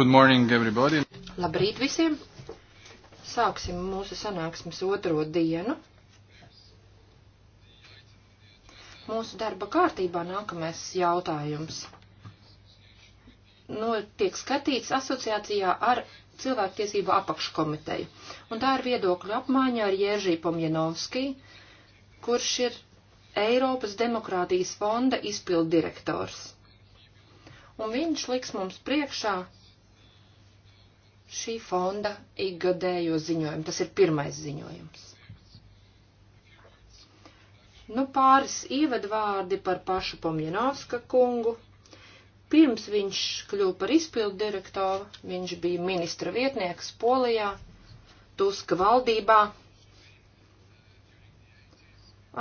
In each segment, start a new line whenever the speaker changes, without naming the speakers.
Good morning, everybody.
Labrīt visiem! Sāksim mūsu sanāksmes otro dienu. Mūsu darba kārtībā nākamais jautājums. Nu, tiek skatīts asociācijā ar cilvēktiesību apakškomiteju. Un tā ir viedokļu apmaiņa ar Jēržī Pomjanovskī, kurš ir Eiropas demokrātijas fonda izpildirektors. Un viņš liks mums priekšā šī fonda ikgadējo ziņojumu. Tas ir pirmais ziņojums. Nu, pāris ievadvārdi par pašu Pomjanovska kungu. Pirms viņš kļuva par izpildu direktoru, viņš bija ministra vietnieks Polijā, Tuska valdībā.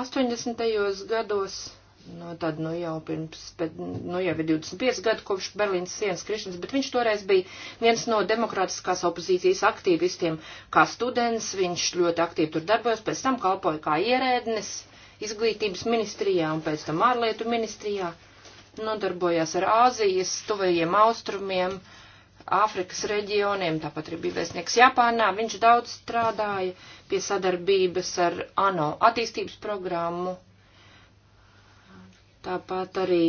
80. gados no nu, tad, nu jau pirms, bet, nu jau ir 25 gadu kopš Berlīnas sienas krišanas, bet viņš toreiz bija viens no demokrātiskās opozīcijas aktīvistiem, kā students, viņš ļoti aktīvi tur darbojas, pēc tam kalpoja kā ierēdnis izglītības ministrijā un pēc tam ārlietu ministrijā, nodarbojās nu, ar Āzijas, tuvajiem austrumiem, Āfrikas reģioniem, tāpat arī bija vēstnieks Japānā, viņš daudz strādāja pie sadarbības ar ANO attīstības programmu Tāpat arī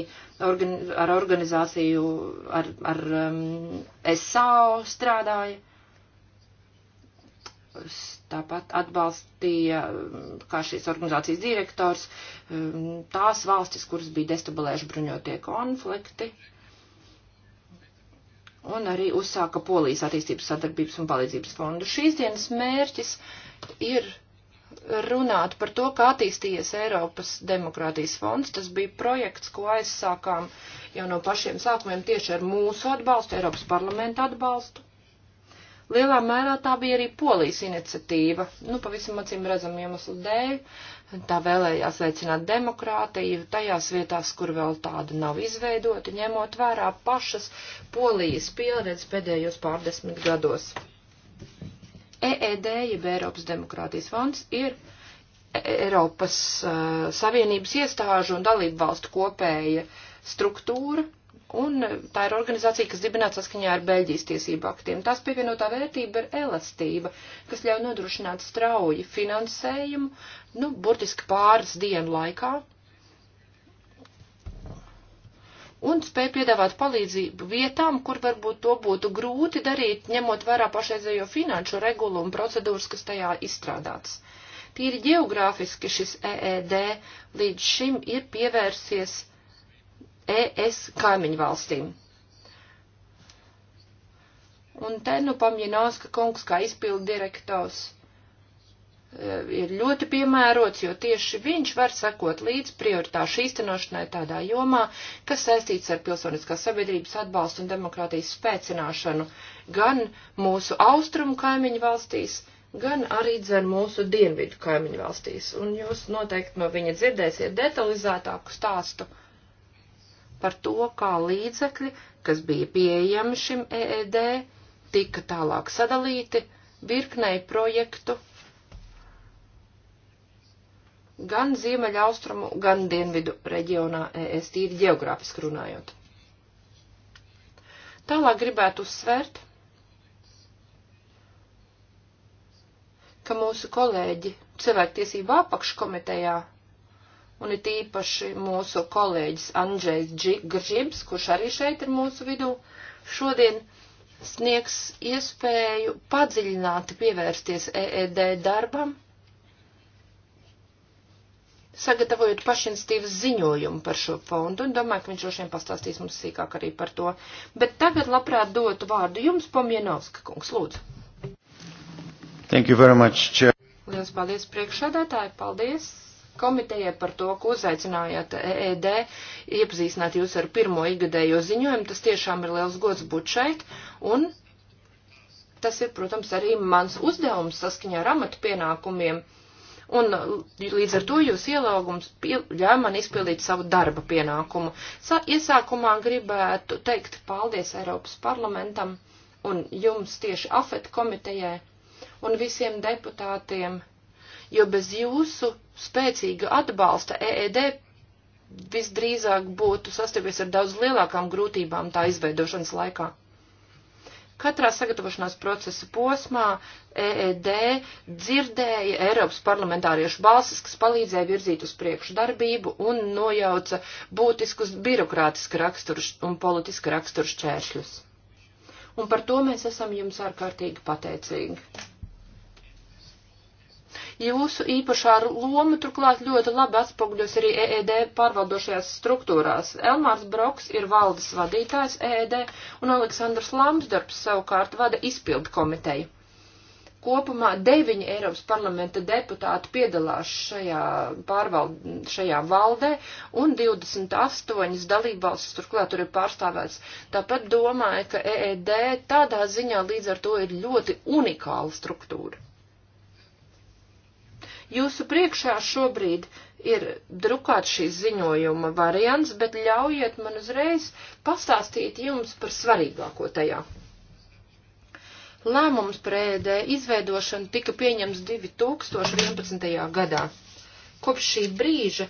organi ar organizāciju, ar, ar um, SAO strādāja. Tāpat atbalstīja, um, kā šīs organizācijas direktors, um, tās valstis, kuras bija destabilējuši bruņotie konflikti. Un arī uzsāka Polijas attīstības sadarbības un palīdzības fondu. Šīs dienas mērķis ir runāt par to, kā attīstījies Eiropas demokrātijas fonds. Tas bija projekts, ko aizsākām jau no pašiem sākumiem tieši ar mūsu atbalstu, Eiropas parlamenta atbalstu. Lielā mērā tā bija arī polijas iniciatīva, nu, pavisam acīm redzam iemeslu dēļ. Tā vēlējās veicināt demokrātiju tajās vietās, kur vēl tāda nav izveidota, ņemot vērā pašas polijas pieredzi pēdējos pārdesmit gados. EED, jeb Eiropas demokrātijas fonds, ir Eiropas uh, Savienības iestāžu un dalību valstu kopēja struktūra, un tā ir organizācija, kas dibināta saskaņā ar Beļģijas tiesību aktiem. Tās pievienotā vērtība ir elastība, kas ļauj nodrošināt strauji finansējumu, nu, burtiski pāris dienu laikā, un spēj piedāvāt palīdzību vietām, kur varbūt to būtu grūti darīt, ņemot vērā pašreizējo finanšu regulu un procedūras, kas tajā izstrādāts. Tīri geogrāfiski šis EED līdz šim ir pievērsies ES kaimiņu valstīm. Un te nu pamjināska kungs kā izpildu direktors Eh, ir ļoti piemērots, jo tieši viņš var sekot līdz prioritāšu īstenošanai tādā jomā, kas saistīts ar pilsoniskās sabiedrības atbalstu un demokrātijas spēcināšanu gan mūsu austrumu kaimiņu valstīs, gan arī dzer mūsu dienvidu kaimiņu valstīs. Un jūs noteikti no viņa dzirdēsiet detalizētāku stāstu par to, kā līdzekļi, kas bija pieejami šim EED, tika tālāk sadalīti virknei projektu gan ziemeļaustrumu, gan dienvidu reģionā ES tīri geogrāfiski runājot. Tālāk gribētu uzsvērt, ka mūsu kolēģi cilvēktiesību apakškomitejā un ir tīpaši mūsu kolēģis Andrzejs Gržibs, kurš arī šeit ir mūsu vidū, šodien sniegs iespēju padziļināti pievērsties EED darbam sagatavojot pašinstīvas ziņojumu par šo fondu, un domāju, ka viņš droši vien pastāstīs mums sīkāk arī par to. Bet tagad labprāt dotu vārdu jums, Pomienovska kungs, lūdzu.
Thank you very much, Chair.
Liels paldies priekšādātāji, paldies komitejai par to, ka uzaicinājāt EED, iepazīstināt jūs ar pirmo igadējo ziņojumu. Tas tiešām ir liels gods būt šeit, un tas ir, protams, arī mans uzdevums saskaņā ar amatu pienākumiem un um, līdz ar to jūs ielaugums ļauj man izpildīt savu darba pienākumu. Sa iesākumā gribētu teikt paldies Eiropas parlamentam un jums tieši AFET komitejai un visiem deputātiem, jo bez jūsu spēcīga atbalsta EED visdrīzāk būtu sastapies ar daudz lielākām grūtībām tā izveidošanas laikā. Katrā sagatavošanās procesa posmā EED dzirdēja Eiropas parlamentāriešu balsis, kas palīdzēja virzīt uz priekšu darbību un nojauca būtiskus birokrātiska raksturu un politiska raksturu šķēršļus. Un par to mēs esam jums ārkārtīgi pateicīgi. Jūsu īpašā loma turklāt ļoti labi atspoguļos arī EED pārvaldošajās struktūrās. Elmārs Broks ir valdes vadītājs EED un Aleksandrs Lamsdorps savukārt vada izpildu komiteju. Kopumā deviņi Eiropas parlamenta deputāti piedalās šajā, pārvald, šajā valdē un 28 dalībvalstis turklāt tur ir pārstāvēts. Tāpat domāju, ka EED tādā ziņā līdz ar to ir ļoti unikāla struktūra. Jūsu priekšā šobrīd ir drukāts šīs ziņojuma variants, bet ļaujiet man uzreiz pastāstīt jums par svarīgāko tajā. Lēmums par ēdē e izveidošanu tika pieņems 2011. gadā. Kopš šī brīža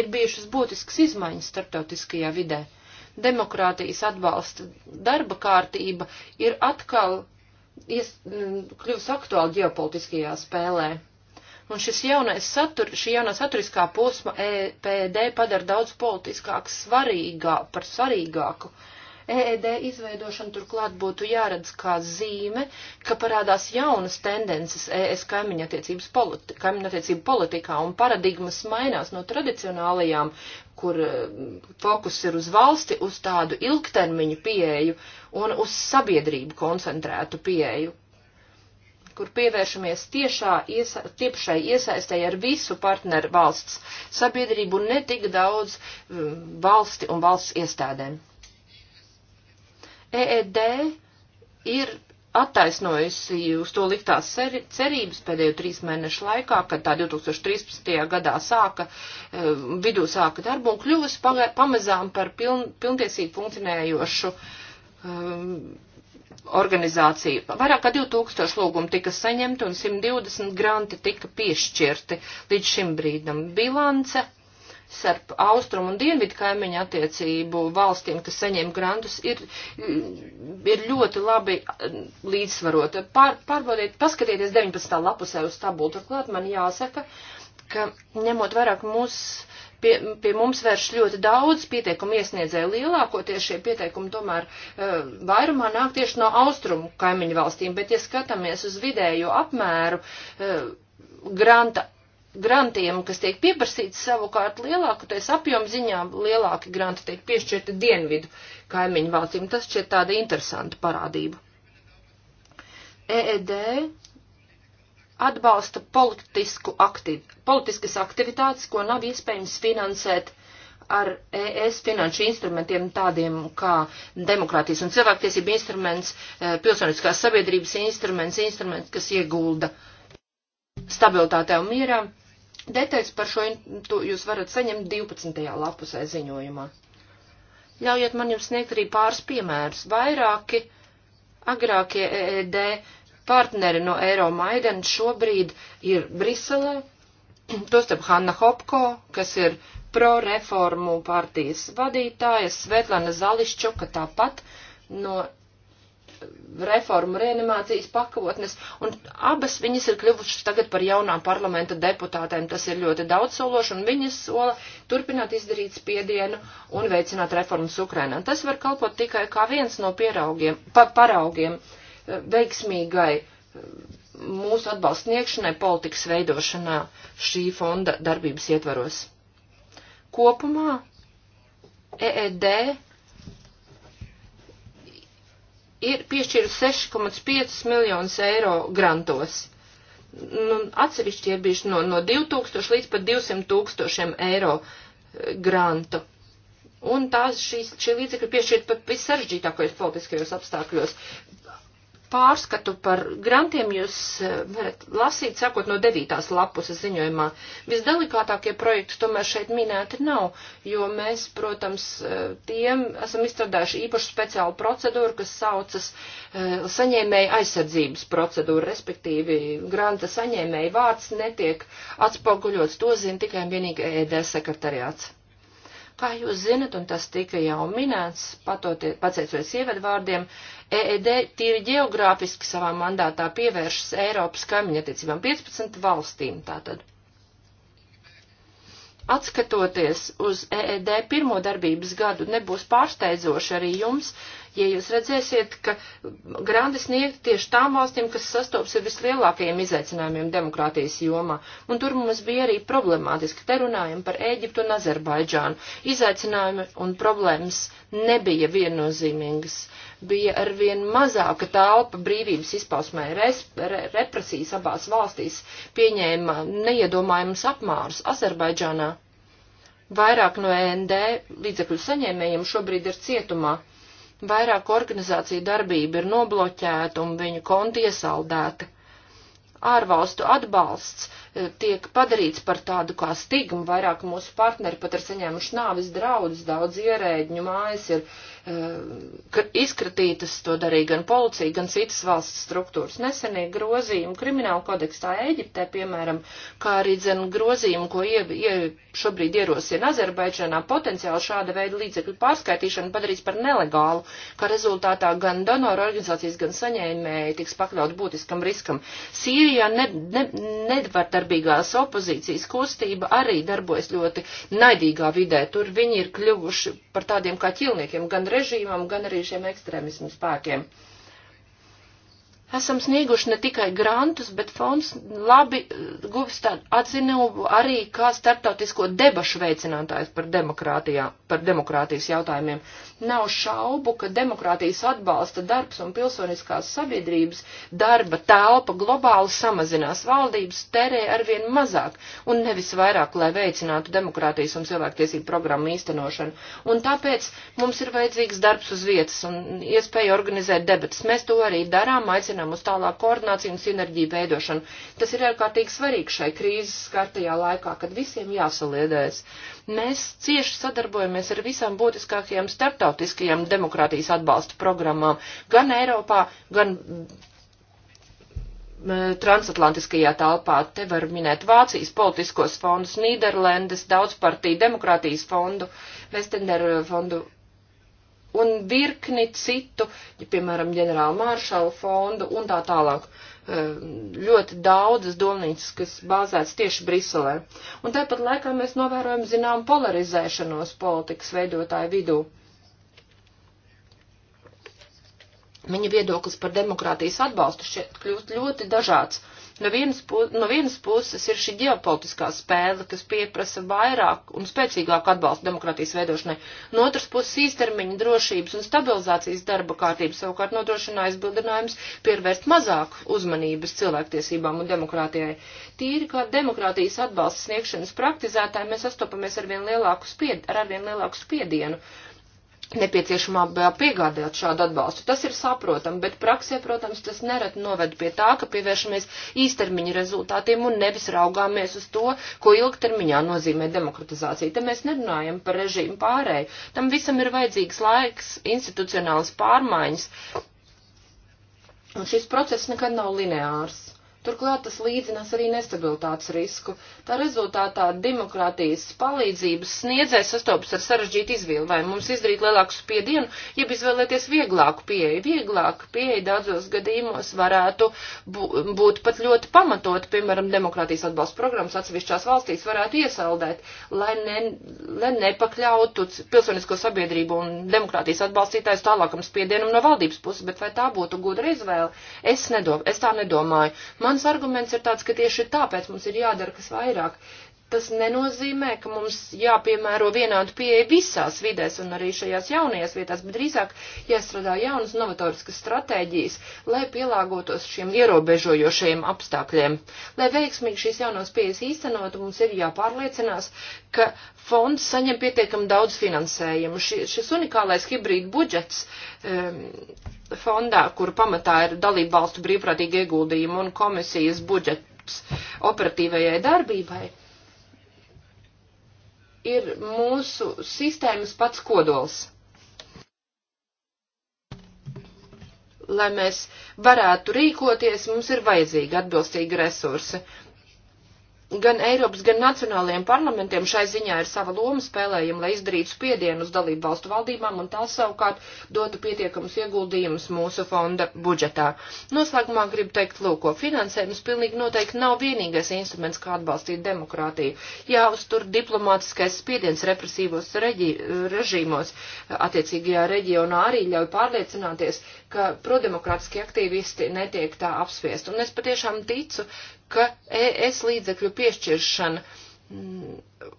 ir bijušas būtiskas izmaiņas starptautiskajā vidē. Demokrātijas atbalsta darba kārtība ir atkal kļuvusi aktuāla ģeopolitiskajā spēlē. Un šis jaunais satur, šī jaunā saturiskā posma EPD padara daudz politiskāk, svarīgā, par svarīgāku. EED izveidošana turklāt būtu jāredz kā zīme, ka parādās jaunas tendences ES kaimiņattiecības politi kaimiņattiecību politikā un paradigmas mainās no tradicionālajām, kur eh, fokus ir uz valsti, uz tādu ilgtermiņu pieeju un uz sabiedrību koncentrētu pieeju kur pievēršamies tiešā iesa, tiepšai iesaistē ar visu partneru valsts sabiedrību un ne tik daudz um, valsti un valsts iestādēm. EED ir attaisnojusi uz to liktās cerības pēdējo trīs mēnešu laikā, kad tā 2013. gadā sāka, um, vidū sāka darbu un kļuvusi pamazām par piln, pilntiesību funkcionējošu um, organizācija. Vairāk kā 2000 lūgumu tika saņemti un 120 granti tika piešķirti līdz šim brīdim. Bilance starp austrumu un dienvidu kaimiņu attiecību valstīm, kas saņem grantus, ir, ir ļoti labi eh, līdzsvarota. Pār, pārbaudiet, paskatieties 19. lapusē uz tabulu. Turklāt man jāsaka, ka ņemot vairāk mūsu pie, pie mums vērš ļoti daudz pieteikumu iesniedzēju. Lielākoties šie pieteikumi tomēr e, vairumā nāk tieši no austrumu kaimiņu valstīm, bet ja skatāmies uz vidējo apmēru e, granta grantiem, kas tiek pieprasīts savukārt lielākoties apjomziņā, lielāki granti tiek piešķirti dienvidu kaimiņu valstīm. Tas šķiet tāda interesanta parādība. EED atbalsta politisku aktiv, politiskas aktivitātes, ko nav iespējams finansēt ar ES finanšu instrumentiem tādiem kā demokrātijas un cilvēktiesība instruments, e, pilsoniskās sabiedrības instruments, instruments, kas iegulda stabilitātē un mierā. Detaļas par šo jūs varat saņemt 12. lapusē ziņojumā. Ļaujiet man jums sniegt arī pāris piemērus. Vairāki agrākie EED Partneri no Eiro Maiden šobrīd ir Briselē, tostarp Hanna Hopko, kas ir pro-reformu partijas vadītāja, Svetlana Zališķuka tāpat no reformu reanimācijas pakotnes, un abas viņas ir kļuvušas tagad par jaunām parlamenta deputātēm. Tas ir ļoti daudzsološi, un viņas sola turpināt izdarīt spiedienu un veicināt reformas Ukrainā. Tas var kalpot tikai kā viens no pieraugiem, pa, paraugiem. Uh, veiksmīgai um, mūsu atbalstniekšanai politikas veidošanā šī fonda darbības ietvaros. Kopumā EED ir piešķīrusi 6,5 miljonus eiro grantos. Nu, atsevišķi ir bijuši no, no 2000 līdz pat 200 tūkstošiem eiro eh, grantu. Un tās šīs, šī līdzekļa piešķirt pat vissaržģītākajos politiskajos apstākļos pārskatu par grantiem jūs eh, varat lasīt, sakot no devītās lapuses ziņojumā. Visdelikātākie projekti tomēr šeit minēti nav, jo mēs, protams, eh, tiem esam izstrādājuši īpašu speciālu procedūru, kas saucas eh, saņēmēja aizsardzības procedūra, respektīvi granta saņēmēja vārds netiek atspoguļots, to zina tikai un vienīgi ED sekretariāts. Kā jūs zinat, un tas tika jau minēts, pateicoties ievadvārdiem, EED tīri geogrāfiski savā mandātā pievēršas Eiropas kaimiņattiecībām 15 valstīm tātad. Atskatoties uz EED pirmo darbības gadu, nebūs pārsteidzoši arī jums, uh, ja jūs redzēsiet, ka grandi sniegt tieši tām valstīm, kas sastopas ar vislielākajiem izaicinājumiem demokrātijas jomā. Un tur mums bija arī problemātiski. Te runājam par Ēģiptu un Azerbaidžānu. Izaicinājumi un problēmas nebija viennozīmīgas. Bija arvien mazāka telpa brīvības izpausmē. Res, re, represijas abās valstīs pieņēma neiedomājumus apmārus Azerbaidžānā vairāk no END līdzekļu saņēmējiem šobrīd ir cietumā. Vairāku organizāciju darbība ir nobloķēta un viņu konti iesaldēti. Ārvalstu atbalsts e, tiek padarīts par tādu kā stigmu, vairāk mūsu partneri pat ir saņēmuši nāvis draudus, daudz ierēģņu mājas ir Eh, izkratītas, to darīja gan policija, gan citas valsts struktūras. Nesenie grozījumi krimināla kodekstā Eģiptē, piemēram, kā arī dzen grozījumi, ko ie, ie, šobrīd ierosina Azerbaidžanā, potenciāli šāda veida līdzekļu pārskaitīšana padarīs par nelegālu, kā rezultātā gan donoru organizācijas, gan saņēmēji tiks pakļaut būtiskam riskam. Sīrijā ne, ne, nedvardarbīgās opozīcijas kustība arī darbojas ļoti naidīgā vidē. Tur viņi ir kļuvuši par tādiem kā ķilniekiem, gan režīmam, gan arī šiem ekstremismu spēkiem. Uh, esam snieguši ne tikai grantus, bet fonds labi eh, guvis tādu atzinumu arī kā starptautisko debašu veicinātājs par, par demokrātijas jautājumiem. Nav šaubu, ka demokrātijas atbalsta darbs un pilsoniskās sabiedrības darba telpa globāli samazinās. Valdības terē arvien mazāk un nevis vairāk, lai veicinātu demokrātijas un cilvēktiesību programmu īstenošanu. Un tāpēc mums ir vajadzīgs darbs uz vietas un iespēja organizēt debatas. Mēs to arī darām, aicinām aicinām uz tālāk koordināciju un sinerģiju veidošanu. Tas ir ārkārtīgi svarīgi šai krīzes skartajā laikā, kad visiem jāsaliedēs. Mēs cieši sadarbojamies ar visām būtiskākajām starptautiskajām demokrātijas atbalsta programmām, gan Eiropā, gan transatlantiskajā telpā. Te var minēt Vācijas politiskos fondus, Nīderlandes, daudzpartiju demokrātijas fondu, Vestenderu fondu un virkni citu, ja, piemēram, ģenerāla maršala fondu un tā tālāk. Eh, ļoti daudzas domnīcas, kas bāzēts tieši Briselē. Un tāpat laikā mēs novērojam zinām polarizēšanos politikas veidotāju vidū. Viņa viedoklis par demokrātijas atbalstu šeit kļūst ļoti dažāds. No vienas, pu, no vienas puses ir šī ģeopolitiskā spēle, kas pieprasa vairāk un spēcīgāku atbalstu demokrātijas veidošanai. No otras puses īstermiņa drošības un stabilizācijas darba kārtība savukārt nodrošina aizbildinājums pievērst mazāk uzmanības cilvēktiesībām un demokrātijai. Tīri kā demokrātijas atbalsts sniegšanas praktizētāji mēs sastopamies ar vien lielāku, spied, ar vien lielāku spiedienu nepieciešamā vēl piegādāt šādu atbalstu. Tas ir saprotami, bet praksē, protams, tas nerad noved pie tā, ka pievēršamies īstermiņa rezultātiem un nevis raugāmies uz to, ko ilgtermiņā nozīmē demokratizācija. Te mēs nerunājam par režīmu pārēju. Tam visam ir vajadzīgs laiks, institucionāls pārmaiņas. Un šis process nekad nav lineārs. Turklāt tas līdzinās arī nestabilitātes risku. Tā rezultātā demokrātijas palīdzības sniedzējs sastopas ar sarežģītu izvēli, vai mums izdarīt lielāku spiedienu, jeb izvēlēties vieglāku pieeju. Vieglāka pieeja daudzos gadījumos varētu būt pat ļoti pamatot, piemēram, demokrātijas atbalsta programmas atsevišķās valstīs varētu iesaldēt, lai, ne, lai nepakļautu pilsonisko sabiedrību un demokrātijas atbalstītājus tālākam spiedienam no valdības puses, bet vai tā būtu gudra izvēle? Es, nedom, es tā nedomāju. Man mans arguments ir tāds, ka tieši tāpēc mums ir jādara kas vairāk, tas nenozīmē, ka mums jāpiemēro vienādu pieeja visās vidēs un arī šajās jaunajās vietās, bet drīzāk jāstrādā jaunas novatoriskas stratēģijas, lai pielāgotos šiem ierobežojošajiem apstākļiem. Lai veiksmīgi šīs jaunās pieejas īstenotu, mums ir jāpārliecinās, ka fonds saņem pietiekam daudz finansējumu. Ši, šis unikālais hibrīd budžets um, fondā, kur pamatā ir dalību valstu brīvprātīgi ieguldījumi un komisijas budžets operatīvajai darbībai, ir mūsu sistēmas pats kodols. Lai mēs varētu rīkoties, mums ir vajadzīgi atbilstīgi resursi gan Eiropas, gan nacionālajiem parlamentiem šai ziņā ir sava loma spēlējama, lai izdarītu spiedienu uz dalību valstu valdībām un tās savukārt dotu pietiekamus ieguldījumus mūsu fonda budžetā. Noslēgumā gribu teikt, lūko, finansējums pilnīgi noteikti nav vienīgais instruments, kā atbalstīt demokrātiju. Jāuztur diplomātiskais spiediens represīvos reģi, režīmos attiecīgajā reģionā arī ļauj pārliecināties, ka prodemokrātiskie aktīvisti netiek tā apspiest. Un es patiešām ticu, ka ES līdzekļu piešķiršana mm,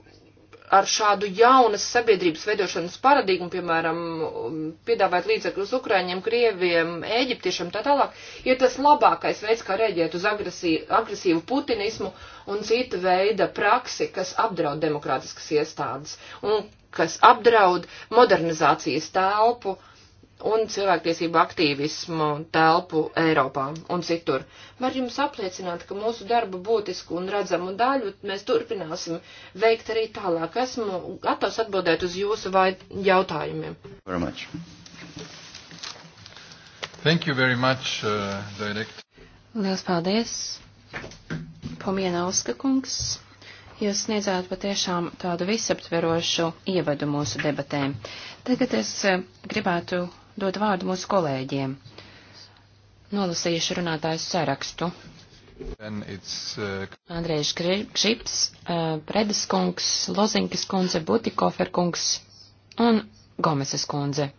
ar šādu jaunas sabiedrības veidošanas paradigmu, piemēram, um, piedāvāt līdzekļus Ukraiņiem, Krieviem, Ēģiptiešiem tā tālāk, ir tas labākais veids, kā rēģēt uz agresīvu, agresīvu putinismu un cita veida praksi, kas apdraud demokrātiskas iestādes un kas apdraud modernizācijas telpu. Uh, un cilvēktiesību aktīvismu telpu Eiropā un citur. Var jums apliecināt, ka mūsu darba būtisku un redzamu daļu mēs turpināsim veikt arī tālāk. Esmu gatavs atbildēt uz jūsu vai jautājumiem. Very much.
Thank you very much, uh, direct. Liels paldies, Pomiena Oskakungs. Jūs sniedzāt patiešām tādu visaptverošu ievadu mūsu debatēm. Tagad es uh, gribētu dot vārdu mūsu kolēģiem. Nolasījuši runātājs sarakstu. Uh... Andrejs Kšips, uh, Predes kungs, Lozinkas kundze, Butikofer kungs un Gomeses kundze.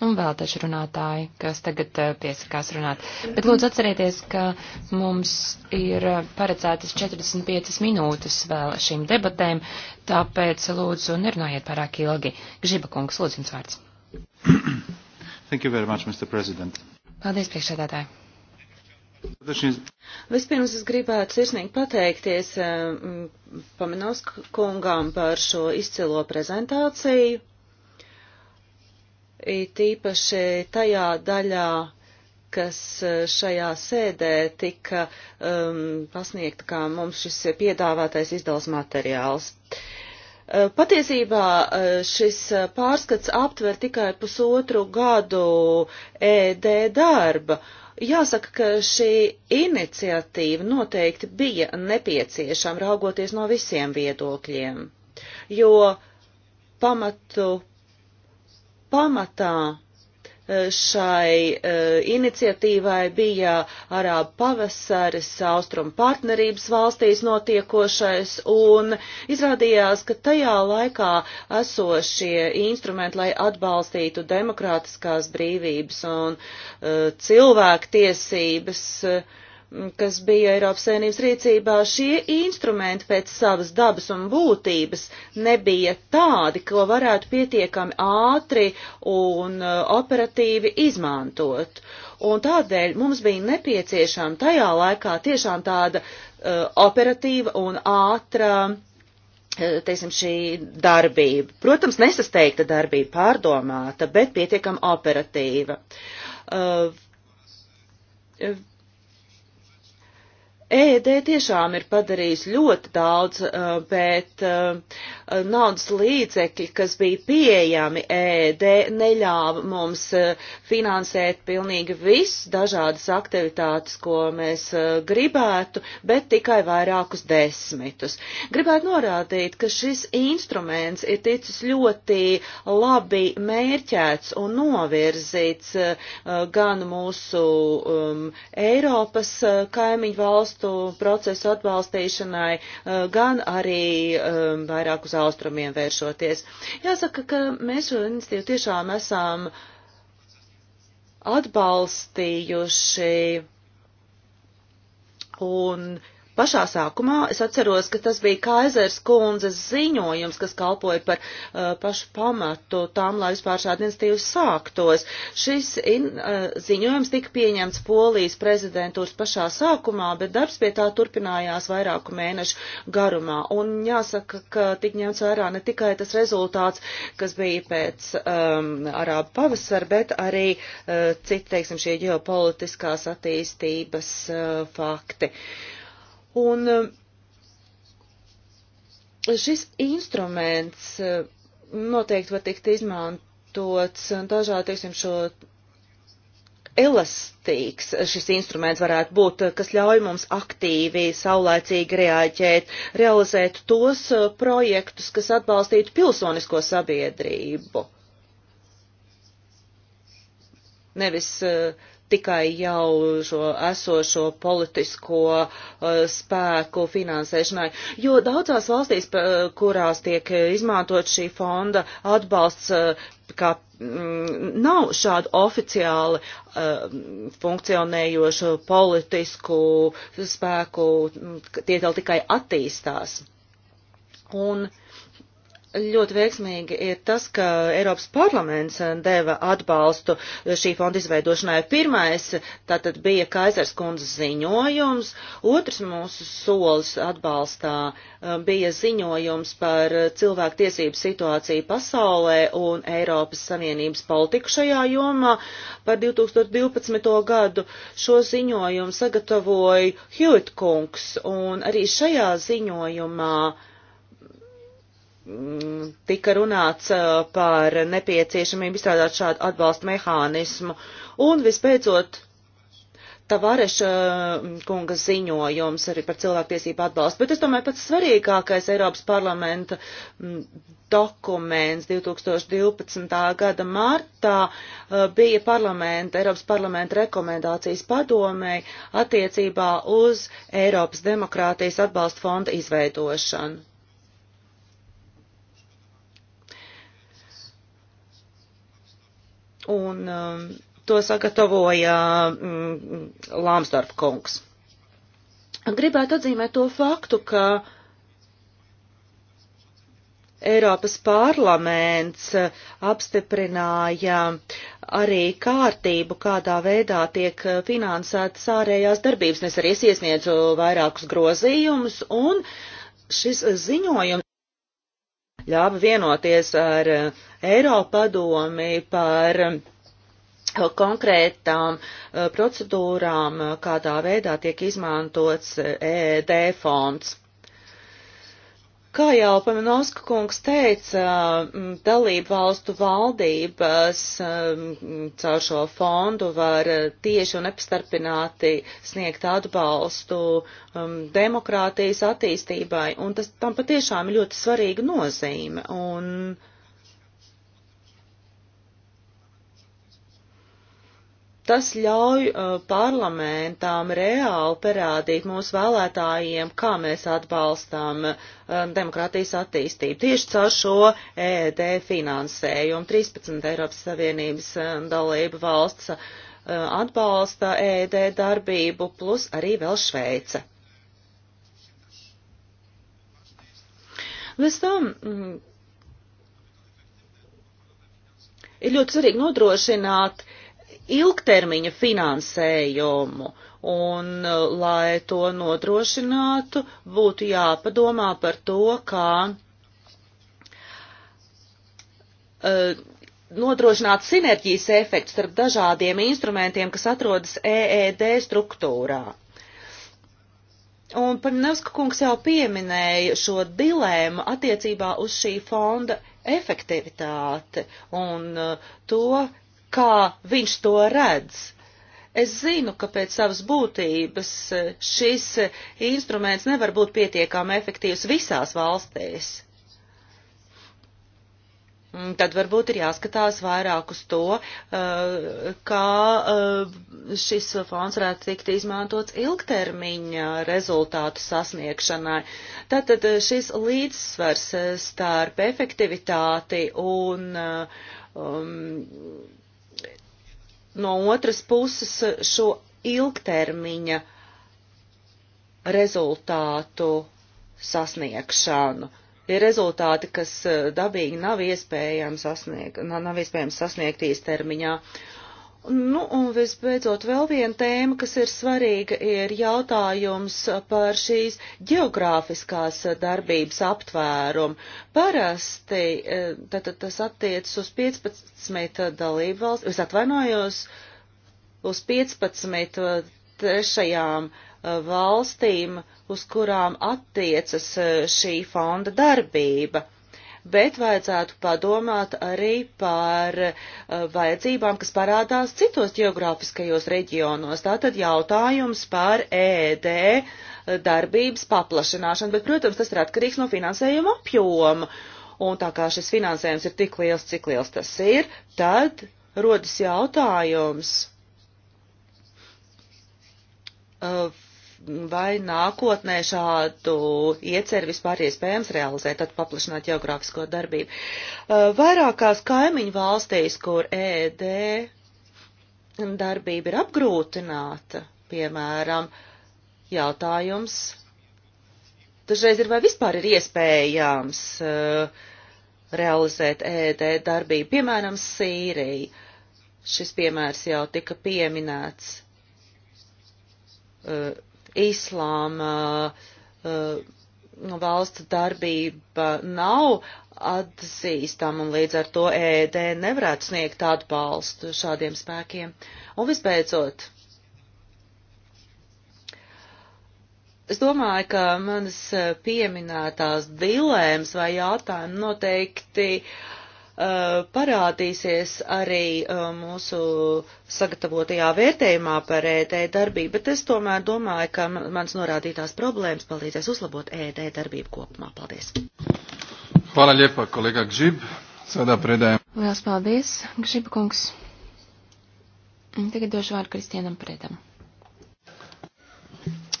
Un vēl taču runātāji, kas tagad uh, piesakās runāt. Bet lūdzu atcerieties, ka mums ir uh, paredzētas 45 minūtes vēl šīm debatēm, tāpēc lūdzu nerunājiet pārāk ilgi. Gžiba kungs, lūdzu jums vārds. Thank you very much, Mr. President. Paldies, priekšsēdētāji.
Vispirms es gribētu sirsnīgi pateikties eh, Pamenos kungām par šo izcilo prezentāciju. It īpaši tajā daļā, kas eh, šajā sēdē tika um, pasniegta, kā mums šis piedāvātais izdevums materiāls. Uh, Eh, patiesībā eh, šis eh, pārskats aptver tikai pusotru gadu ED darba. Jāsaka, ka šī iniciatīva noteikti bija nepieciešama raugoties no visiem viedokļiem, jo pamatu pamatā šai eh, iniciatīvai bija Arābu pavasaris austrumu partnerības valstīs notiekošais, un izrādījās, ka tajā laikā esošie instrumenti, lai atbalstītu demokrātiskās brīvības un eh, cilvēktiesības, uh, kas bija Eiropas Savienības rīcībā, šie instrumenti pēc savas dabas un būtības nebija tādi, ko varētu pietiekami ātri un uh, operatīvi izmantot. Un tādēļ mums bija nepieciešama tajā laikā tiešām tāda uh, operatīva un ātra uh, teiksim, šī darbība. Protams, nesasteigta darbība, pārdomāta, bet pietiekam operatīva. Uh, ED tiešām ir padarījis ļoti daudz, uh, bet uh, naudas līdzekļi, kas bija pieejami ED, neļāva mums uh, finansēt pilnīgi viss dažādas aktivitātes, ko mēs gribētu, bet tikai vairākus desmitus. Gribētu norādīt, ka šis instruments ir ticis ļoti labi mērķēts un novirzīts gan mūsu um, Eiropas kaimiņu valstu, valstu procesu atbalstīšanai, eh, gan arī eh, vairāk uz austrumiem vēršoties. Jāsaka, ka mēs šo iniciatīvu tiešām esam atbalstījuši un uh, Pašā sākumā es atceros, ka tas bija Kaisers kundzes ziņojums, kas kalpoja par uh, pašu pamatu tām, lai vispār šāda institīva sāktos. Šis in, uh, ziņojums tika pieņemts Polijas prezidentūras pašā sākumā, bet darbs pie tā turpinājās vairāku mēnešu garumā. Un jāsaka, ka tik ņemts vērā ne tikai tas rezultāts, kas bija pēc um, arābu pavasara, bet arī uh, citi, teiksim, šie ģeopolitiskās attīstības uh, fakti. Uh, Un eh, šis instruments eh, noteikti var tikt izmantots dažādi, teiksim, šo elastīgs eh, šis instruments varētu būt, kas ļauj mums aktīvi, saulēcīgi reaģēt, realizēt tos projektus, kas atbalstītu pilsonisko sabiedrību. Nevis uh, tikai jau šo esošo politisko uh, spēku finansēšanai, jo daudzās valstīs, uh, kurās tiek izmantot šī fonda atbalsts, uh, kā mm, nav šādu oficiāli uh, funkcionējošu politisku spēku, mm, tie vēl tikai attīstās. Un uh, ļoti veiksmīgi ir tas, ka Eiropas parlaments deva atbalstu šī fonda izveidošanai. Pirmais tātad bija Kaisers kundzes ziņojums, otrs mūsu solis atbalstā um, bija ziņojums par cilvēku tiesību situāciju pasaulē un Eiropas Savienības politiku šajā jomā par 2012. gadu. Šo ziņojumu sagatavoja Hewitt kungs un arī šajā ziņojumā Mm, tika runāts uh, par nepieciešamību izstrādāt šādu atbalstu mehānismu. Un vispēcot Tavareša uh, kunga ziņojums arī par cilvēktiesību atbalstu, bet es domāju pats svarīgākais Eiropas parlamenta mm, dokuments 2012. gada martā uh, bija parlamenta, Eiropas parlamenta rekomendācijas padomēji attiecībā uz Eiropas demokrātijas atbalsta fonda izveidošanu. un um, to sagatavoja mm, um, Lāmsdorp kungs. Gribētu atzīmēt to faktu, ka Eiropas parlaments apstiprināja arī kārtību, kādā veidā tiek finansētas ārējās darbības. Es arī iesniedzu vairākus grozījumus, un šis ziņojums ļāva vienoties ar eh, Eiropadomi par eh, konkrētām eh, procedūrām, kādā veidā tiek izmantots ED e e fonds. Kā jau Pamanovska kungs teica, dalību valstu valdības caur šo fondu var e, tieši un nepastarpināti sniegt atbalstu demokrātijas attīstībai, un tas tam patiešām ir ļoti svarīga nozīme. Un Tas ļauj uh, parlamentām reāli parādīt mūsu vēlētājiem, kā mēs atbalstām uh, demokrātijas attīstību. Tieši caur šo ED e finansējumu 13 Eiropas Savienības uh, dalību valsts uh, atbalsta ED e darbību, plus arī vēl Šveice. Bez tam mm, ir ļoti svarīgi nodrošināt ilgtermiņa finansējumu. Un, uh, lai to nodrošinātu, būtu jāpadomā par to, kā uh, nodrošināt sinerģijas efektu starp dažādiem instrumentiem, kas atrodas EED struktūrā. Un Parnevska kungs jau pieminēja šo dilēmu attiecībā uz šī fonda efektivitāti un uh, to, kā viņš to redz. Es zinu, ka pēc savas būtības eh, šis eh, instruments nevar būt pietiekami efektīvs visās valstīs. Mm, tad varbūt ir jāskatās vairāk uz to, eh, kā šis fonds varētu tikt izmantots ilgtermiņa rezultātu sasniegšanai. Tātad šis līdzsvars starp efektivitāti un um, no otras puses šo ilgtermiņa rezultātu sasniegšanu. Ir rezultāti, kas eh, dabīgi nav iespējams sasniegt, nav iespējams sasniegt īstermiņā. Uh, Nu, un visbeidzot, vēl viena tēma, kas ir svarīga, ir jautājums par šīs geogrāfiskās darbības aptvērumu. Parasti e, tad, tas attiecas uz 15 dalību valsts, es atvainojos, uz 15 trešajām e, valstīm, uz kurām attiecas e, šī fonda darbība bet vajadzētu padomāt arī par eh, vajadzībām, kas parādās citos geogrāfiskajos reģionos. Tātad jautājums par ED darbības paplašināšanu, bet, protams, tas ir atkarīgs no finansējuma apjoma. Un tā kā šis finansējums ir tik liels, cik liels tas ir, tad rodas jautājums. Uh, vai nākotnē šādu ieceru vispār iespējams realizēt, tad paplašināt geogrāfisko darbību. Vairākās kaimiņu valstīs, kur ED darbība ir apgrūtināta, piemēram, jautājums dažreiz ir vai vispār ir iespējams realizēt ED darbību, piemēram, Sīrija. Šis piemērs jau tika pieminēts islāma uh, uh valsts darbība nav atzīstama un līdz ar to ED nevarētu sniegt atbalstu šādiem spēkiem. Un visbeidzot, Es domāju, ka manas pieminētās dilēmas vai jautājumi noteikti uh, Uh, parādīsies arī uh, mūsu sagatavotajā vērtējumā par ED darbību, bet es tomēr domāju, ka mans norādītās problēmas palīdzēs uzlabot ED darbību kopumā. Paldies! Hvala lijepa, kolega Gžib. Sada predajem.
Lielas paldies, Gžib kungs. Tagad došu vārdu Kristianam Predam.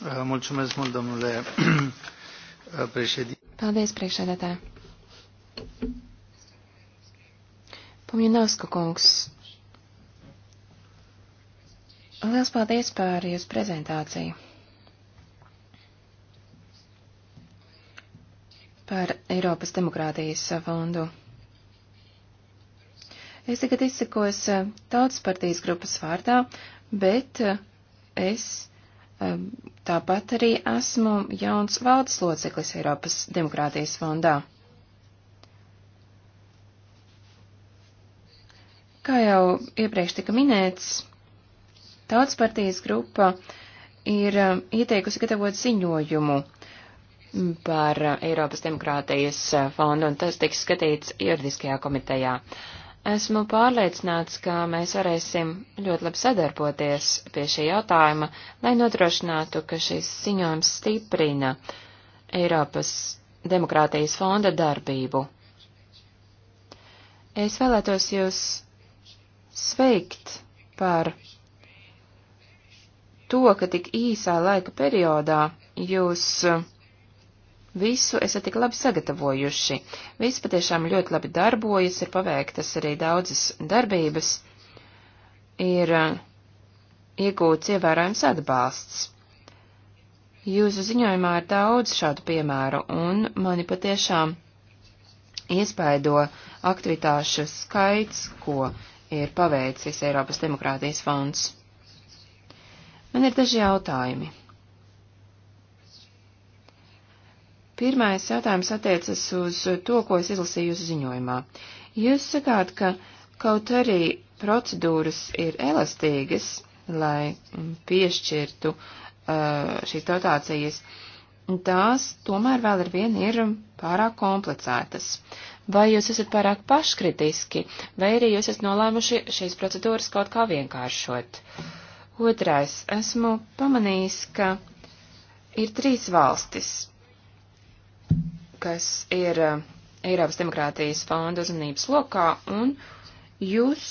Eh, mulțumesc mult, domnule președinte.
Paldies, priekšsēdētāji. Pumjanovska kungs. Liels paldies par jūsu prezentāciju. Par Eiropas demokrātijas fondu. Es tagad izsakos eh, tautas partijas grupas vārdā, bet eh, es eh, tāpat arī esmu jauns valdes loceklis Eiropas demokrātijas fondā. Kā jau iepriekš tika minēts, tautspartijas grupa ir um, ieteikusi gatavot ziņojumu par uh, Eiropas demokrātijas uh, fondu, un tas tiks skatīts juridiskajā komitejā. Esmu pārliecināts, ka mēs varēsim ļoti labi sadarboties pie šī jautājuma, lai nodrošinātu, ka šis ziņojums stiprina Eiropas demokrātijas fonda darbību. Es vēlētos jūs sveikt par to, ka tik īsā laika periodā jūs visu esat tik labi sagatavojuši. Viss patiešām ļoti labi darbojas, ir paveiktas arī daudzas darbības, ir uh, iegūts ievērojams atbalsts. Jūsu ziņojumā ir daudz šādu piemēru, un mani patiešām iespaido aktivitāšu skaits, ko ir paveicis Eiropas demokrātijas fonds. Man ir daži jautājumi. Pirmais jautājums attiecas uz to, ko es izlasīju jūsu ziņojumā. Jūs sakāt, ka kaut arī procedūras ir elastīgas, lai piešķirtu uh, šīs dotācijas, tās tomēr vēl ar vien ir pārāk komplicētas. Uh, Vai jūs esat pārāk paškritiski, vai arī jūs esat nolēmuši šīs procedūras kaut kā vienkāršot? Otrais, esmu pamanījis, ka ir trīs valstis, kas ir eh, Eiropas demokrātijas fonda uzmanības lokā, un jūs,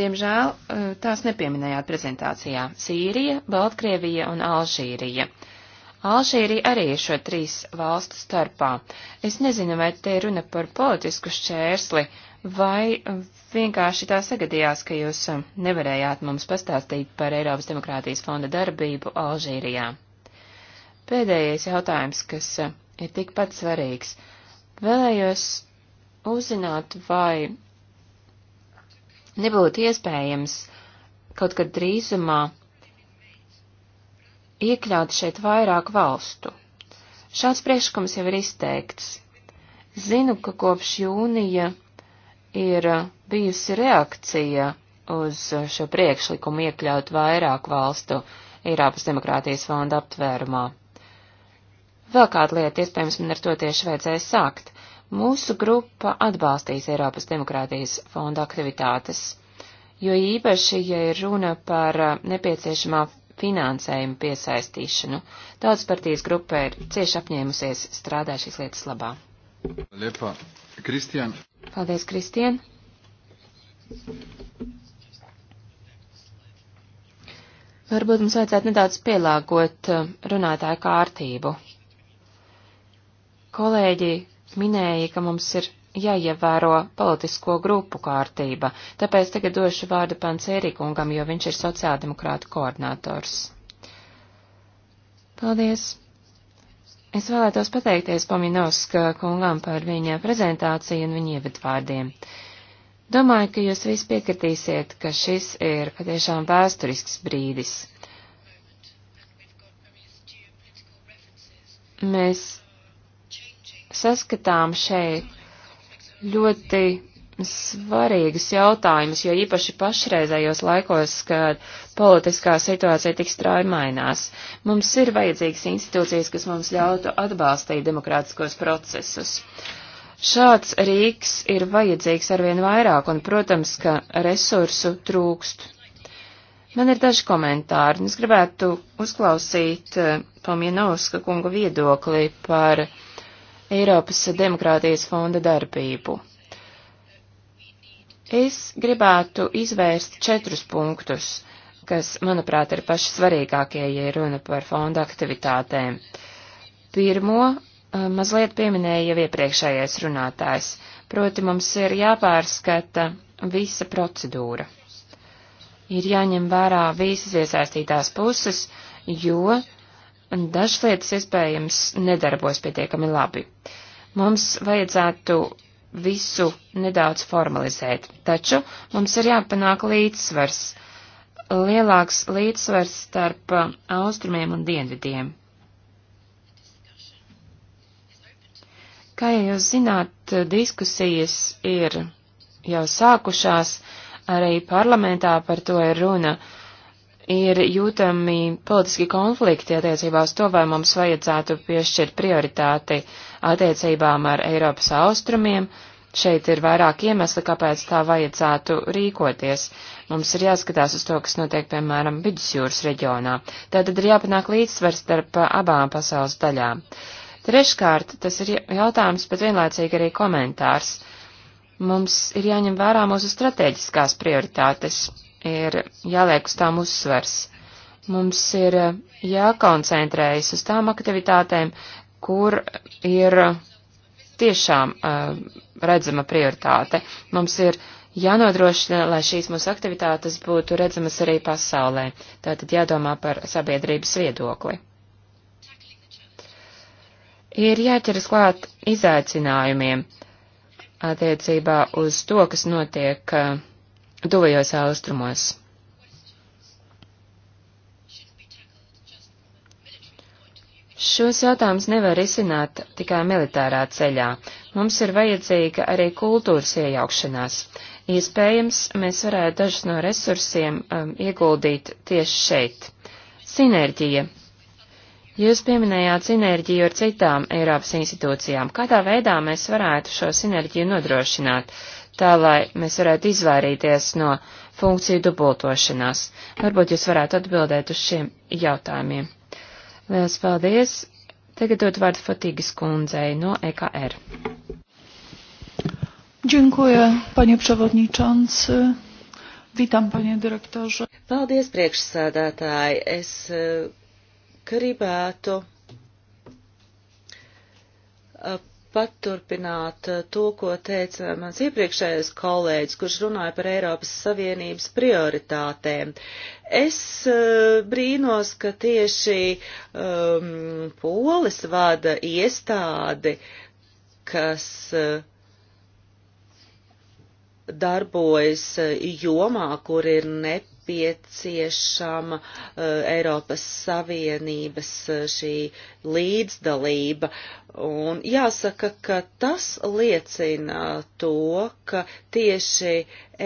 diemžēl, eh, tās nepieminējāt prezentācijā - Sīrija, Baltkrievija un Alžīrija. Uh, Alžīrija arī ir šo trīs valstu starpā. Es nezinu, vai te runa par politisku šķērsli, vai vienkārši tā sagadījās, ka jūs um, nevarējāt mums pastāstīt par Eiropas demokrātijas fonda darbību Alžīrijā. Pēdējais jautājums, kas um, ir tikpat svarīgs. Vēlējos uzzināt, vai nebūtu iespējams kaut kad drīzumā iekļaut šeit vairāk valstu. Šāds priekšlikums jau ir izteikts. Zinu, ka kopš jūnija ir bijusi reakcija uz šo priekšlikumu iekļaut vairāk valstu Eiropas demokrātijas fonda aptvērumā. Vēl kāda lieta, iespējams, man ar to tieši vajadzēja sākt. Mūsu grupa atbalstīs Eiropas demokrātijas fonda aktivitātes, jo īpaši, ja ir runa par nepieciešamā finansējumu piesaistīšanu. Daudz partijas grupa ir cieši apņēmusies strādāt šīs lietas labā. Liepa, Kristian. Paldies, Kristian. Varbūt mums vajadzētu nedaudz pielāgot uh, runātāju kārtību. Kolēģi minēja, ka mums ir jāievēro politisko grupu kārtība, tāpēc tagad došu vārdu Pancērikungam, jo viņš ir sociāldemokrāta koordinators. Paldies! Es vēlētos pateikties Pominovska kungam par viņa prezentāciju un viņa ievadvārdiem. Domāju, ka jūs visi piekritīsiet, ka šis ir patiešām vēsturisks brīdis. Mēs saskatām šeit ļoti svarīgas jautājumas, jo īpaši pašreizējos laikos, kad politiskā situācija tik strauji mainās, mums ir vajadzīgas institūcijas, kas mums ļautu atbalstīt demokrātiskos procesus. Šāds rīks ir vajadzīgs arvien vairāk, un, protams, ka resursu trūkst. Man ir daži komentāri, un es gribētu uzklausīt Pamjanovska eh, kunga viedokli par uh, Eiropas demokrātijas fonda darbību. Es gribētu izvērst četrus punktus, kas, manuprāt, ir paši svarīgākie, ja runa par fonda aktivitātēm. Pirmo eh, mazliet pieminēja jau iepriekšējais runātājs, proti mums ir jāpārskata visa procedūra. Ir jāņem vērā visas iesaistītās puses, jo dažas lietas iespējams nedarbojas pietiekami labi. Mums vajadzētu visu nedaudz formalizēt, taču mums ir jāpanāk līdzsvars, lielāks līdzsvars starp uh, austrumiem un dienvidiem. Kā jau jūs zināt, diskusijas ir jau sākušās, arī parlamentā par to ir runa. Uh, ir jūtami politiski konflikti attiecībā uz to, vai mums vajadzētu piešķirt prioritāti attiecībām ar Eiropas austrumiem. Šeit ir vairāk iemesli, kāpēc tā vajadzētu rīkoties. Mums ir jāskatās uz to, kas notiek, piemēram, vidusjūras reģionā. Tātad ir jāpanāk līdzsvars starp abām pasaules daļām. Treškārt, tas ir jautājums, bet vienlaicīgi arī komentārs. Mums ir jāņem vērā mūsu strateģiskās prioritātes ir jāliek uz tām uzsvers. Mums ir jākoncentrējas uz tām aktivitātēm, kur ir tiešām uh, redzama prioritāte. Mums ir jānodrošina, lai šīs mūsu aktivitātes būtu redzamas arī pasaulē. Tātad jādomā par sabiedrības viedokli. Ir jāķeras klāt izaicinājumiem attiecībā uz to, kas notiek uh, tuvajos austrumos. Šos jautājumus nevar risināt tikai militārā ceļā. Mums ir vajadzīga arī kultūras iejaukšanās. Iespējams, mēs varētu dažus no resursiem um, ieguldīt tieši šeit. Sinerģija. Jūs pieminējāt sinerģiju ar citām Eiropas institūcijām. Kādā veidā mēs varētu šo sinerģiju nodrošināt? Uh, tā lai mēs varētu izvairīties no funkciju dubultošanās. Varbūt jūs varētu atbildēt uz šiem jautājumiem. Lielas paldies! Tagad dot vārdu Fatīgas kundzei no EKR.
Dziękuję, panie przewodniczący. Witam, panie dyrektorze. Paldies, priekšsādātāji. Es eh, gribētu. Uh, paturpināt eh, to, ko teica mans iepriekšējais kolēģis, kurš runāja par Eiropas Savienības prioritātēm. Es uh, brīnos, ka tieši um, polis vada iestādi, kas uh, darbojas jomā, kur ir nepieciešams nepieciešama uh, Eiropas Savienības uh, šī līdzdalība. Un jāsaka, ka tas liecina to, ka tieši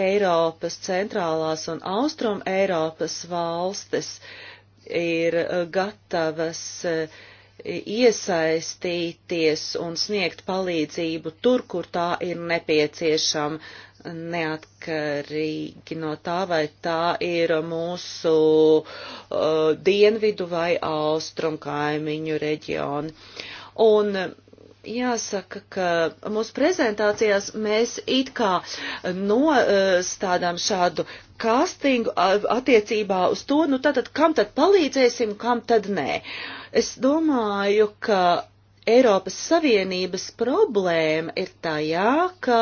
Eiropas centrālās un austrum Eiropas valstis ir eh, gatavas uh, iesaistīties un sniegt palīdzību tur, kur tā ir nepieciešama neatkarīgi no tā, vai tā ir mūsu uh, dienvidu vai austrumu kaimiņu reģioni. Un jāsaka, ka mūsu prezentācijās mēs it kā nostādām uh, šādu kastingu attiecībā uz to, nu tātad kam tad palīdzēsim, kam tad nē. Es domāju, ka Eiropas Savienības problēma ir tajā, ka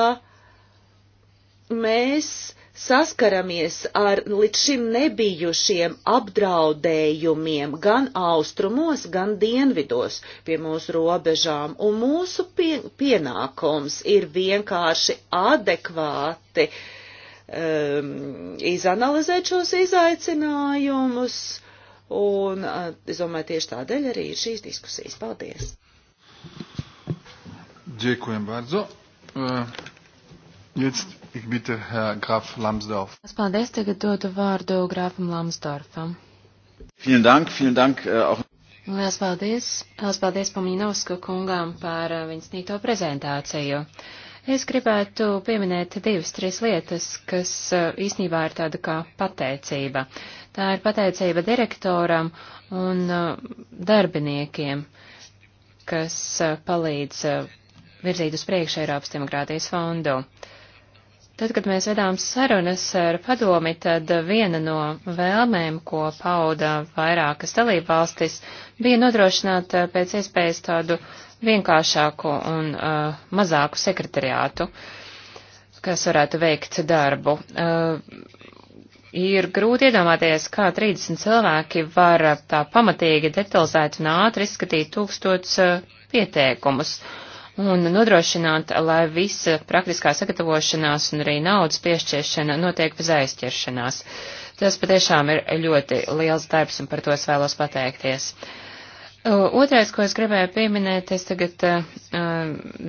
mēs saskaramies ar līdz šim nebijušiem apdraudējumiem gan austrumos, gan dienvidos pie mūsu robežām, un mūsu pie, pienākums ir vienkārši adekvāti um, izanalizēt šos izaicinājumus, un uh, es domāju, tieši tādēļ arī ir šīs diskusijas. Paldies!
Dziekujem bardzo. Uh, e, jetzt Ik bitte Herr Graf Lambsdorff. Es paldies, tagad dodu vārdu Grāfam Lambsdorffam. Vielen Dank, vielen Dank äh, auch. Lielas paldies, lielas paldies Pamīnovska kungām par äh, viņas nīto prezentāciju. Es gribētu pieminēt divas, trīs lietas, kas äh, īsnībā ir tāda kā pateicība. Tā ir pateicība direktoram un darbiniekiem, kas palīdz virzīt uz priekšu Eiropas demokrātijas fondu. Tad, kad mēs vedām sarunas ar padomi, tad viena no vēlmēm, ko pauda vairākas dalībvalstis, bija nodrošināt eh, pēc iespējas tādu vienkāršāku un uh, mazāku sekretariātu, kas varētu veikt darbu. Uh, ir grūti iedomāties, kā 30 cilvēki var tā pamatīgi, detalizēti un ātri izskatīt tūkstots uh, pieteikumus. Uh, un nodrošināt, lai visa praktiskā sagatavošanās un arī naudas piešķiešana notiek bez aizķeršanās. Tas patiešām ir ļoti liels darbs, un par to es vēlos pateikties. Otrais, ko es gribēju pieminēt, es tagad uh,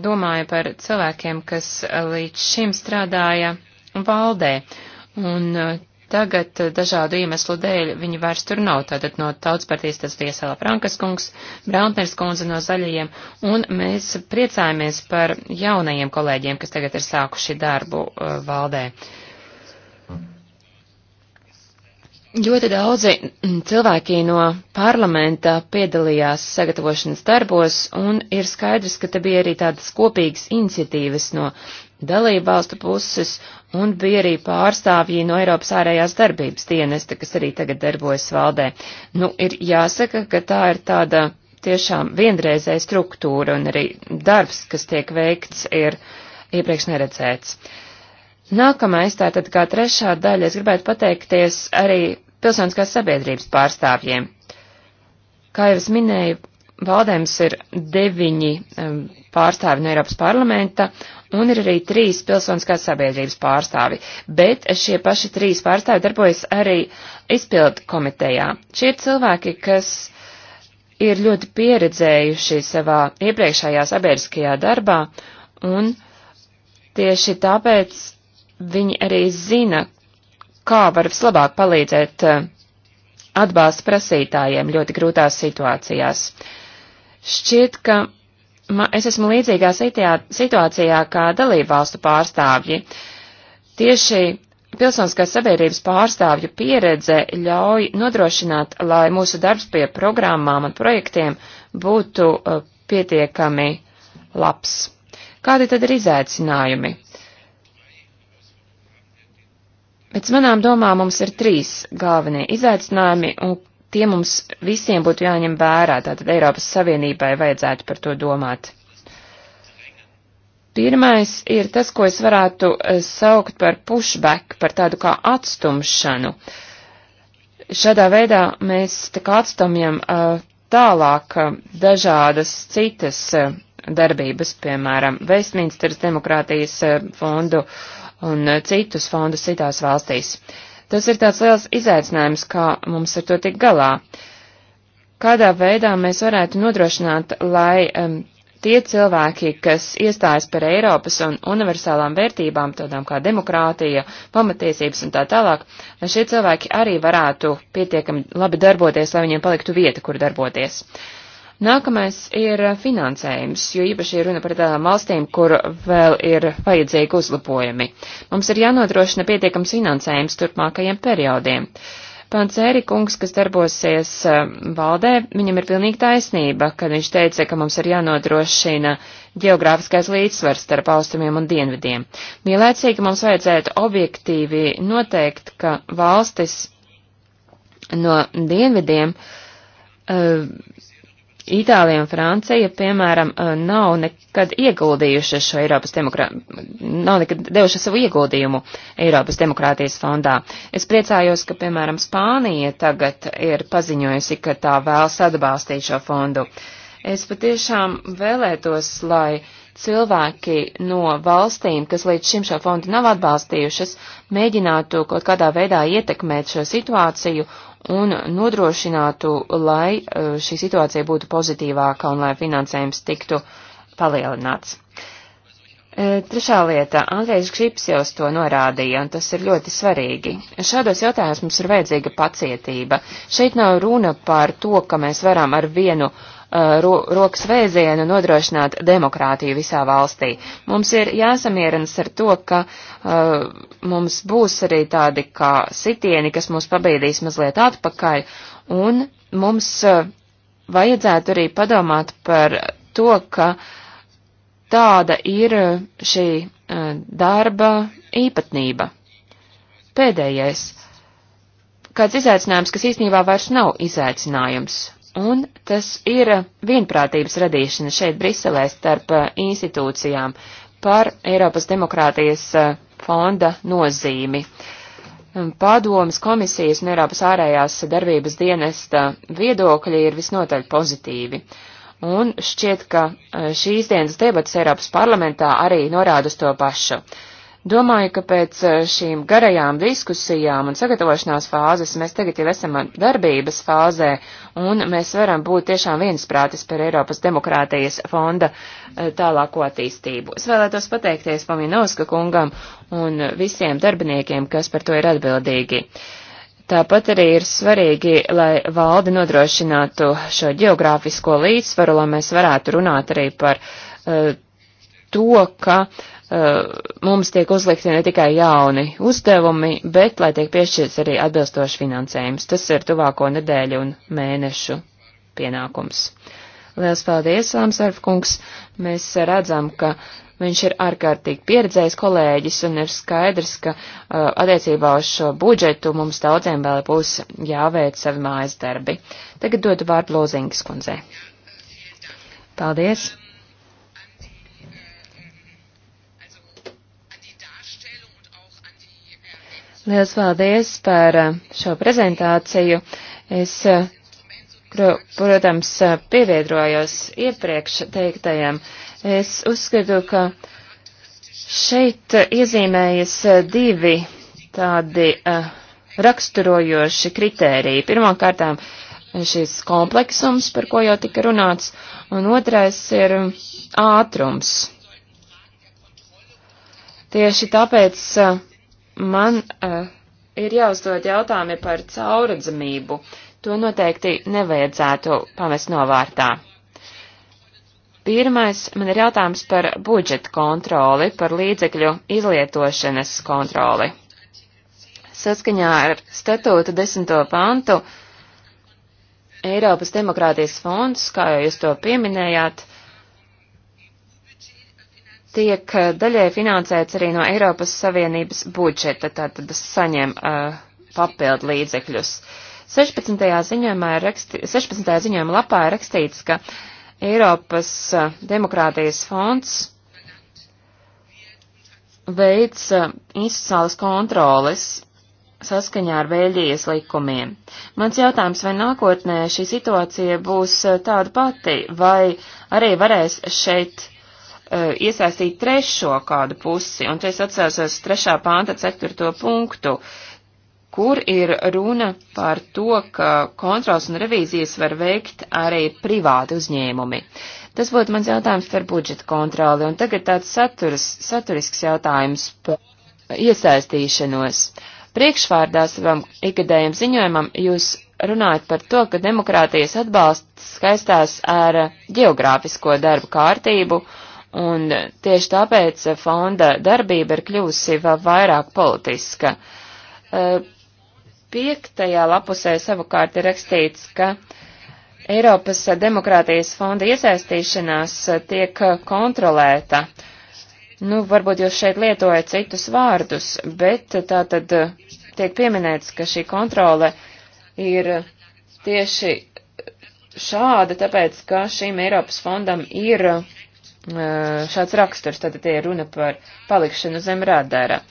domāju par cilvēkiem, kas eh, līdz šim strādāja valdē. Un uh, Tagad eh, dažādu iemeslu dēļ viņi vairs tur nav. Tātad no tautspartijas tas bija Sala Frankas kungs, Brautners kundze no zaļajiem, un mēs priecājamies par jaunajiem kolēģiem, kas tagad ir sākuši darbu uh, valdē. Ļoti daudzi mm, cilvēki no parlamenta piedalījās sagatavošanas darbos, un ir skaidrs, ka te bija arī tādas kopīgas iniciatīvas no dalību valstu puses Un bija arī pārstāvji no Eiropas ārējās darbības dienesta, kas arī tagad darbojas valdē. Nu, ir jāsaka, ka tā ir tāda tiešām vienreizēja struktūra un arī darbs, kas tiek veikts, ir iepriekš neredzēts. Nākamais, tātad kā trešā daļa, es gribētu pateikties arī pilsoniskās sabiedrības pārstāvjiem. Kā jau es minēju, valdēms ir deviņi um, pārstāvi no Eiropas parlamenta, un ir arī trīs pilsoniskās sabiedrības pārstāvi, bet šie paši trīs pārstāvi darbojas arī izpildu komitejā. Šie ir cilvēki, kas ir ļoti pieredzējuši savā iepriekšējā sabiedriskajā darbā, un tieši tāpēc viņi arī zina, kā var vislabāk palīdzēt eh, atbalsta prasītājiem ļoti grūtās situācijās. Šķiet, ka ma, es esmu līdzīgā situācijā kā dalībvalstu pārstāvji. Tieši pilsoniskās sabiedrības pārstāvju pieredze ļauj nodrošināt, lai mūsu darbs pie programmām un projektiem būtu uh, pietiekami labs. Kādi tad ir izaicinājumi? Pēc manām domām mums ir trīs galvenie izaicinājumi, un tie mums visiem būtu jāņem vērā, tātad Eiropas Savienībai vajadzētu par to domāt. Pirmais ir tas, ko es varētu eh, saukt par pushback, par tādu kā atstumšanu. Šādā veidā mēs tā kā atstumjam eh, tālāk eh, dažādas citas darbības, piemēram, Vestminsteras demokrātijas fondu un citus fondus citās valstīs. Uh, Tas ir tāds liels izaicinājums, kā mums ar to tik galā. Kādā veidā mēs varētu nodrošināt, lai um, tie cilvēki, kas iestājas par Eiropas un universālām vērtībām, tādām kā demokrātija, pamatiesības un tā tālāk, lai šie cilvēki arī varētu pietiekami labi darboties, lai viņiem paliktu vieta, kur darboties. Uh, Nākamais ir finansējums, jo īpaši ir runa par tādām valstīm, kur vēl ir vajadzīgi uzlabojumi. Mums ir jānodrošina pietiekams finansējums turpmākajiem periodiem. Pants Ērikungs, kas darbosies um, valdē, viņam ir pilnīgi taisnība, kad viņš teica, ka mums ir jānodrošina geogrāfiskais līdzsvars starp austrumiem un dienvidiem. Vienlaicīgi mums vajadzētu objektīvi noteikt, ka valstis no dienvidiem uh, Itālija un Francija, piemēram, eh, nav nekad ieguldījuši šo Eiropas demokrātiju, nav nekad devuši savu ieguldījumu Eiropas demokrātijas fondā. Es priecājos, ka, piemēram, Spānija tagad ir paziņojusi, ka tā vēlas atbalstīt šo fondu. Es patiešām vēlētos, lai cilvēki no valstīm, kas līdz šim šo fondu nav atbalstījušas, mēģinātu kaut kādā veidā ietekmēt šo situāciju un nodrošinātu, lai eh, šī situācija būtu pozitīvāka un lai finansējums tiktu palielināts. Eh, trešā lieta. Andrejs Kšips jau to norādīja, un tas ir ļoti svarīgi. Šādos jautājumos mums ir vajadzīga pacietība. Šeit nav runa par to, ka mēs varam ar vienu uh, Uh, ro rokas vēzienu nodrošināt demokrātiju visā valstī. Mums ir jāsamierinas ar to, ka uh, mums būs arī tādi kā sitieni, kas mūs pabīdīs mazliet atpakaļ, un mums uh, vajadzētu arī padomāt par to, ka tāda ir uh, šī uh, darba īpatnība. Pēdējais. Kāds izaicinājums, kas īstenībā vairs nav izaicinājums, Un tas ir vienprātības radīšana šeit Briselē starp eh, institūcijām par Eiropas demokrātijas eh, fonda nozīmi. Padomas komisijas un Eiropas ārējās darbības dienesta viedokļi ir visnotaļ pozitīvi. Un šķiet, ka eh, šīs dienas debatas Eiropas parlamentā arī norāda uz to pašu. Uh, Domāju, ka pēc eh, šīm garajām diskusijām un sagatavošanās fāzes mēs tagad jau esam darbības fāzē, un mēs varam būt tiešām viensprātis par Eiropas demokrātijas fonda eh, tālāko attīstību. Es vēlētos pateikties Paminovska kungam un visiem darbiniekiem, kas par to ir atbildīgi. Tāpat arī ir svarīgi, lai valde nodrošinātu šo geogrāfisko līdzsvaru, lai mēs varētu runāt arī par uh, to, ka uh, Eh, mums tiek uzlikti ne tikai jauni uzdevumi, bet lai tiek piešķirts arī atbilstošs finansējums. Tas ir tuvāko nedēļu un mēnešu pienākums. Liels paldies, Lamsarf kungs! Mēs redzam, ka viņš ir ārkārtīgi pieredzējis kolēģis un ir skaidrs, ka uh, attiecībā uz šo budžetu mums daudziem vēl būs jāveic savi mājas darbi. Tagad dodu vārdu Lozingas kundzei. Paldies! Liels paldies par eh, šo prezentāciju. Es, eh, protams, eh, pievienojos iepriekš teiktajam. Es uzskatu, ka šeit iezīmējas divi tādi uh, raksturojoši kritēriji. Pirmkārtām šis kompleksums, par ko jau tika runāts, un otrais ir mm, ātrums. Tieši tāpēc uh, man uh, ir jāuzdod jautājumi par cauradzamību. To noteikti nevajadzētu pamest novārtā. Pirmais man ir jautājums par budžeta kontroli, par līdzekļu izlietošanas kontroli. Saskaņā ar statūta desmito pantu Eiropas demokrātijas fonds, kā jau jūs to pieminējāt, tiek eh, daļai finansēts arī no Eiropas Savienības budžeta, tātad saņem uh, papildu līdzekļus. 16. ziņojumā ir raksti, 16. ziņojuma lapā ir rakstīts, ka Eiropas uh, demokrātijas fonds veids uh, institucionālas kontroles saskaņā ar Vēļģijas likumiem. Mans jautājums, vai nākotnē šī situācija būs tāda pati, vai arī varēs šeit Eh, iesaistīt trešo kādu pusi, un te es atsaucos trešā panta ceturto punktu, kur ir runa par to, ka kontrols un revīzijas var veikt arī privāti uzņēmumi. Tas būtu mans jautājums par budžeta kontroli, un tagad tāds saturis, saturisks jautājums par iesaistīšanos. Priekšvārdā savam ikgadējam ziņojumam jūs runājat par to, ka demokrātijas atbalsts skaistās ar geogrāfisko darbu kārtību, uh, Un tieši tāpēc fonda darbība ir kļuvusi vēl vairāk politiska. Eh, piektajā lapusē savukārt ir rakstīts, ka Eiropas demokrātijas fonda iesaistīšanās tiek kontrolēta. Nu, varbūt jūs šeit lietojat citus vārdus, bet tā tad tiek pieminēts, ka šī kontrole ir tieši šāda, tāpēc, ka šim Eiropas fondam ir Eh, šāds raksturs, tad tie ir runa par palikšanu zem radara.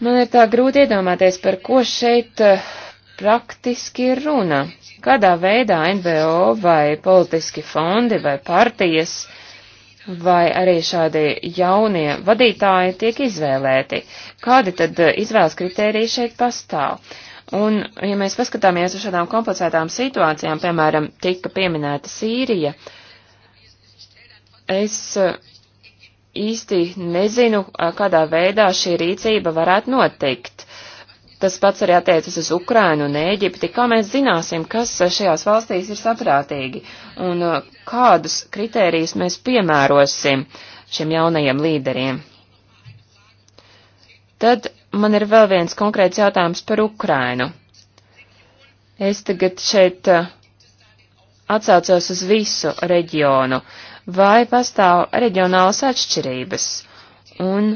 Man ir tā grūti iedomāties, par ko šeit eh, praktiski ir runa. Kādā veidā NVO vai politiski fondi vai partijas vai arī šādi jaunie vadītāji tiek izvēlēti? Kādi tad eh, izvēles kritēriji šeit pastāv? Un, ja mēs paskatāmies uz šādām komplicētām situācijām, piemēram, tika pieminēta Sīrija, uh, Es eh, īsti nezinu, eh, kādā veidā šī rīcība varētu notikt. Tas pats arī attiecas uz Ukrainu un Ēģipti. Kā mēs zināsim, kas eh, šajās valstīs ir saprātīgi un kādus kritērijus mēs piemērosim šiem jaunajiem līderiem? Tad man ir vēl viens konkrēts jautājums par Ukrainu. Es tagad šeit atsaucos uz visu reģionu. Uh, vai pastāv reģionālas atšķirības, un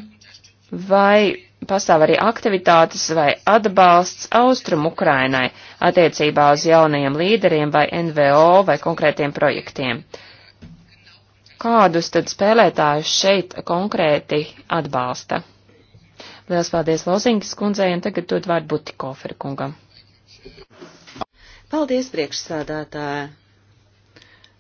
vai pastāv arī aktivitātes vai atbalsts Austrum Ukrainai attiecībā uz jaunajiem līderiem vai NVO vai konkrētiem projektiem. Kādus tad spēlētājus šeit konkrēti atbalsta? Liels paldies Lozingas kundzei, un tagad dod vārdu Butikoferi kungam.
Paldies, priekšsādātāja!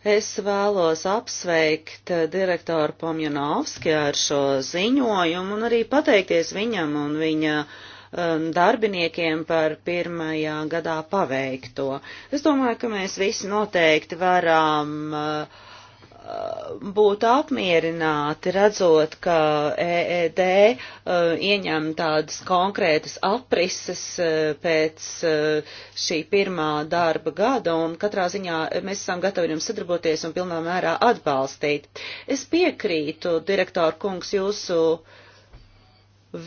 Es vēlos apsveikt eh, direktoru Pomjanovski ar šo ziņojumu un arī pateikties viņam un viņa um, darbiniekiem par pirmajā gadā paveikto. Es domāju, ka mēs visi noteikti varam uh, būtu apmierināti redzot, ka EED e, ieņem tādas konkrētas aprises e, pēc e, šī pirmā darba gada, un katrā ziņā mēs esam gatavi jums sadarboties un pilnā mērā atbalstīt. Es piekrītu, direktor kungs, jūsu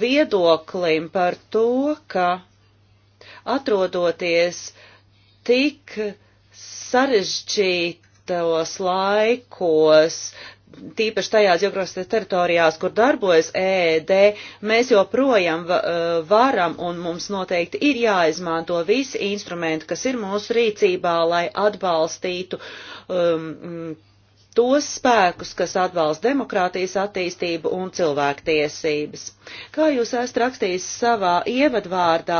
viedoklim par to, ka atrodoties tik sarežģīt parastos laikos, tīpaši tajās geogrāfiskajās teritorijās, kur darbojas EED, mēs joprojām e, varam un mums noteikti ir jāizmanto visi instrumenti, kas ir mūsu rīcībā, lai atbalstītu um, tos spēkus, kas atbalsta demokrātijas attīstību un cilvēktiesības. Kā jūs esat rakstījis savā ievadvārdā,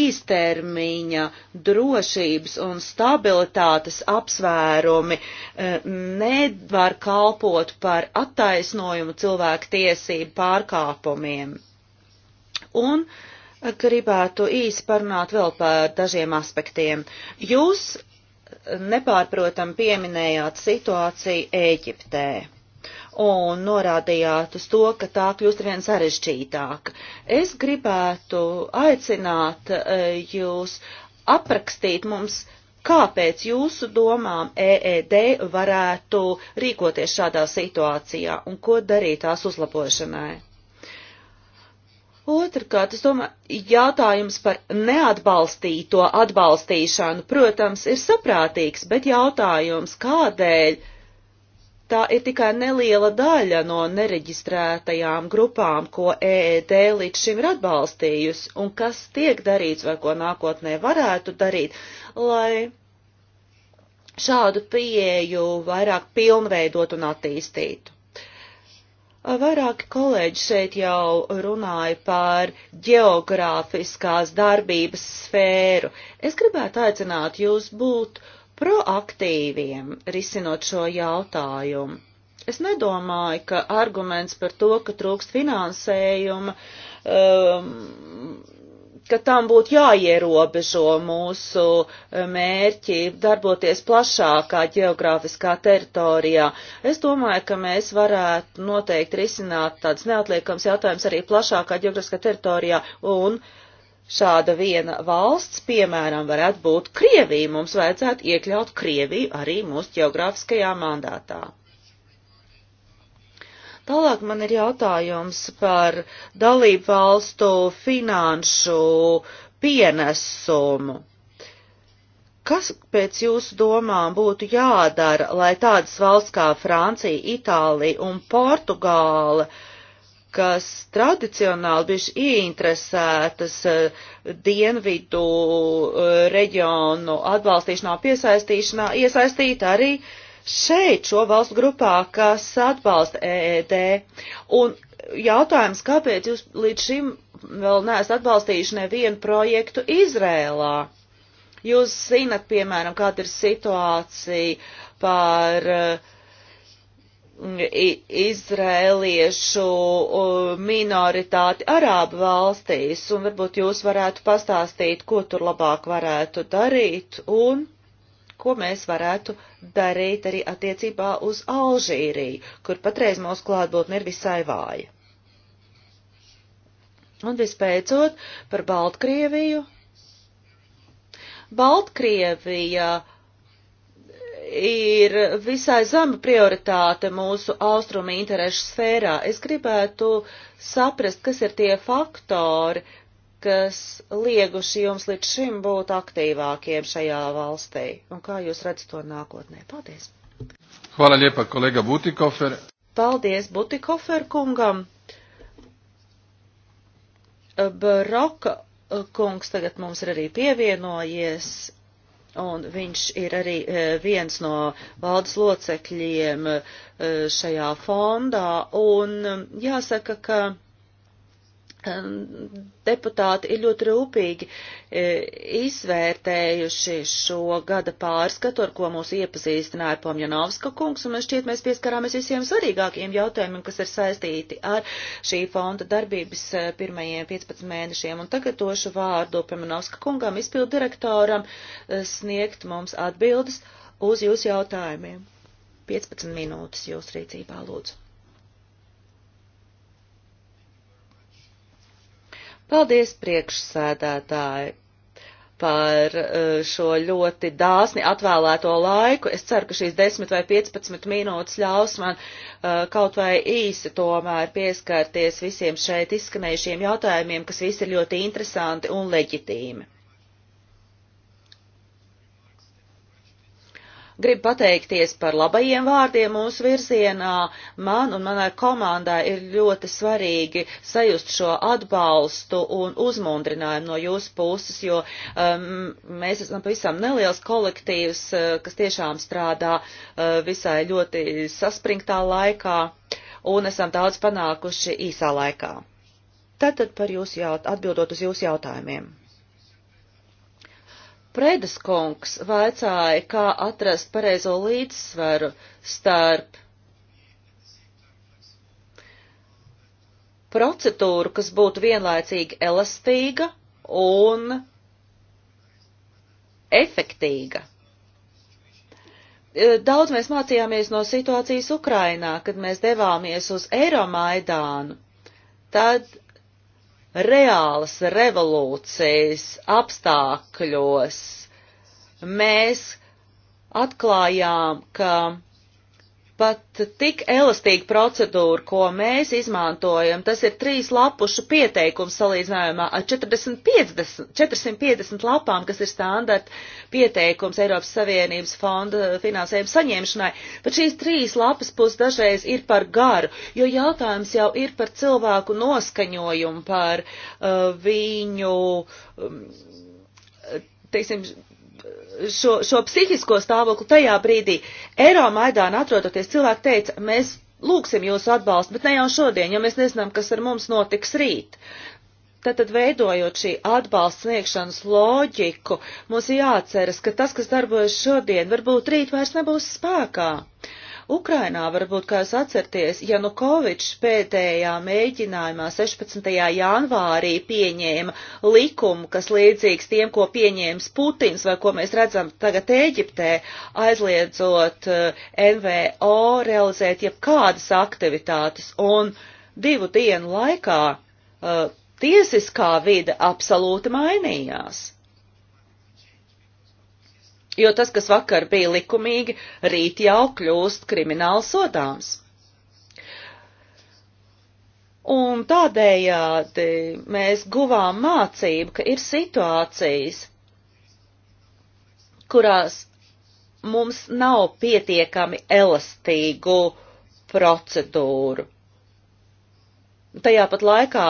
īstermiņa drošības un stabilitātes apsvērumi eh, nevar kalpot par attaisnojumu cilvēktiesību pārkāpumiem. Un eh, gribētu īsi parunāt vēl par dažiem aspektiem. Jūs nepārprotam pieminējāt situāciju Ēģiptē un norādījāt uz to, ka tā kļūst vien sarežģītāka. Es gribētu aicināt e, jūs aprakstīt mums, kāpēc jūsu domām EED varētu rīkoties šādā situācijā un ko darīt tās uzlabošanai. Otrakārt, es domāju, jautājums par neatbalstīto atbalstīšanu, protams, ir saprātīgs, bet jautājums, kādēļ tā ir tikai neliela daļa no nereģistrētajām grupām, ko EED līdz šim ir atbalstījusi, un kas tiek darīts vai ko nākotnē varētu darīt, lai šādu pieeju vairāk pilnveidot un attīstītu. Vairāki kolēģi šeit jau runāja par geogrāfiskās darbības sfēru. Es gribētu aicināt jūs būt proaktīviem, risinot šo jautājumu. Es nedomāju, ka arguments par to, ka trūkst finansējuma, um, ka tam būtu jāierobežo mūsu e, mērķi darboties plašākā geogrāfiskā teritorijā. Es domāju, ka mēs varētu noteikti risināt tāds neatliekams jautājums arī plašākā geogrāfiskā teritorijā un Šāda viena valsts, piemēram, varētu būt Krievija. Mums vajadzētu iekļaut Krieviju arī mūsu geogrāfiskajā mandātā. Tālāk man ir jautājums par dalību valstu finanšu pienesumu. Kas pēc jūsu domām būtu jādara, lai tādas valsts kā Francija, Itālija un Portugāla, kas tradicionāli bijuši ieinteresētas eh, dienvidu eh, reģionu atbalstīšanā, piesaistīšanā, iesaistīt arī uh, šeit šo valstu grupā, kas atbalsta EED. Un jautājums, kāpēc jūs līdz šim vēl neesat atbalstījuši nevienu projektu Izrēlā? Jūs zinat, piemēram, kāda ir situācija par uh, izrēliešu uh, minoritāti arābu valstīs, un varbūt jūs varētu pastāstīt, ko tur labāk varētu darīt, un ko mēs varētu darīt arī attiecībā uz Alžīriju, kur patreiz mūsu klātbūtne ir visai vāja. Un vispēcot par Baltkrieviju. Baltkrievija ir visai zema prioritāte mūsu austrumu interešu sfērā. Es gribētu saprast, kas ir tie faktori, kas lieguši jums līdz šim būt aktīvākiem šajā valstī? Un kā jūs redzat to nākotnē? Paldies! Hvala liepa, kolega Butikofer! Paldies Butikofer kungam! Broka eh, kungs tagad mums ir arī pievienojies, un viņš ir arī eh, viens no valdes locekļiem eh, šajā fondā, un jāsaka, ka deputāti ir ļoti rūpīgi e, izvērtējuši šo gada pārskatu, ar ko mūs iepazīstināja Pomjanovska kungs, un man šķiet mēs pieskarāmies visiem svarīgākiem jautājumiem, kas ir saistīti ar šī fonda darbības e, pirmajiem 15 mēnešiem. Un tagad došu vārdu Pomjanovska kungam, izpildu direktoram, e, sniegt mums atbildes uz jūsu jautājumiem. 15 minūtes jūsu rīcībā, lūdzu. Paldies priekšsēdētāji par uh, šo ļoti dāsni atvēlēto laiku. Es ceru, ka šīs 10 vai 15 minūtes ļaus man uh, kaut vai īsi tomēr pieskarties visiem šeit izskanējušiem jautājumiem, kas visi ir ļoti interesanti un leģitīmi. Gribu pateikties par labajiem vārdiem mūsu virzienā. Man un manai komandai ir ļoti svarīgi sajust šo atbalstu un uzmundrinājumu no jūsu puses, jo um, mēs esam pavisam neliels kolektīvs, uh, kas tiešām strādā uh, visai ļoti saspringtā laikā un esam daudz panākuši īsā laikā. Tātad par jūsu jaut, atbildot uz jūsu jautājumiem. Predes kungs vaicāja, kā atrast pareizo līdzsvaru starp procedūru, kas būtu vienlaicīgi elastīga un efektīga. E, daudz mēs mācījāmies no situācijas Ukrainā, kad mēs devāmies uz Eiromaidānu. Tad reālas revolūcijas apstākļos mēs atklājām, ka pat tik elastīga procedūra, ko mēs izmantojam, tas ir trīs lapušu pieteikums salīdzinājumā ar 40, 50, 450 lapām, kas ir standarta pieteikums Eiropas Savienības fonda finansējuma saņemšanai, bet šīs trīs lapas pus dažreiz ir par garu, jo jautājums jau ir par cilvēku noskaņojumu, par uh, viņu, um, teiksim, šo, šo psihisko stāvokli tajā brīdī. Eiro Maidāna atrodoties cilvēki teica, mēs lūksim jūsu atbalstu, bet ne jau šodien, jo mēs nezinām, kas ar mums notiks rīt. Tātad veidojot šī atbalsta sniegšanas loģiku, mums jāatceras, ka tas, kas darbojas šodien, varbūt rīt vairs nebūs spēkā. Uh, Ukrainā varbūt, kā jūs atcerties, Janukovičs pēdējā mēģinājumā 16. janvārī pieņēma likumu, kas līdzīgs tiem, ko pieņēmis Putins vai ko mēs redzam tagad Ēģiptē, aizliedzot eh, NVO realizēt jebkādas aktivitātes. Un divu dienu laikā uh, tiesiskā vide absolūti mainījās jo tas, kas vakar bija likumīgi, rīt jau kļūst krimināli sodāms. Un tādējādi mēs guvām mācību, ka ir situācijas, kurās mums nav pietiekami elastīgu procedūru. Tajā pat laikā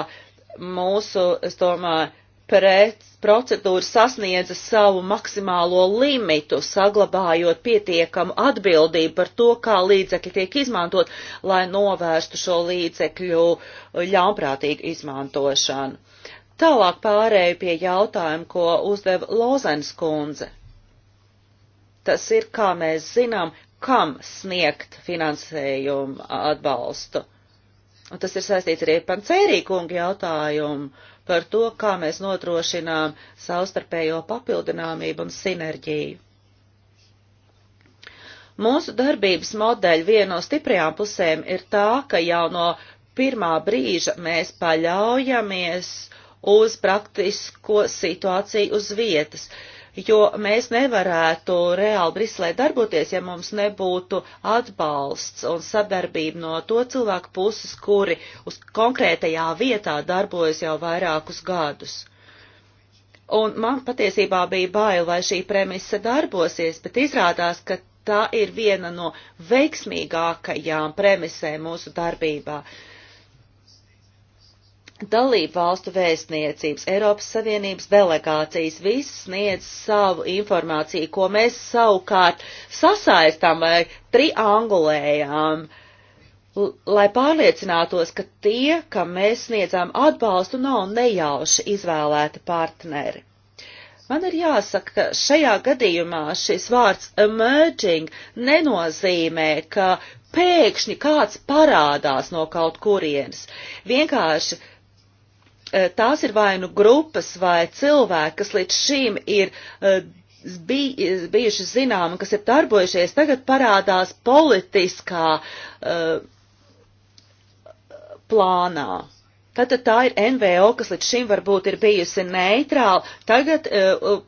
mūsu, es domāju, pret, procedūra sasniedza savu maksimālo limitu, saglabājot pietiekamu atbildību par to, kā līdzekļi tiek izmantot, lai novērstu šo līdzekļu ļaunprātīgu izmantošanu. Tālāk pārēju pie jautājuma, ko uzdeva Lozens kundze. Tas ir, kā mēs zinām, kam sniegt finansējumu atbalstu. Un tas ir saistīts arī ar pancērīkungu jautājumu. Uh, par to, kā mēs notrošinām savstarpējo papildināmību un sinerģiju. Mūsu darbības modeļa viena no stiprajām pusēm ir tā, ka jau no pirmā brīža mēs paļaujamies uz praktisko situāciju uz vietas. Uh, jo mēs nevarētu reāli Briselē darboties, ja mums nebūtu atbalsts un sadarbība no to cilvēku puses, kuri uz konkrētajā vietā darbojas jau vairākus gadus. Un man patiesībā bija bail, vai šī premisa darbosies, bet izrādās, ka tā ir viena no veiksmīgākajām premisēm mūsu darbībā. Uh, Dalību valstu vēstniecības, Eiropas Savienības delegācijas viss sniedz savu informāciju, ko mēs savukārt sasaistām vai triangulējām, lai pārliecinātos, ka tie, kam mēs sniedzām atbalstu, nav nejauši izvēlēti partneri. Man ir jāsaka, ka šajā gadījumā šis vārds emerging nenozīmē, ka pēkšņi kāds parādās no kaut kurienes. Vienkārši Eh, tās ir vai nu grupas vai cilvēki, kas līdz šim ir eh, bij, eh, bijuši zināmi, kas ir darbojušies, tagad parādās politiskā uh, plānā. Tātad tā ir NVO, kas līdz šim varbūt ir bijusi neitrāla, tagad uh,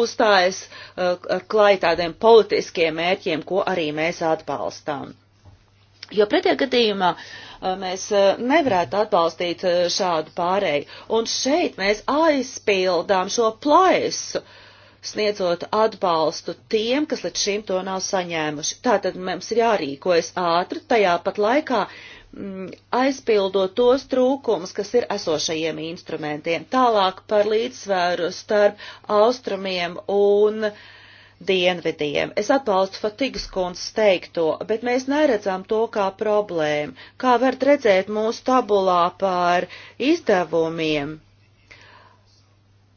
uzstājas uh, klāj tādiem politiskiem mērķiem, ko arī mēs atbalstām. Jo pretējā gadījumā uh, mēs uh, nevarētu atbalstīt uh, šādu pārēju. Un šeit mēs aizpildām šo plaisu, sniedzot atbalstu tiem, kas līdz šim to nav saņēmuši. Tātad mums ir jārīkojas ātri, tajā pat laikā mm, aizpildot tos trūkumus, kas ir esošajiem instrumentiem. Tālāk par līdzsvaru starp austrumiem un uh, dienvidiem. Es atbalstu Fatigas kundzes teikto, bet mēs neredzam to kā problēmu. Kā varat redzēt mūsu tabulā par izdevumiem?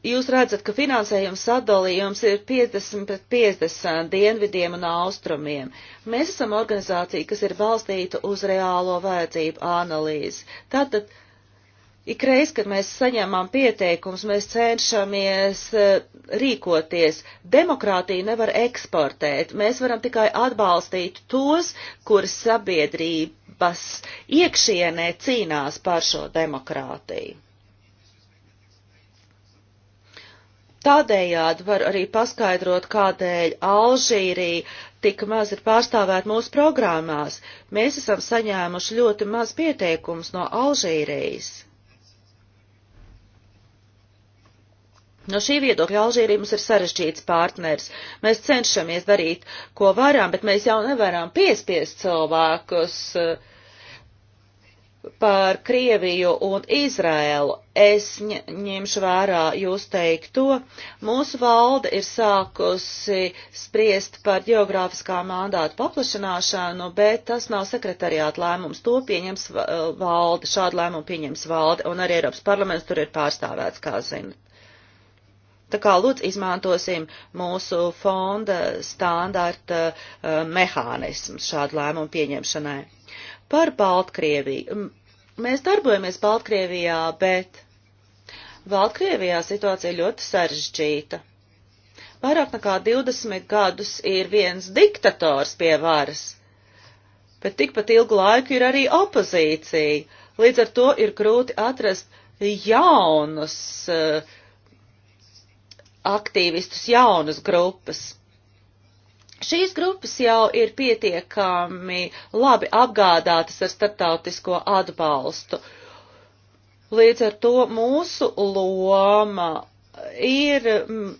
Jūs redzat, ka finansējums sadalījums ir 50 pret 50 dienvidiem un austrumiem. Mēs esam organizācija, kas ir balstīta uz reālo vajadzību analīzi. Tātad Ikreiz, kad mēs saņemam pieteikums, mēs cenšamies e, rīkoties. Demokrātiju nevar eksportēt. Mēs varam tikai atbalstīt tos, kuri sabiedrības iekšienē cīnās par šo demokrātiju. Tādējādi var arī paskaidrot, kādēļ Alžīrija tik maz ir pārstāvēt mūsu programmās. Mēs esam saņēmuši ļoti maz pieteikums no Alžīrijas. No šī viedokļa Alžīrija mums ir sarežģīts partners. Mēs cenšamies darīt, ko varam, bet mēs jau nevaram piespiest cilvēkus eh, par Krieviju un Izraēlu. Es ņemšu vērā jūs teikto. Mūsu valde ir sākusi spriest par geogrāfiskā mandāta paplašināšanu, bet tas nav sekretariāta lēmums. To pieņems valde, šādu lēmumu pieņems valde, un arī Eiropas parlaments tur ir pārstāvēts, kā zinat. Tā kā lūdzu izmantosim mūsu fonda standarta uh, mehānismus šādu lēmumu pieņemšanai. Par Baltkrieviju. Mēs darbojamies Baltkrievijā, bet Baltkrievijā situācija ļoti sarežģīta vairāk nekā 20 gadus ir viens diktators pie varas, bet tikpat ilgu laiku ir arī opozīcija. Līdz ar to ir grūti atrast jaunus uh, aktīvistus, jaunas grupas. Šīs grupas jau ir pietiekami labi apgādātas ar starptautisko atbalstu. Līdz ar to mūsu loma ir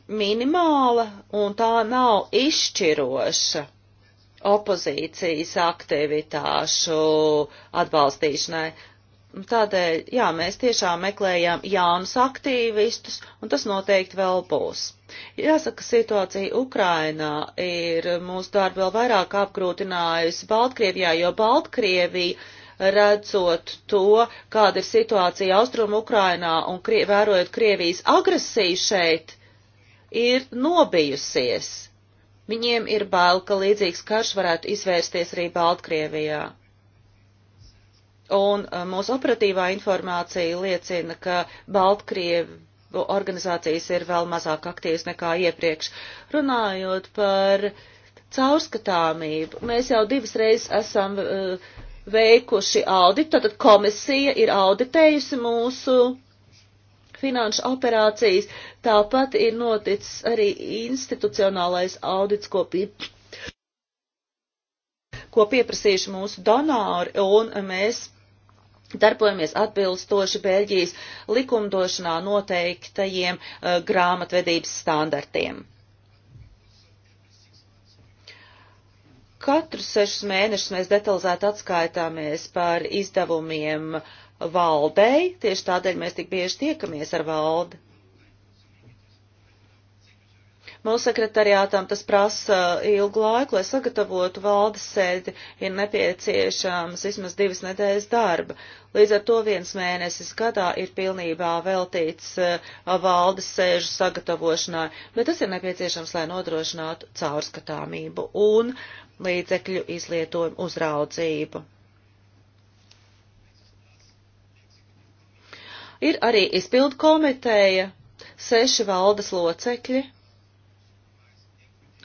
minimāla un tā nav izšķiroša opozīcijas aktivitāšu atbalstīšanai. Tādēļ, jā, mēs tiešām meklējām jaunus aktīvistus, un tas noteikti vēl būs. Jāsaka, situācija Ukrainā ir mūsu darbu vēl vairāk apgrūtinājusi Baltkrievijā, jo Baltkrievija, redzot to, kāda ir situācija Austrum Ukrainā un krie, vērojot Krievijas agresiju šeit, ir nobijusies. Viņiem ir bail, ka līdzīgs karš varētu izvērsties arī Baltkrievijā. Un uh, mūsu operatīvā informācija liecina, ka Baltkrievi organizācijas ir vēl mazāk aktīvas nekā iepriekš. Runājot par caurskatāmību, mēs jau divas reizes esam uh, veikuši auditu, tātad komisija ir auditējusi mūsu finanšu operācijas, tāpat ir noticis arī institucionālais audits, ko, pie, ko pieprasījuši mūsu donori, un mēs darbojamies atbilstoši Beļģijas likumdošanā noteiktajiem uh, grāmatvedības standartiem. Katru sešus mēnešus mēs detalizēti atskaitāmies par izdevumiem valdei, tieši tādēļ mēs tik bieži tiekamies ar valdi. Mūsu sekretariātām tas prasa ilgu laiku, lai sagatavotu valdes sēdi, ir nepieciešams vismaz divas nedēļas darba. Līdz ar to viens mēnesis gadā ir pilnībā veltīts eh, valdes sēžu sagatavošanai, bet tas ir nepieciešams, lai nodrošinātu caurskatāmību un līdzekļu izlietojumu uzraudzību. Ir arī izpildu komiteja, seši valdes locekļi,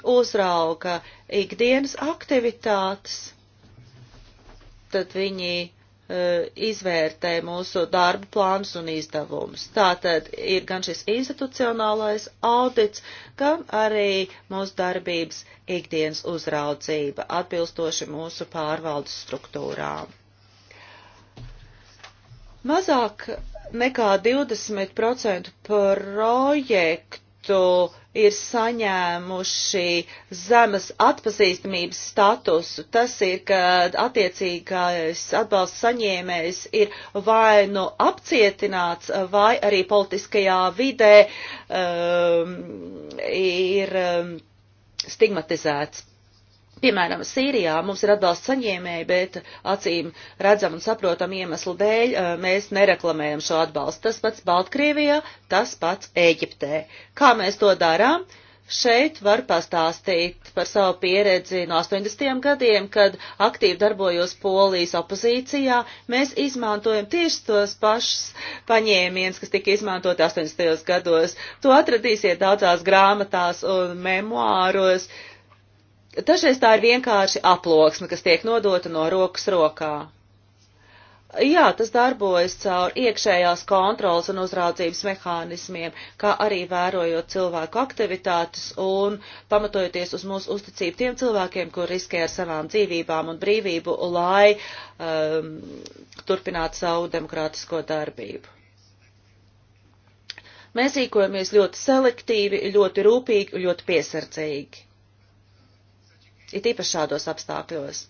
uzrauga ikdienas aktivitātes, tad viņi uh, izvērtē mūsu darba plānus un izdevumus. Tātad ir gan šis institucionālais audits, gan arī mūsu darbības ikdienas uzraudzība atbilstoši mūsu pārvaldes struktūrām. Mazāk nekā 20% projektu projektu ir saņēmuši zemes atpazīstamības statusu. Tas ir, ka attiecīgais atbalsts saņēmējs ir vai nu apcietināts, vai arī politiskajā vidē um, ir um, stigmatizēts. Piemēram, Sīrijā mums ir atbalsts saņēmēji, bet acīm redzam un saprotam iemeslu dēļ eh, mēs nereklamējam šo atbalstu. Tas pats Baltkrievijā, tas pats Ēģiptē. Kā mēs to darām? Šeit var pastāstīt par savu pieredzi no 80. gadiem, kad aktīvi darbojos Polijas opozīcijā. Mēs izmantojam tieši tos pašus paņēmienus, kas tika izmantoti 80. gados. To atradīsiet daudzās grāmatās un memoāros. Uh, Dažreiz tā ir vienkārši aploksne, kas tiek nodota no rokas rokā. Jā, tas darbojas caur iekšējās kontrolas un uzraudzības mehānismiem, kā arī vērojot cilvēku aktivitātes un pamatojoties uz mūsu uzticību tiem cilvēkiem, kur riskē ar savām dzīvībām un brīvību, lai um, turpinātu savu demokrātisko darbību. Mēs rīkojamies ļoti selektīvi, ļoti rūpīgi un ļoti piesardzīgi it īpaši šādos apstākļos.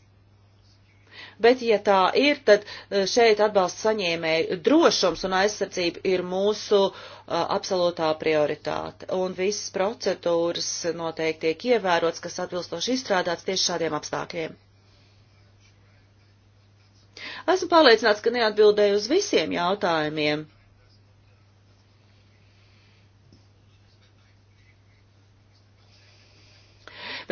Bet, ja tā ir, tad e, šeit atbalsta saņēmēju drošums un aizsardzība ir mūsu uh, absolūtā prioritāte. Un visas procedūras noteikti tiek ievērots, kas atbilstoši izstrādāts tieši šādiem apstākļiem. Esmu pārliecināts, ka neatbildēju uz visiem jautājumiem,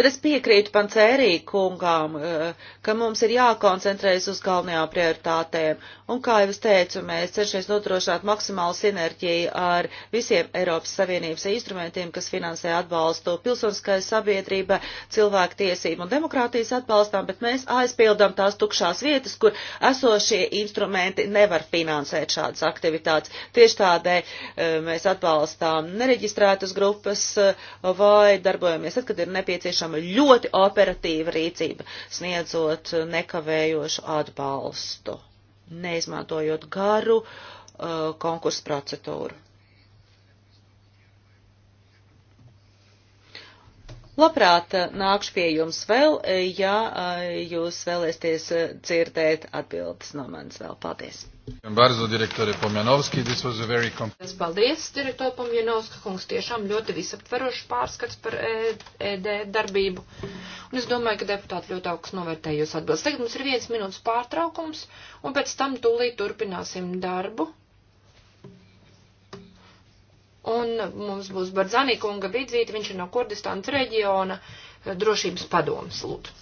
Bet es piekrītu pancērī kungām, eh, ka mums ir jākoncentrējas uz galvenajām prioritātēm. Un, kā jau es teicu, mēs cenšamies nodrošināt maksimālu sinerģiju ar visiem Eiropas Savienības instrumentiem, kas finansē atbalstu pilsoniskai sabiedrībai, cilvēktiesību un demokrātijas atbalstām, bet mēs aizpildām tās tukšās vietas, kur esošie instrumenti nevar finansēt šādas aktivitātes. Tieši tādēļ eh, mēs atbalstām nereģistrētas grupas eh, vai darbojamies tad, kad ir nepieciešama nepieciešama ļoti operatīva rīcība, sniedzot nekavējošu atbalstu, neizmantojot garu uh, konkursu procedūru. Labprāt, uh, nākšu pie jums vēl, uh, ja uh, jūs vēlēsties dzirdēt atbildes no manis vēl. Paldies! Bardzo, direktore Pomjanovski, this was a very complex. Paldies, direktor
Pomjanovska kungs, tiešām ļoti visaptverošs pārskats par ED e, darbību. Un es domāju, ka deputāti ļoti augsts novērtēja jūs atbildes. Tagad mums ir viens minūtes pārtraukums, un pēc tam tūlīt turpināsim darbu. Un mums būs Barzanī kunga vidzīte, viņš ir no Kurdistānas reģiona e, drošības padomas lūdzu.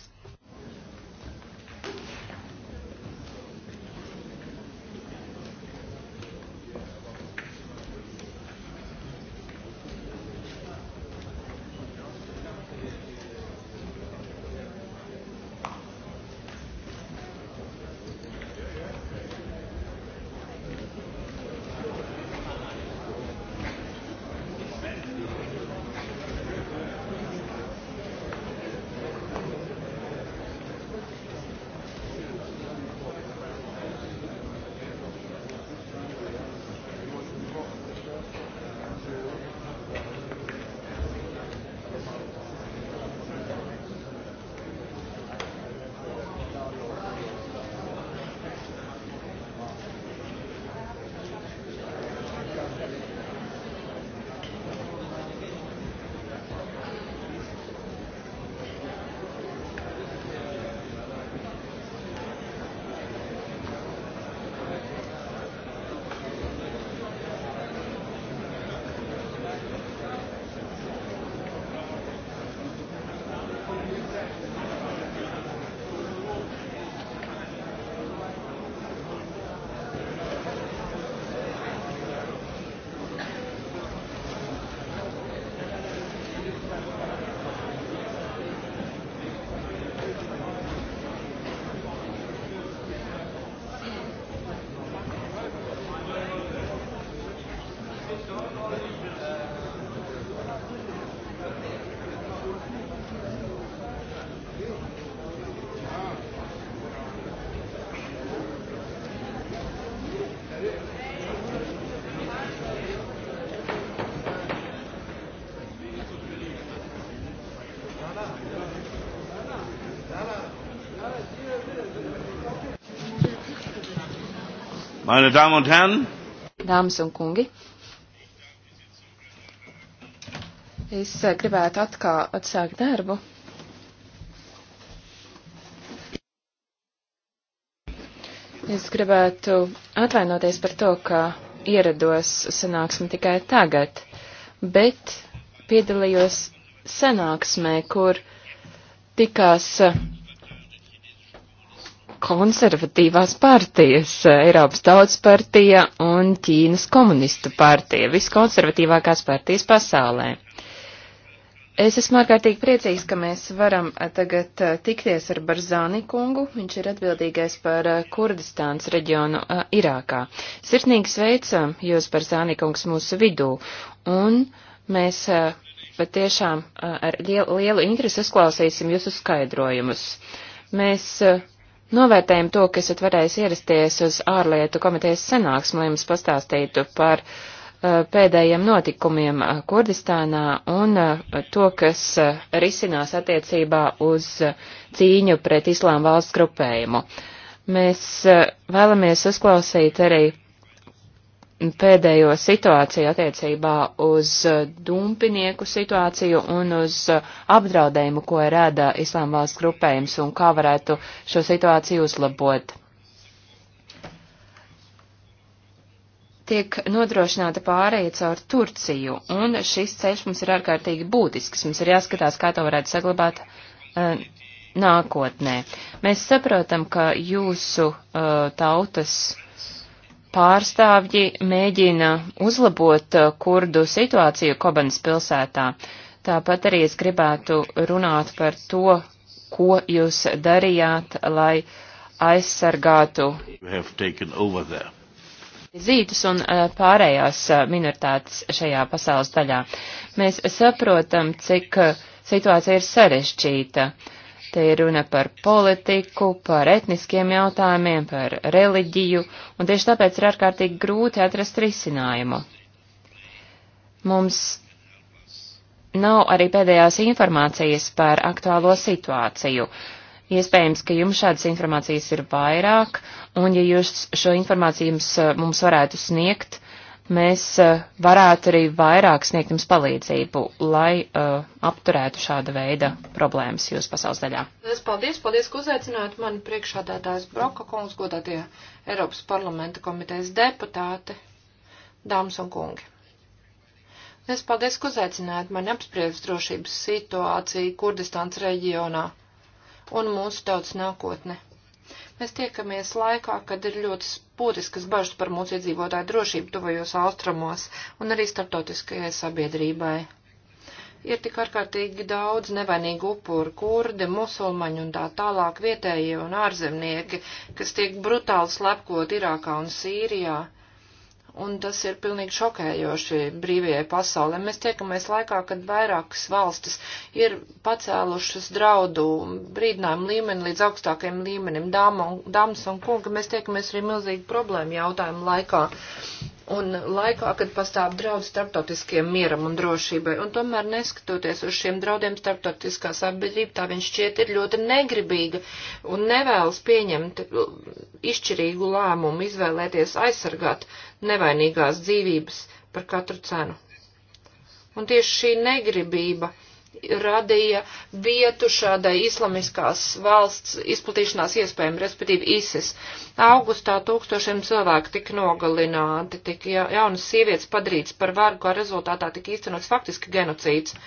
Meine Damen und Herren, Dāmas un kungi, es eh, gribētu atkal atsākt darbu. Es gribētu atvainoties par to, ka ierados sanāksmi tikai tagad, bet piedalījos sanāksmē, kur tikās eh, konservatīvās partijas - Eiropas tautas partija un Ķīnas komunistu partija - viskonservatīvākās partijas pasaulē. Es esmu ārkārtīgi priecīgs, ka mēs varam tagad tikties ar Barzāni kungu. Viņš ir atbildīgais par Kurdistānas reģionu Irākā. Sirsnīgi sveicam jūs, Barzāni kungs, mūsu vidū. Un mēs patiešām ar lielu, lielu interesi uzklausīsim jūsu skaidrojumus. Mēs uh, Novērtējam to, ka esat varējis ierasties uz ārlietu komitejas sanāksmu, lai jums pastāstītu par uh, pēdējiem notikumiem uh, Kurdistānā un uh, to, kas uh, risinās attiecībā uz uh, cīņu pret islām valsts grupējumu. Mēs uh, vēlamies uzklausīt arī pēdējo situāciju attiecībā uz uh, dumpinieku situāciju un uz uh, apdraudējumu, ko rada Islāma valsts grupējums un kā varētu šo situāciju uzlabot. Tiek nodrošināta pārēja caur Turciju, un šis ceļš mums ir ārkārtīgi būtisks. Mums ir jāskatās, kā to varētu saglabāt uh, nākotnē. Mēs saprotam, ka jūsu uh, tautas uh, pārstāvji mēģina uzlabot uh, kurdu situāciju Kobanas pilsētā. Tāpat arī es gribētu runāt par to, ko jūs darījāt, lai aizsargātu zītus un uh, pārējās uh, minoritātes šajā pasaules daļā. Mēs saprotam, cik situācija ir sarežģīta. Uh, Te ir runa par politiku, par etniskiem jautājumiem, par reliģiju, un tieši tāpēc ir ārkārtīgi grūti atrast risinājumu. Mums nav arī pēdējās informācijas par aktuālo situāciju. Iespējams, ka jums šādas informācijas ir vairāk, un ja jūs šo informāciju mums, eh, mums varētu sniegt, mēs eh, varētu arī vairāk sniegt jums palīdzību, lai uh, apturētu šāda veida problēmas jūsu pasaules daļā.
Es paldies, paldies, ka uzaicinājāt mani priekšādātājs Broka kungs, godātie Eiropas parlamenta komitejas deputāti, dāmas un kungi. Es paldies, ka uzaicinājāt mani apspriest drošības situāciju Kurdistāns reģionā un mūsu tautas nākotne. Mēs tiekamies laikā, kad ir ļoti būtiskas bažas par mūsu iedzīvotāju drošību tuvajos austrumos un arī starptautiskajai sabiedrībai. Ir tik ārkārtīgi daudz nevainīgu upuru, kurdi, musulmaņi un tā tālāk vietējie un ārzemnieki, kas tiek brutāli slepkot Irākā un Sīrijā un tas ir pilnīgi šokējoši brīvajai pasaulē. Mēs tiekamies laikā, kad vairākas valstis ir pacēlušas draudu brīdinājumu līmeni līdz augstākajiem līmenim. Dāmas un kungi, mēs tiekamies arī milzīgi problēmu jautājumu laikā. Un laikā, kad pastāv draudi starptautiskiem mieram un drošībai, un tomēr neskatoties uz šiem draudiem starptautiskā sabiedrība, tā viņš šķiet ir ļoti negribīga un nevēlas pieņemt izšķirīgu lēmumu, izvēlēties aizsargāt uh, nevainīgās dzīvības par katru cenu. Un tieši šī negribība radīja vietu šādai islamiskās valsts izplatīšanās iespējām, respektīvi ISIS. Augustā tūkstošiem cilvēku tika nogalināti, tika jaunas sievietes padarītas par vargu, kā rezultātā tika īstenots faktiski genocīds.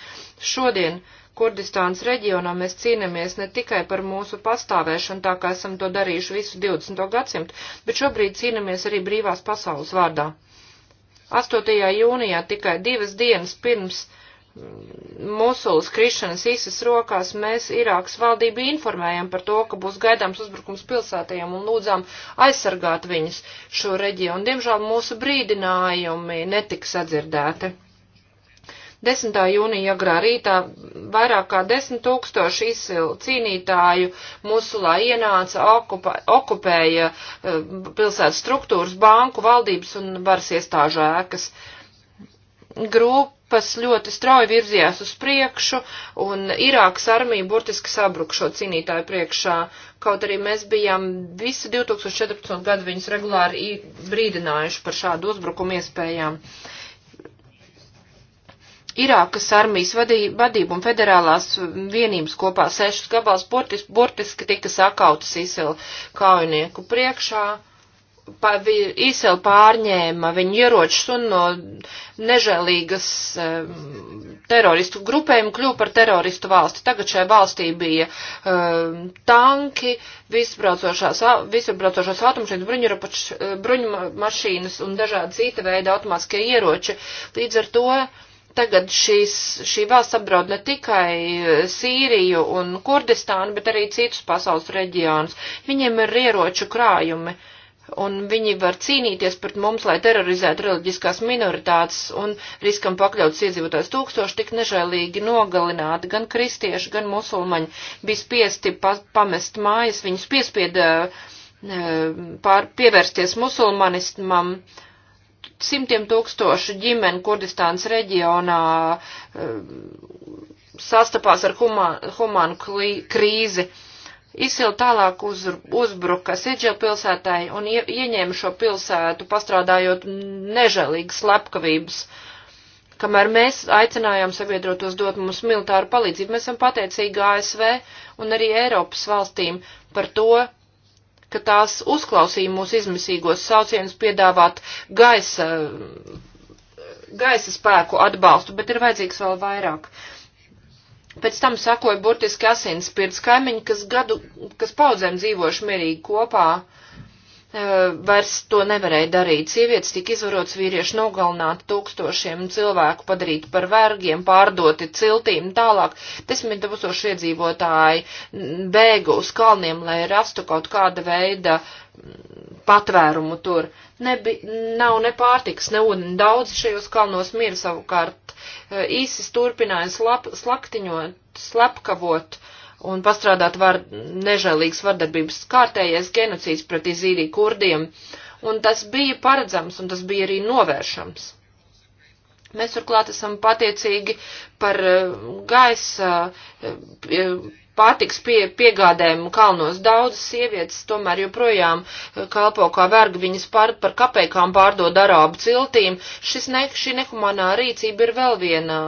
Šodien uh, Kurdistānas reģionā mēs cīnāmies ne tikai par mūsu pastāvēšanu, tā kā esam to darījuši visu 20. gadsimtu, bet šobrīd cīnāmies arī brīvās pasaules vārdā. 8. jūnijā tikai divas dienas pirms Musulas mm, krišanas īsas rokās mēs Irākas valdību informējam par to, ka būs gaidāms uzbrukums pilsētajiem un lūdzām aizsargāt viņus šo reģionu. Diemžēl mūsu brīdinājumi netika sadzirdēti. 10. jūnija agrā rītā vairāk kā 10 tūkstoši izsilu cīnītāju musulā ienāca, okupā, okupēja eh, pilsētas struktūras, banku, valdības un varas iestāžu ēkas. Grupas ļoti strauji virzījās uz priekšu, un Irākas armija burtiski sabruka šo cīnītāju priekšā, kaut arī mēs bijām visu 2014. gadu viņus regulāri brīdinājuši par šādu uzbrukumu iespējām. Uh, Irākas armijas vadību un federālās vienības kopā sešas gabals burtis, burtiski tika sakautas izsēlu kaujinieku priekšā. Pa, Īsēl pārņēma viņu ieročus un no nežēlīgas um, teroristu grupējuma kļuva par teroristu valsti. Tagad šajā valstī bija um, tanki, visbraucošās, visbraucošās automašīnas, eh, bruņu mašīnas un dažādas cita veida automātiskie ieroči. Līdz ar to uh, tagad šīs, šī valsts apdraud ne tikai eh, Sīriju un Kurdistānu, bet arī citus pasaules reģionus. Viņiem ir ieroču krājumi. Un viņi var cīnīties pret mums, lai terorizētu reliģiskās minoritātes un riskam pakļautas iedzīvotājs. Tūkstoši tik nežēlīgi nogalināti, gan kristieši, gan musulmaņi bija spiesti pa pamest mājas, viņus piespieda eh, pār, pievērsties musulmanismam. Uh, Simtiem tūkstošu ģimeni Kurdistānas reģionā eh, sastapās ar humānu krīzi. Izsil tālāk uz, uzbruka Sidžela pilsētāji un ie, ieņēma šo pilsētu, pastrādājot nežēlīgas slepkavības. Kamēr mēs aicinājām sabiedrotos dot mums militāru palīdzību, mēs esam pateicīgi ASV un arī Eiropas valstīm par to, ka tās uzklausīja mūsu izmisīgos saucienus piedāvāt gaisa, gaisa spēku atbalstu, bet ir vajadzīgs vēl vairāk. Pēc tam sakoja burtiski asins pirts kaimiņi, kas gadu, kas paudzēm dzīvoši mierīgi kopā. Uh, vairs to nevarēja darīt. Sievietes tika izvarots, vīrieši nogalināti tūkstošiem cilvēku, padarīti par vergiem, pārdoti ciltīm tālāk. Desmit tūkstoši iedzīvotāji bēga uz kalniem, lai rastu kaut kāda veida patvērumu tur. Nebi, nav ne pārtiks, ne ūdeni. Daudzi šajos kalnos miera savukārt īsis turpināja slap, slaktiņot, slepkavot. Uh, un pastrādāt var nežēlīgs vardarbības kārtējais genocīds pret izīrī kurdiem, un tas bija paredzams, un tas bija arī novēršams. Mēs turklāt esam pateicīgi par eh, gaisa eh, pārtiks pie, piegādēm kalnos. Daudzas sievietes tomēr joprojām eh, kalpo kā vergi, viņas pār, par kapeikām pārdod arābu ciltīm. Šis ne, šī nehumanā rīcība ir vēl viena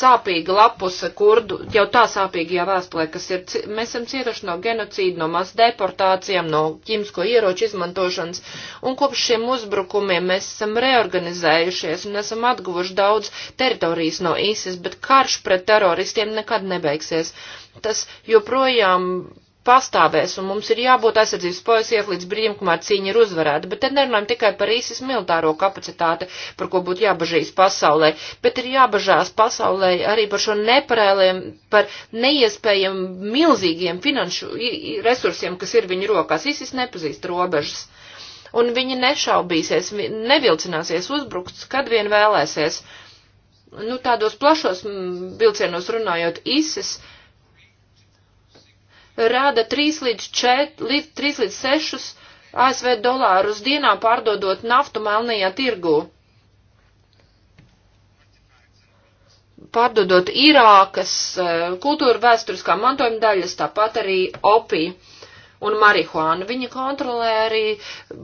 sāpīga lapuse kurdu, jau tā sāpīgajā vēstulē, kas ir, mēs esam cietuši no genocīda, no mas deportācijām, no ķimsko ieroču izmantošanas, un kopš šiem uzbrukumiem mēs esam reorganizējušies un esam atguvuši daudz teritorijas no ISIS, bet karš pret teroristiem nekad nebeigsies tas joprojām pastāvēs, un mums ir jābūt aizsardzības poesijās līdz brīdim, kamēr cīņa ir uzvarēta. Bet te nerunājam tikai par īsis militāro kapacitāti, par ko būtu jābažīs pasaulē, bet ir jābažās pasaulē arī par šo neparēliem, par neiespējam milzīgiem finanšu resursiem, kas ir viņu rokās. Īsis nepazīst robežas. Un viņi nešaubīsies, nevilcināsies uzbrukts, kad vien vēlēsies. Nu, tādos plašos mm, vilcienos runājot, īsis. ISIS rada 3 līdz, 4, līdz, 3 līdz 6 ASV dolārus dienā pārdodot naftu melnajā tirgū. Pārdodot Irākas e, kultūra vēsturiskā mantojuma daļas, tāpat arī opiju un marihuānu. Viņi kontrolē arī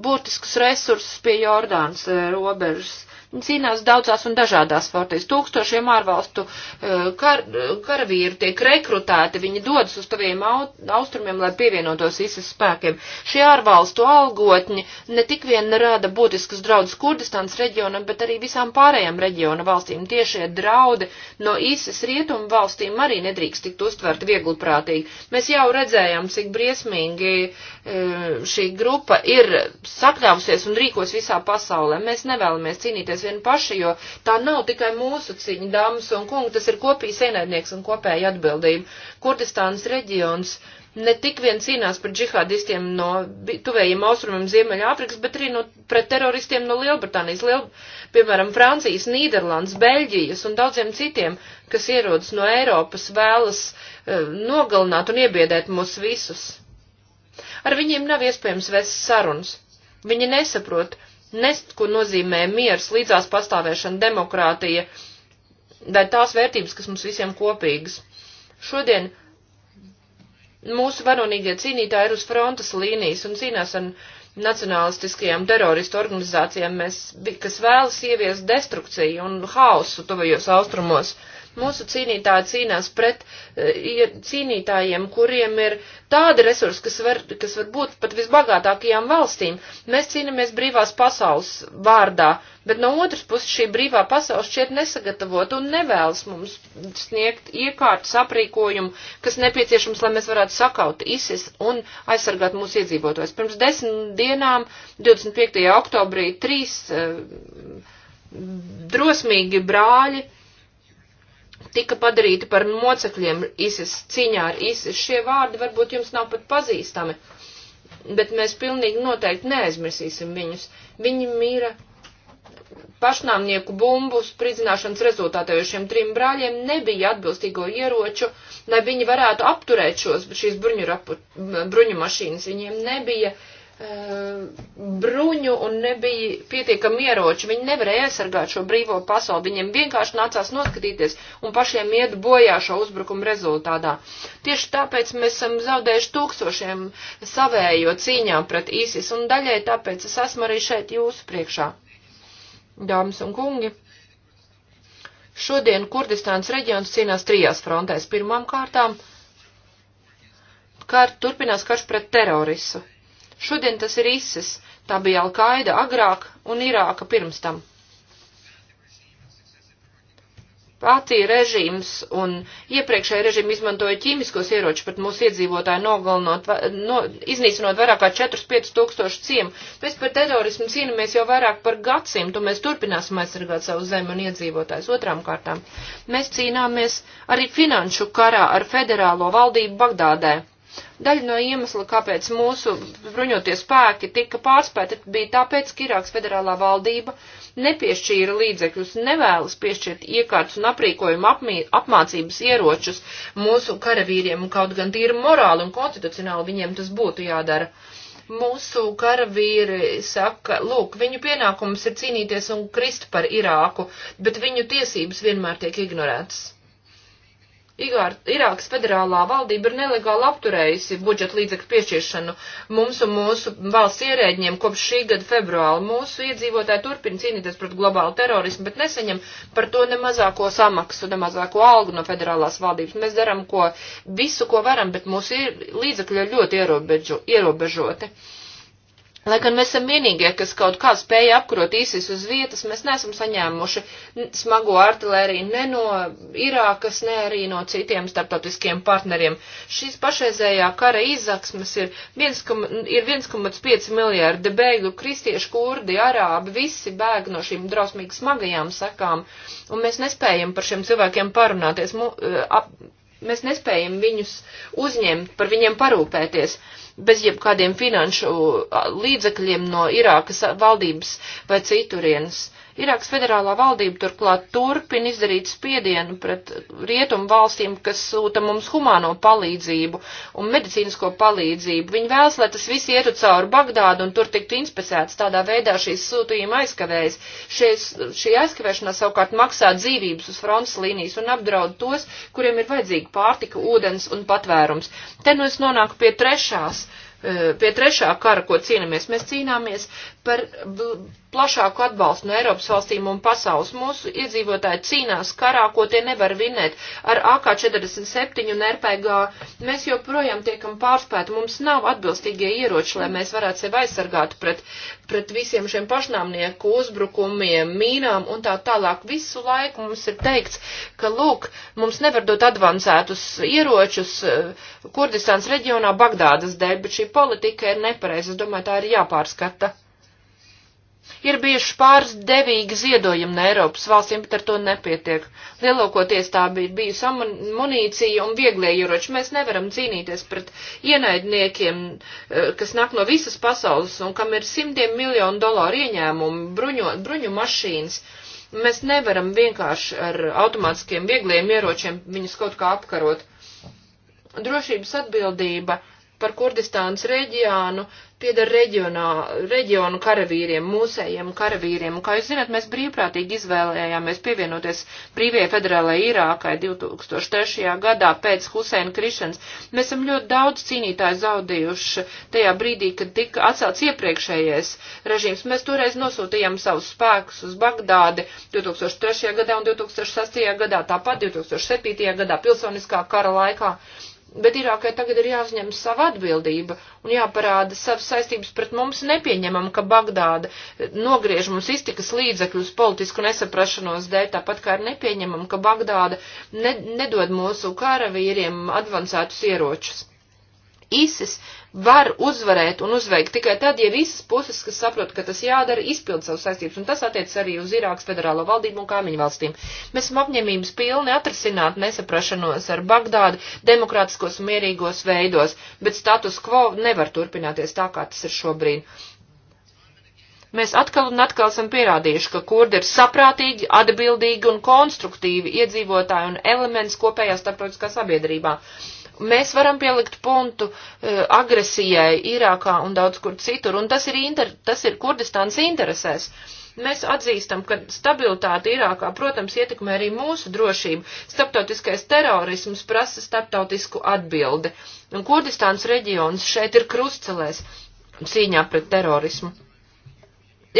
burtiskus resursus pie Jordānas e, robežas cīnās daudzās un dažādās fortīs. Tūkstošiem ārvalstu eh, kar, karavīru tiek rekrutēti, viņi dodas uz taviem austrumiem, lai pievienotos ISIS spēkiem. Šie ārvalstu algotņi ne tik vien rada būtiskas draudus Kurdistāns reģionam, bet arī visām pārējām reģiona valstīm. Tiešie draudi no ISIS rietumu valstīm arī nedrīkst tikt uztvert viegliprātīgi. Mēs jau redzējām, cik briesmīgi eh, šī grupa ir sakļāvusies un rīkos visā pasaulē. Mēs nevēlamies cīnīties jāzina paši, jo tā nav tikai mūsu cīņa, dāmas un kungi, tas ir kopīgs ienaidnieks un kopēja atbildība. Kurdistānas reģions ne tik vien cīnās par džihādistiem no tuvējiem austrumiem Ziemeļāfrikas, bet arī no, pret teroristiem no Lielbritānijas, Liel, piemēram, Francijas, Nīderlandes, Beļģijas un daudziem citiem, kas ierodas no Eiropas, vēlas uh, nogalināt un iebiedēt mūs visus. Ar viņiem nav iespējams vest sarunas. Viņi nesaprot, nest, ko nozīmē miers, līdzās pastāvēšana, demokrātija, vai tās vērtības, kas mums visiem kopīgas. Šodien mūsu varonīgie cīnītāji ir uz frontes līnijas un cīnās ar nacionalistiskajām teroristu organizācijām, mēs, kas vēlas ieviest destrukciju un hausu tuvajos austrumos. Uh, Mūsu cīnītāji cīnās pret eh, cīnītājiem, kuriem ir tādi resursi, kas var, kas var būt pat visbagātākajām valstīm. Mēs cīnāmies brīvās pasaules vārdā, bet no otras puses šī brīvā pasaule šķiet nesagatavota un nevēlas mums sniegt iekārtas aprīkojumu, kas nepieciešams, lai mēs varētu sakaut ISIS un aizsargāt mūsu iedzīvotājus. Pirms desmit dienām, 25. oktobrī, trīs eh, drosmīgi brāļi tika padarīti par mocekļiem ISIS cīņā ar ISIS. Šie vārdi varbūt jums nav pat pazīstami, bet mēs pilnīgi noteikti neaizmirsīsim viņus. Viņi mīra pašnāvnieku bumbu spridzināšanas rezultātā, jo šiem trim brāļiem nebija atbilstīgo ieroču, lai viņi varētu apturēt šos, šīs bruņu, rapu, bruņu mašīnas. Viņiem nebija uh, Eh, bruņu un nebija pietiekami ieroči. Viņi nevarēja aizsargāt šo brīvo pasauli. Viņiem vienkārši nācās noskatīties un pašiem iet bojā šo uzbrukumu rezultātā. Tieši tāpēc mēs esam zaudējuši tūkstošiem savējo cīņā pret ISIS un daļai tāpēc es esmu arī šeit jūsu priekšā. Dāmas un kungi, šodien Kurdistāns reģions cīnās trijās frontēs. Pirmām kārtām, kārt turpinās karš pret terorismu Šodien tas ir ISIS, tā bija Alkaida agrāk un Irāka pirms tam. Pācija režīms un iepriekšēja režīma izmantoja ķīmiskos ieroči pret mūsu iedzīvotāju, nogalinot, no, iznīcinot vairāk kā 4-5 tūkstošu ciem. Mēs par terorismu cīnāmies jau vairāk par gadsimtu, mēs turpināsim aizsargāt savu zemi un iedzīvotājus. Otrām kārtām, mēs cīnāmies arī finanšu karā ar federālo valdību Bagdādē Daļa no iemesla, kāpēc mūsu bruņoties spēki tika pārspēti, bija tāpēc, ka Irāks federālā valdība nepiešķīra līdzekļus, nevēlas piešķirt iekārtas un aprīkojumu apmī, apmācības ieročus mūsu karavīriem, un kaut gan tīri morāli un konstitucionāli viņiem tas būtu jādara. Mūsu karavīri saka, lūk, viņu pienākums ir cīnīties un krist par Irāku, bet viņu tiesības vienmēr tiek ignorētas. Irākas federālā valdība ir nelegāli apturējusi budžeta līdzekļu piešķiršanu mums un mūsu valsts ierēģiem kopš šī gada februāra. Mūsu iedzīvotāji turpina cīnīties pret globālu terorismu, bet nesaņem par to ne mazāko samaksu, ne mazāko algu no federālās valdības. Mēs darām ko, visu, ko varam, bet mūsu ir, līdzekļi ir ļoti ierobežo, ierobežoti. ierobežoti. Lai gan mēs esam vienīgie, kas kaut kā spēja apkurot īsis uz vietas, mēs neesam saņēmuši smago artilēriju ne no Irākas, ne arī no citiem starptautiskiem partneriem. Šīs pašreizējā kara izaksmas ir 1,5 miljārdi bēgļu, kristieši, kurdi, arābi, visi bēg no šīm drausmīgi smagajām sakām, un mēs nespējam par šiem cilvēkiem parunāties, mu, ap, mēs nespējam viņus uzņemt, par viņiem parūpēties. Uh, bez jebkādiem finanšu līdzekļiem no Irākas valdības vai citurienes. Irākas federālā valdība turklāt turpina izdarīt spiedienu pret rietumu valstīm, kas sūta mums humāno palīdzību un medicīnisko palīdzību. Viņi vēlas, lai tas viss ietu cauri Bagdādu un tur tiktu inspicēts. Tādā veidā šīs sūtījuma aizkavējas. Šies, šī aizkavēšanās savukārt maksā dzīvības uz frontes līnijas un apdraud tos, kuriem ir vajadzīga pārtika, ūdens un patvērums. Te nu es nonāku pie trešās eh, pie trešā kara, ko cīnāmies. Mēs cīnāmies par plašāku atbalstu no Eiropas valstīm un pasaules. Mūsu iedzīvotāji cīnās karā, ko tie nevar vinēt ar AK-47 un RPG. Mēs joprojām tiekam pārspēti, mums nav atbilstīgie ieroči, lai mēs varētu sevi aizsargāt pret, pret visiem šiem pašnāvnieku uzbrukumiem, mīnām un tā tālāk. Visu laiku mums ir teikts, ka, lūk, mums nevar dot advancētus ieročus eh, Kurdistāns reģionā Bagdādas dēļ, bet šī politika ir nepareiza. Es domāju, tā ir jāpārskata. Ir bijuši pāris devīgi ziedojumi no Eiropas valstīm, bet ar to nepietiek. Lielākoties tā bija bijusi munīcija un vieglie ieroči. Mēs nevaram cīnīties pret ienaidniekiem, eh, kas nāk no visas pasaules un kam ir simtiem miljonu dolāru ieņēmumu, bruņo, bruņu mašīnas. Mēs nevaram vienkārši ar automātiskiem viegliem ieročiem viņus kaut kā apkarot. Drošības atbildība par Kurdistānas reģionu pieder reģionā, reģionu karavīriem, mūsējiem karavīriem. Un, kā jūs zināt, mēs brīvprātīgi izvēlējāmies pievienoties brīvajai federālajai Irākai 2003. gadā pēc Huseina krišanas. Mēs esam ļoti daudz cīnītāju zaudējuši tajā brīdī, kad tika atcelts iepriekšējais režīms. Mēs toreiz nosūtījām savus spēkus uz Bagdādi 2003. gadā un 2006. gadā, tāpat 2007. gadā pilsoniskā kara laikā bet Irākai tagad ir jāuzņem sava atbildība un jāparāda savas saistības pret mums. Nepieņemam, ka Bagdāda nogriež mums iztikas līdzekļus politisku nesaprašanos dēļ, tāpat kā ir nepieņemam, ka Bagdāda ne, nedod mūsu karavīriem advancētus ieročus. ISIS var uzvarēt un uzveikt tikai tad, ja visas puses, kas saprot, ka tas jādara, izpild savas saistības, un tas attiec arī uz Irākas federālo valdību un kaimiņu valstīm. Mēs esam apņemības pilni atrisināt nesaprašanos ar Bagdādu demokrātiskos un mierīgos veidos, bet status quo nevar turpināties tā, kā tas ir šobrīd. Mēs atkal un atkal esam pierādījuši, ka kurdi ir saprātīgi, atbildīgi un konstruktīvi iedzīvotāji un elements kopējā starptautiskā sabiedrībā. Mēs varam pielikt punktu uh, e, agresijai Irākā un daudz kur citur, un tas ir, inter, tas ir Kurdistāns interesēs. Mēs atzīstam, ka stabilitāte Irākā, protams, ietekmē arī mūsu drošību. Starptautiskais terorisms prasa starptautisku atbildi, un Kurdistāns reģions šeit ir krustcelēs cīņā pret terorismu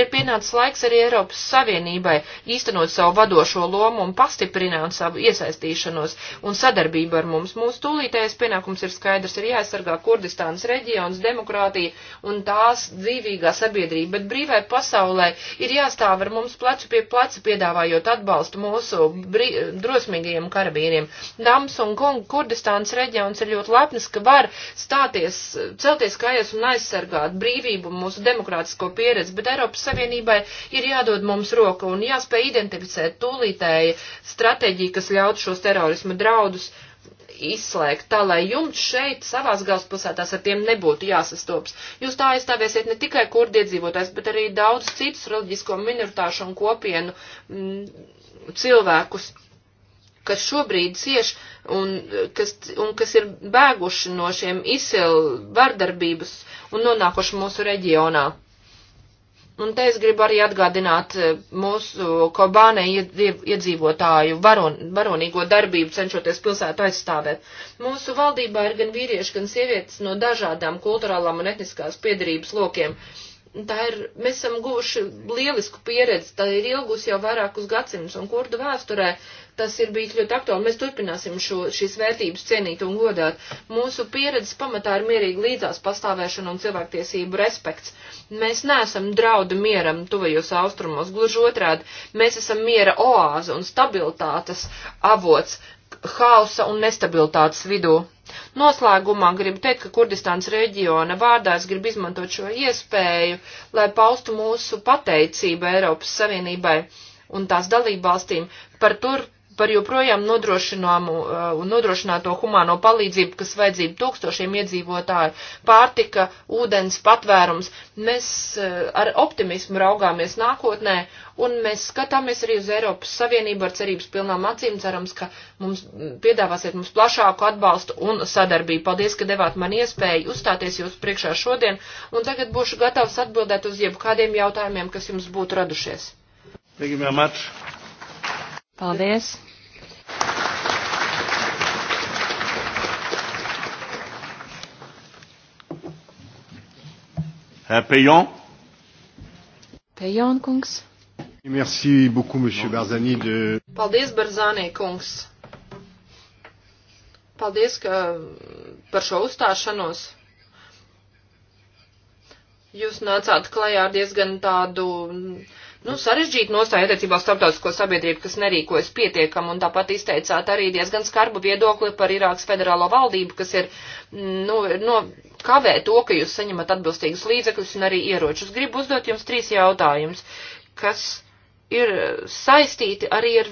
ir pienācis laiks arī Eiropas Savienībai īstenot savu vadošo lomu un pastiprināt savu iesaistīšanos un sadarbību ar mums. Mūsu tūlītējais pienākums ir skaidrs, ir jāaizsargā Kurdistānas reģions, demokrātija un tās dzīvīgā sabiedrība, bet brīvai pasaulē ir jāstāv ar mums plecu pie pleca, piedāvājot atbalstu mūsu brī, drosmīgajiem karavīriem. Dams un kungi, Kurdistānas reģions ir ļoti lepnis, ka var stāties, celties kājas un aizsargāt brīvību mūsu demokrātisko pieredzi, bet Eiropas Savienībai ir jādod mums roka un jāspēj identificēt tūlītēja stratēģija, kas ļaut šos terorismu draudus izslēgt, tā lai jums šeit savās galvaspilsētās ar tiem nebūtu jāsastops. Jūs tā aizstāvēsiet ne tikai kurdiedzīvotājs, bet arī daudz citus reliģisko minoritāšu un kopienu m, mm, cilvēkus kas šobrīd cieš un kas, un kas ir bēguši no šiem izsil vardarbības un nonākuši mūsu reģionā. Un te es gribu arī atgādināt eh, mūsu Kobāne iedzīvotāju varon, varonīgo darbību, cenšoties pilsētu aizstāvēt. Mūsu valdībā ir gan vīrieši, gan sievietes no dažādām kulturālām un etniskās piedarības lokiem. Tā ir, mēs esam guvuši lielisku pieredzi, tā ir ilgus jau vairākus gadsimtus, un kurdu vēsturē tas ir bijis ļoti aktuāli. Mēs turpināsim šo, šīs vērtības cienīt un godāt. Mūsu pieredzes pamatā ir mierīgi līdzās pastāvēšana un cilvēktiesību respekts. Mēs neesam draudu mieram tuvajos austrumos, gluži otrādi. Mēs esam miera oāze un stabilitātes avots hausa un nestabilitātes vidū. Noslēgumā gribu teikt, ka Kurdistāns reģiona vārdā es gribu izmantot šo iespēju, lai paustu mūsu pateicību Eiropas Savienībai un tās dalībvalstīm par tur par joprojām nodrošināmu uh, un nodrošināto humāno palīdzību, kas vajadzība tūkstošiem iedzīvotāju, pārtika, ūdens, patvērums. Mēs uh, ar optimismu raugāmies nākotnē un mēs skatāmies arī uz Eiropas Savienību ar cerības pilnām acīm. Cerams, ka mums mm, piedāvāsiet mums plašāku atbalstu un sadarbību. Paldies, ka devāt man iespēju uzstāties jūs priekšā šodien un tagad būšu gatavs atbildēt uz jebkādiem jautājumiem, kas jums būtu radušies.
Thank you very much.
Paldies!
Euh, Pejon.
Pejon kungs.
Merci beaucoup, monsieur Barzani. De...
Paldies, Barzani kungs. Paldies ka par šo uzstāšanos. Jūs nācāt klajā ar diezgan tādu nu, sarežģītu nostāju attiecībā starptautisko sabiedrību, kas nerīkojas pietiekam, un tāpat izteicāt arī diezgan skarbu viedokli par Irākas federālo valdību, kas ir nu, no, kavē to, ka jūs saņemat atbilstīgus līdzekļus un arī ieročus. Gribu uzdot jums trīs jautājumus, kas ir saistīti arī ar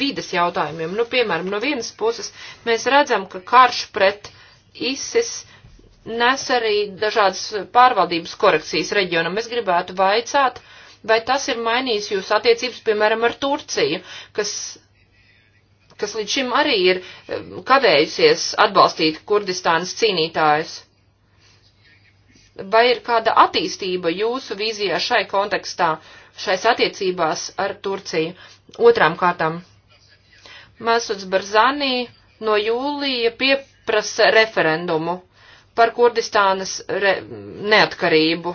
vides jautājumiem. Nu, piemēram, no vienas puses mēs redzam, ka karš pret ISIS nes arī dažādas pārvaldības korekcijas reģionam. Es gribētu vaicāt, vai tas ir mainījis jūsu attiecības, piemēram, ar Turciju, kas kas līdz šim arī ir eh, kavējusies atbalstīt Kurdistānas cīnītājus. Vai ir kāda attīstība jūsu vīzijā šai kontekstā, šais attiecībās ar Turciju? Otrām kārtām. Masuds Barzanī no jūlija pieprasa referendumu par Kurdistānas re neatkarību.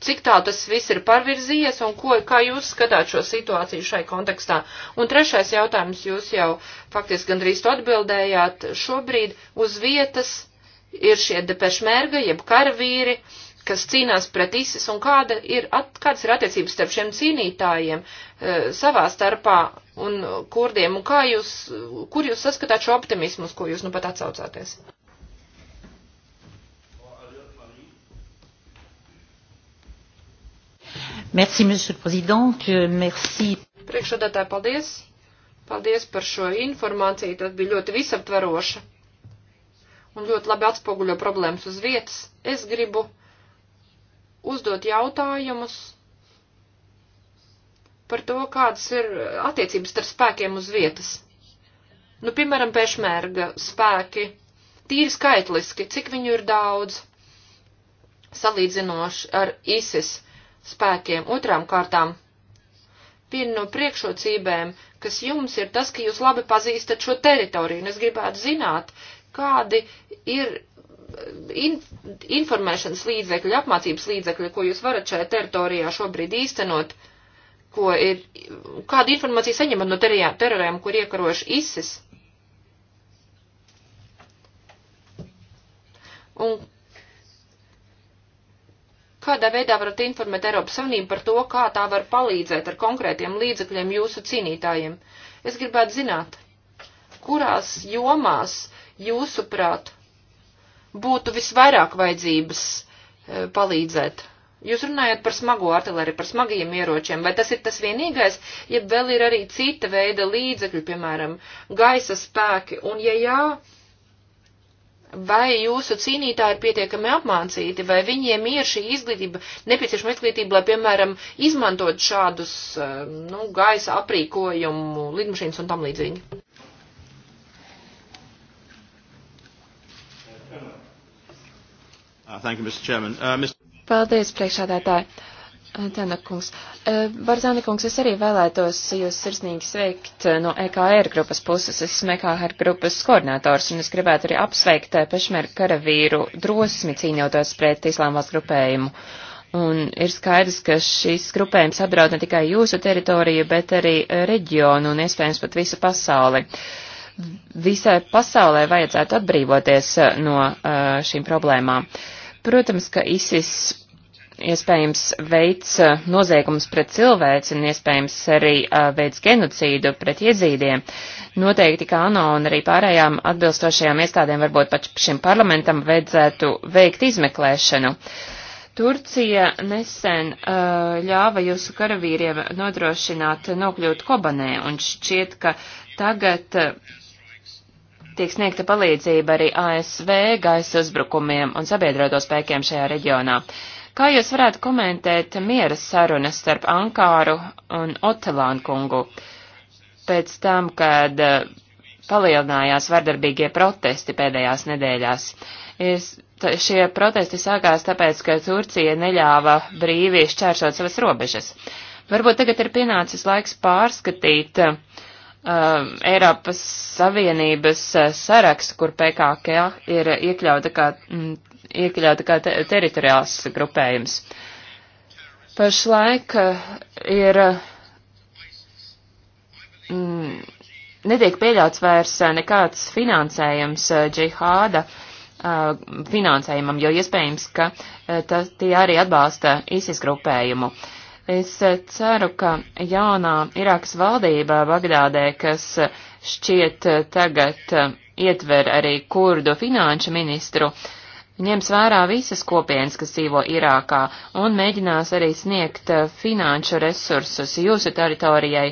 Cik tā tas viss ir parvirzījies un ko, kā jūs skatāt šo situāciju šai kontekstā? Un trešais jautājums jūs jau faktiski gandrīz atbildējāt šobrīd uz vietas ir šie depešmērga, jeb karavīri, kas cīnās pret ISIS, un kāda ir, at, kādas ir attiecības starp šiem cīnītājiem e, savā starpā un kurdiem, un kā jūs, kur jūs saskatāt šo optimismu, uz ko jūs nu pat atsaucāties?
Merci, monsieur le président. Merci.
Priekšsēdētāji, paldies. Paldies par šo informāciju. Tas bija ļoti visaptveroša un ļoti labi atspoguļo problēmas uz vietas, es gribu uzdot jautājumus par to, kādas ir attiecības starp spēkiem uz vietas. Nu, piemēram, pešmērga spēki, tīri skaitliski, cik viņu ir daudz, salīdzinoši ar ISIS spēkiem. Otrām kārtām, viena no priekšrocībēm, kas jums ir tas, ka jūs labi pazīstat šo teritoriju, un es gribētu zināt, kādi ir eh, in, informēšanas līdzekļi, apmācības līdzekļi, ko jūs varat šajā teritorijā šobrīd īstenot, ko ir, kādu informāciju saņemat no teroriem, kur iekaroši ISIS. Un kādā veidā varat informēt Eiropas Savienību par to, kā tā var palīdzēt ar konkrētiem līdzekļiem jūsu cīnītājiem? Es gribētu zināt, kurās jomās jūsuprāt, būtu visvairāk vajadzības e, palīdzēt? Jūs runājat par smago artilēriju, par smagajiem ieročiem, vai tas ir tas vienīgais, ja vēl ir arī cita veida līdzekļi, piemēram, gaisa spēki, un ja jā, vai jūsu cīnītāji ir pietiekami apmācīti, vai viņiem ir šī izglītība, nepieciešama izglītība, lai, piemēram, izmantot šādus, e, nu, gaisa aprīkojumu, lidmašīnas un tam līdzīgi? Uh, thank you, Mr. Chairman. Uh, Mr.
Paldies, priekšādātāji. Uh, Tanakungs. Uh, Barzānikungs, es arī vēlētos jūs sirsnīgi sveikt uh, no EKR grupas puses. Es esmu EKR grupas koordinators un es gribētu arī apsveikt pešmēru karavīru drosmi cīņoties pret islāmās grupējumu. Un ir skaidrs, ka šis grupējums apdraud ne tikai jūsu teritoriju, bet arī reģionu un iespējams pat visu pasauli. Visai pasaulē vajadzētu atbrīvoties no šīm problēmām. Uh, Protams, ka ISIS iespējams veids eh, noziegums pret cilvēci un iespējams arī eh, veids genocīdu pret iezīdiem. Noteikti kā ANO un arī pārējām atbilstošajām iestādēm, varbūt pat šim parlamentam, vajadzētu veikt izmeklēšanu. Turcija nesen uh, ļāva jūsu karavīriem nodrošināt nokļūt Kobanē, un šķiet, ka tagad uh, tiek sniegta palīdzība arī ASV gaisa uzbrukumiem un sabiedroto spēkiem šajā reģionā. Kā jūs varētu komentēt miera sarunas starp Ankāru un Otelānu kungu pēc tam, kad eh, palielinājās vardarbīgie protesti pēdējās nedēļās? Ir, šie protesti sākās tāpēc, ka Turcija neļāva brīvi šķēršot savas robežas. Varbūt tagad ir pienācis laiks pārskatīt uh, uh, Eiropas Savienības uh, sarakstu, kur PKK ir iekļauta kā, mm, iekļauta kā te teritoriāls grupējums. Pašlaik uh, ir. Mm, netiek pieļauts vairs uh, nekāds finansējums uh, džihāda finansējumam, jo iespējams, ka tas tie arī atbalsta ISIS grupējumu. Uh, Es ceru, ka jaunā Irākas valdībā Bagdādē, kas šķiet tagad ietver arī kurdu finanšu ministru, ņems vērā visas kopienas, kas dzīvo Irākā, un mēģinās arī sniegt finanšu resursus jūsu teritorijai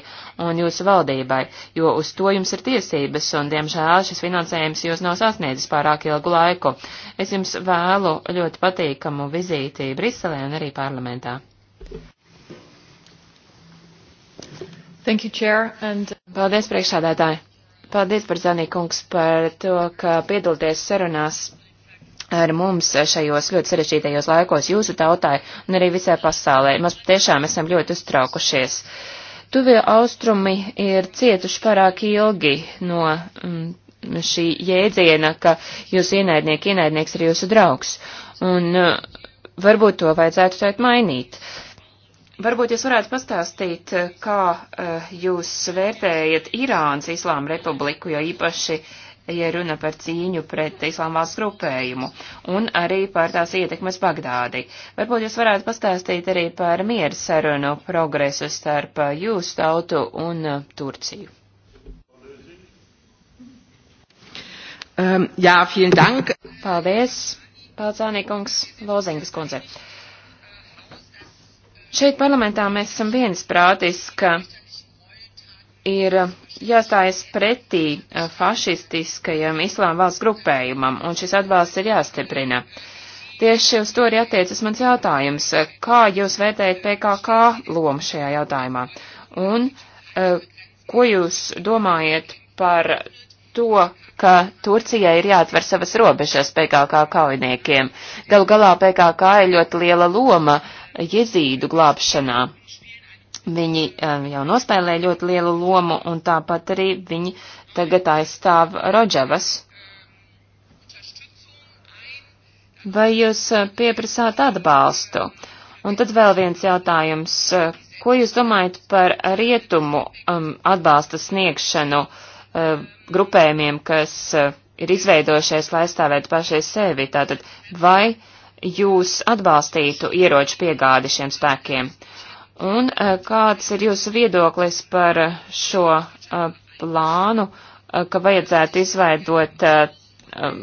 un jūsu valdībai, jo uz to jums ir tiesības, un, diemžēl, šis finansējums jūs nav sasniedzis pārāk ilgu laiku. Es jums vēlu ļoti patīkamu vizīti Briselē un arī parlamentā. Thank you, Chair, and... Paldies, priekšsādātāji. Paldies, Barzanī kungs, par to, ka piedalties sarunās ar mums šajos ļoti sarežģītajos laikos jūsu tautai un arī visai pasaulē. Mēs patiešām esam ļoti uztraukušies. Tuvie austrumi ir cietuši pārāk ilgi no mm, šī jēdziena, ka jūsu ienaidnieki, ienaidnieks ir jūsu draugs. Un mm, varbūt to vajadzētu tagad mainīt. Varbūt jūs varētu pastāstīt, kā eh, jūs vērtējat Irānas Islāma republiku, jo īpaši, ja runa par cīņu pret Islāma valsts grupējumu, un arī par tās ietekmes Bagdādi. Varbūt jūs varētu pastāstīt arī par mieru sarunu progresu starp eh, jūsu tautu un eh, Turciju. Um, jā, vielen dank. Paldies, Palcānīkungs, Lozingas kundze. Uh, Šeit parlamentā mēs esam viensprātis, ka ir jāstājas pretī eh, fašistiskajam islāma valsts grupējumam, un šis atbalsts ir jāstiprina. Tieši uz to arī attiecas mans jautājums. Kā jūs vērtējat PKK lomu šajā jautājumā? Un eh, ko jūs domājat par to, ka Turcijai ir jāatver savas robežas PKK kaujiniekiem? Galu galā PKK ir ļoti liela loma uh, jezīdu glābšanā. Viņi eh, jau nospēlē ļoti lielu lomu, un tāpat arī viņi tagad aizstāv Rodžavas. Vai jūs eh, pieprasāt atbalstu? Un tad vēl viens jautājums. Ko jūs domājat par rietumu um, atbalsta sniegšanu uh, grupējumiem, kas uh, ir izveidojušies, lai aizstāvētu pašai sevi? Tātad, vai uh, jūs atbalstītu ieroču piegādi šiem spēkiem? Un eh, kāds ir jūsu viedoklis par eh, šo eh, plānu, ka vajadzētu izveidot um,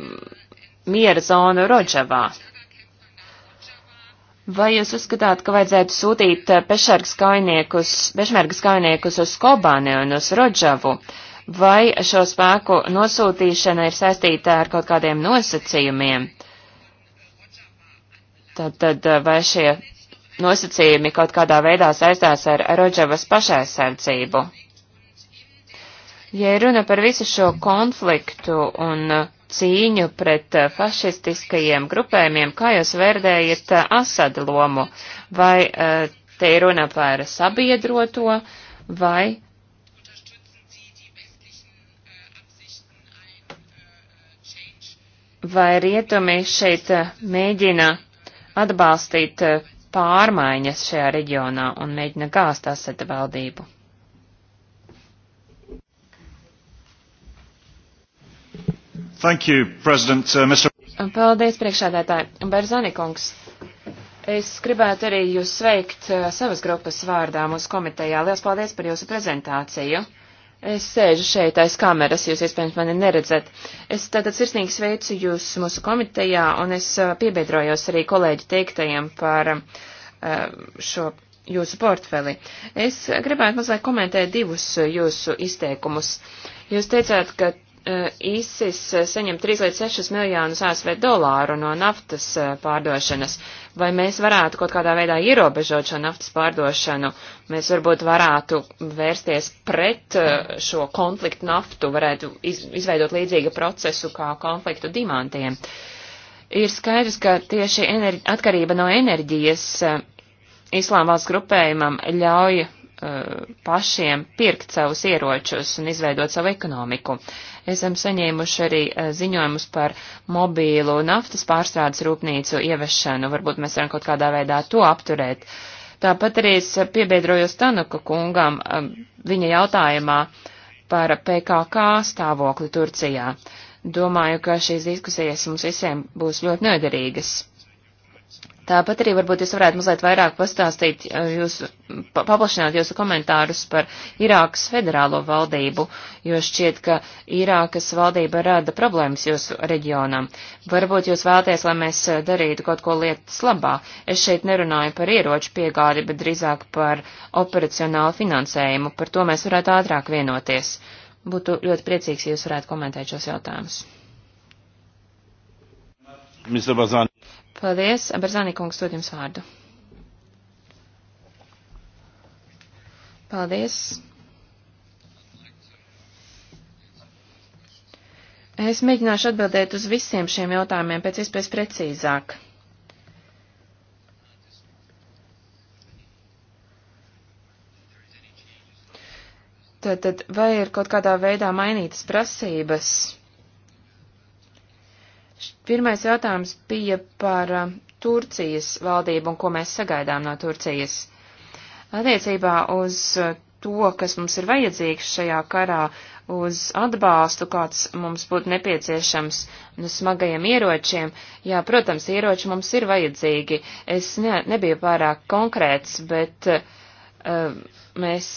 miera zonu Rodžavā? Vai jūs uzskatāt, ka vajadzētu sūtīt pešmergas kainiekus uz Kobani un uz Rodžavu? Vai šo spēku nosūtīšana ir saistīta ar kaut kādiem nosacījumiem? Tātad eh, vai šie nosacījumi kaut kādā veidā saistās ar Rodžavas pašaizsardzību? Ja runa par visu šo konfliktu un eh, cīņu pret eh, fašistiskajiem grupējumiem, kā jūs vērdējat Asada lomu? Vai te ir runa par sabiedroto vai vai rietumi šeit mēģina atbalstīt eh, pārmaiņas šajā reģionā un mēģina gāzt aseta valdību. Thank you, President, uh, Mr. Paldies, priekšādētāji. Berzani kungs, es gribētu arī jūs sveikt uh, savas grupas vārdā mūsu komitejā. Lielas paldies par jūsu prezentāciju. Uh, Es sēžu šeit aiz kameras, jūs iespējams mani neredzat. Es tātad sirsnīgi sveicu jūs mūsu komitejā, un es piebiedrojos arī kolēģi teiktajiem par šo jūsu portfeli. Es gribētu mazliet komentēt divus jūsu izteikumus. Jūs teicāt, ka Eh, ISIS eh, saņem 3 līdz 6 miljonus ASV dolāru no naftas eh, pārdošanas. Vai mēs varētu kaut kādā veidā ierobežot šo naftas pārdošanu? Mēs varbūt varētu vērsties pret šo konfliktu naftu, varētu iz, izveidot līdzīgu procesu kā konfliktu dimantiem. Ir skaidrs, ka tieši enerģi, atkarība no enerģijas Islām valsts grupējumam ļauj Eh, pašiem pirkt savus ieročus un izveidot savu ekonomiku. Esam saņēmuši arī eh, ziņojumus par mobīlu naftas pārstrādes rūpnīcu ievešanu. Varbūt mēs varam kaut kādā veidā to apturēt. Tāpat arī es piebiedrojos Tanuka kungam eh, viņa jautājumā par PKK stāvokli Turcijā. Domāju, ka šīs diskusijas mums visiem būs ļoti noderīgas. Tāpat arī varbūt jūs varētu mazliet vairāk pastāstīt, jūs paplašināt jūsu komentārus par Irākas federālo valdību, jo šķiet, ka Irākas valdība rada problēmas jūsu reģionam. Varbūt jūs vēlaties, lai mēs darītu kaut ko lietas labā. Es šeit nerunāju par ieroču piegādi, bet drīzāk par operacionālu finansējumu. Par to mēs varētu ātrāk vienoties. Būtu ļoti priecīgs, ja jūs varētu komentēt šos jautājumus. Mr. Bazan. Paldies. Berzānī kungs, dod jums vārdu. Paldies. Es mēģināšu atbildēt uz visiem šiem jautājumiem pēc iespējas precīzāk. Tad, tad vai ir kaut kādā veidā mainītas prasības? Pirmais jautājums bija par uh, Turcijas valdību un ko mēs sagaidām no Turcijas. Attiecībā uz uh, to, kas mums ir vajadzīgs šajā karā, uz atbalstu, kāds mums būtu nepieciešams no smagajiem ieročiem. Jā, protams, ieroči mums ir vajadzīgi. Es ne, nebiju pārāk konkrēts, bet uh, mēs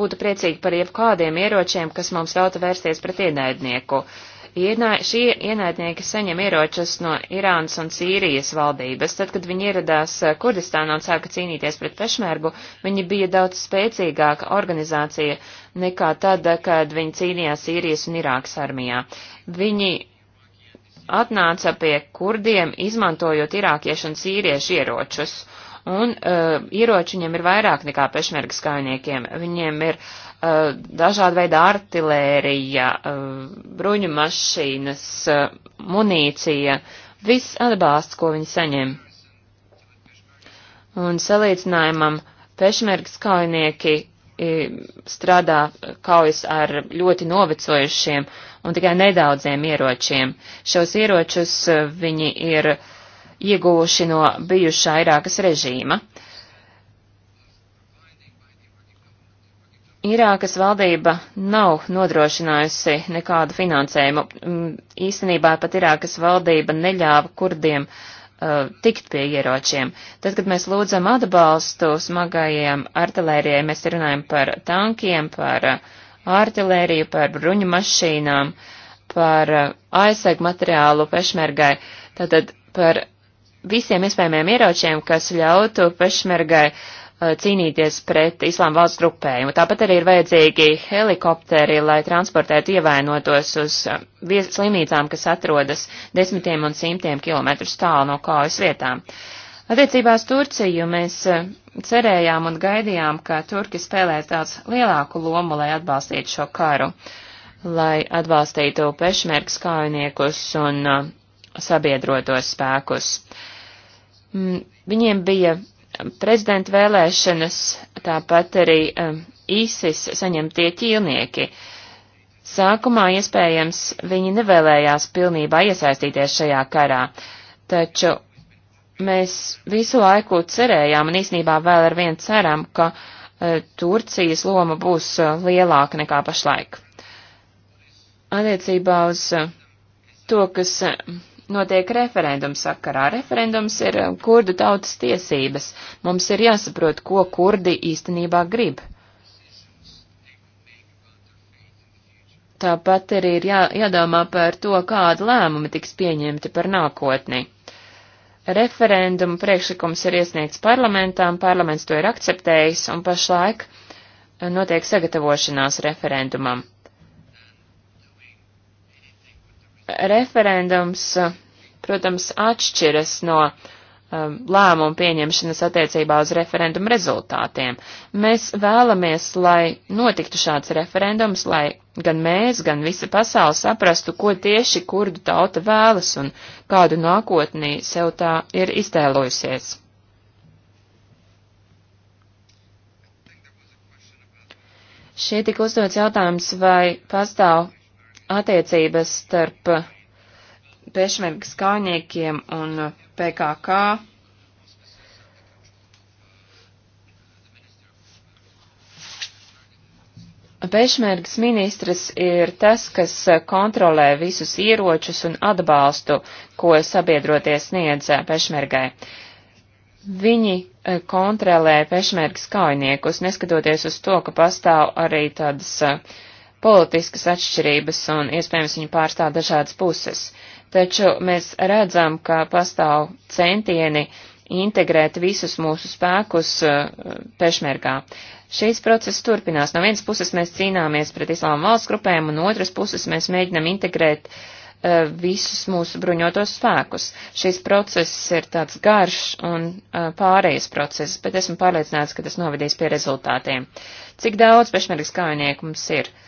būtu priecīgi par jebkādiem ieročiem, kas mums ļautu vērsties pret ienaidnieku. Uh, Ienā, šie ienaidnieki saņem ieročus no Irānas un Sīrijas valdības. Tad, kad viņi ieradās eh, Kurdistānā un sāka cīnīties pret pešmērgu, viņi bija daudz spēcīgāka organizācija nekā tad, eh, kad viņi cīnījās Sīrijas un Irākas armijā. Viņi atnāca pie kurdiem, izmantojot irākiešu un sīriešu ieročus. Un uh, ieroči viņiem ir vairāk nekā pešmergas kājniekiem. Viņiem ir uh, Eh, dažāda veida artilērija, eh, bruņu mašīnas, eh, munīcija, viss atbalsts, ko viņi saņem. Un salīdzinājumam pešmergas kaujinieki strādā kaujas ar ļoti novecojušiem un tikai nedaudziem ieročiem. Šos ieročus viņi ir ieguvuši no bijušā Irākas režīma. Irākas valdība nav nodrošinājusi nekādu finansējumu. Mm, īstenībā pat Irākas valdība neļāva kurdiem uh, tikt pie ieročiem. Tad, kad mēs lūdzam atbalstu smagajiem artilērijai, mēs runājam par tankiem, par uh, artilēriju, par bruņu mašīnām, par uh, aizsegu materiālu pešmergai, tātad par visiem iespējamiem ieročiem, kas ļautu pešmergai uh, Eh, cīnīties pret islāma valsts grupējumu. Tāpat arī ir vajadzīgi helikopteri, lai transportētu ievainotos uz eh, slimnīcām, kas atrodas desmitiem un simtiem kilometrus tālu no kaujas vietām. Attiecībās Turciju mēs eh, cerējām un gaidījām, ka Turki spēlēs tāds lielāku lomu, lai atbalstītu šo karu, lai atbalstītu pešmērks kaujiniekus un sabiedrotos spēkus. Mm, viņiem bija prezidenta vēlēšanas, tāpat arī um, ISIS saņemtie ķīlnieki. Sākumā iespējams viņi nevēlējās pilnībā iesaistīties šajā karā, taču mēs visu laiku cerējām un īsnībā vēl ar vienu ceram, ka uh, Turcijas loma būs uh, lielāka nekā pašlaik. Attiecībā uz uh, to, kas uh, notiek referendums sakarā. Referendums ir um, kurdu tautas tiesības. Mums ir jāsaprot, ko kurdi īstenībā grib. Tāpat arī ir jā, jādomā par to, kāda lēmuma tiks pieņemti par nākotni. Referendumu priekšlikums ir iesniegts parlamentām, parlaments to ir akceptējis, un pašlaik uh, notiek sagatavošanās referendumam. referendums, eh, protams, atšķiras no eh, lēmumu pieņemšanas attiecībā uz referendumu rezultātiem. Mēs vēlamies, lai notiktu šāds referendums, lai gan mēs, gan visa pasaule saprastu, ko tieši kurdu tauta vēlas un kādu nākotnī sev tā ir iztēlojusies. Šie tika uzdots jautājums, vai pastāv attiecības starp pešmergas kājniekiem un PKK. Pešmergas ministrs ir tas, kas kontrolē visus ieročus un atbalstu, ko sabiedroties sniedz pešmergai. Viņi kontrolē pešmergas kājniekus, neskatoties uz to, ka pastāv arī tādas uh, politiskas atšķirības un iespējams viņi pārstāv dažādas puses. Taču mēs redzam, ka pastāv centieni integrēt visus mūsu spēkus uh, pešmergā. Šīs procesas turpinās. No vienas puses mēs cīnāmies pret islāma valsts grupēm, un otras puses mēs mēģinam integrēt uh, visus mūsu bruņotos spēkus. Šis process ir tāds garš un uh, pārējais process, bet esmu pārliecināts, ka tas novedīs pie rezultātiem. Cik daudz pešmergas kaujinieku mums ir? Uh,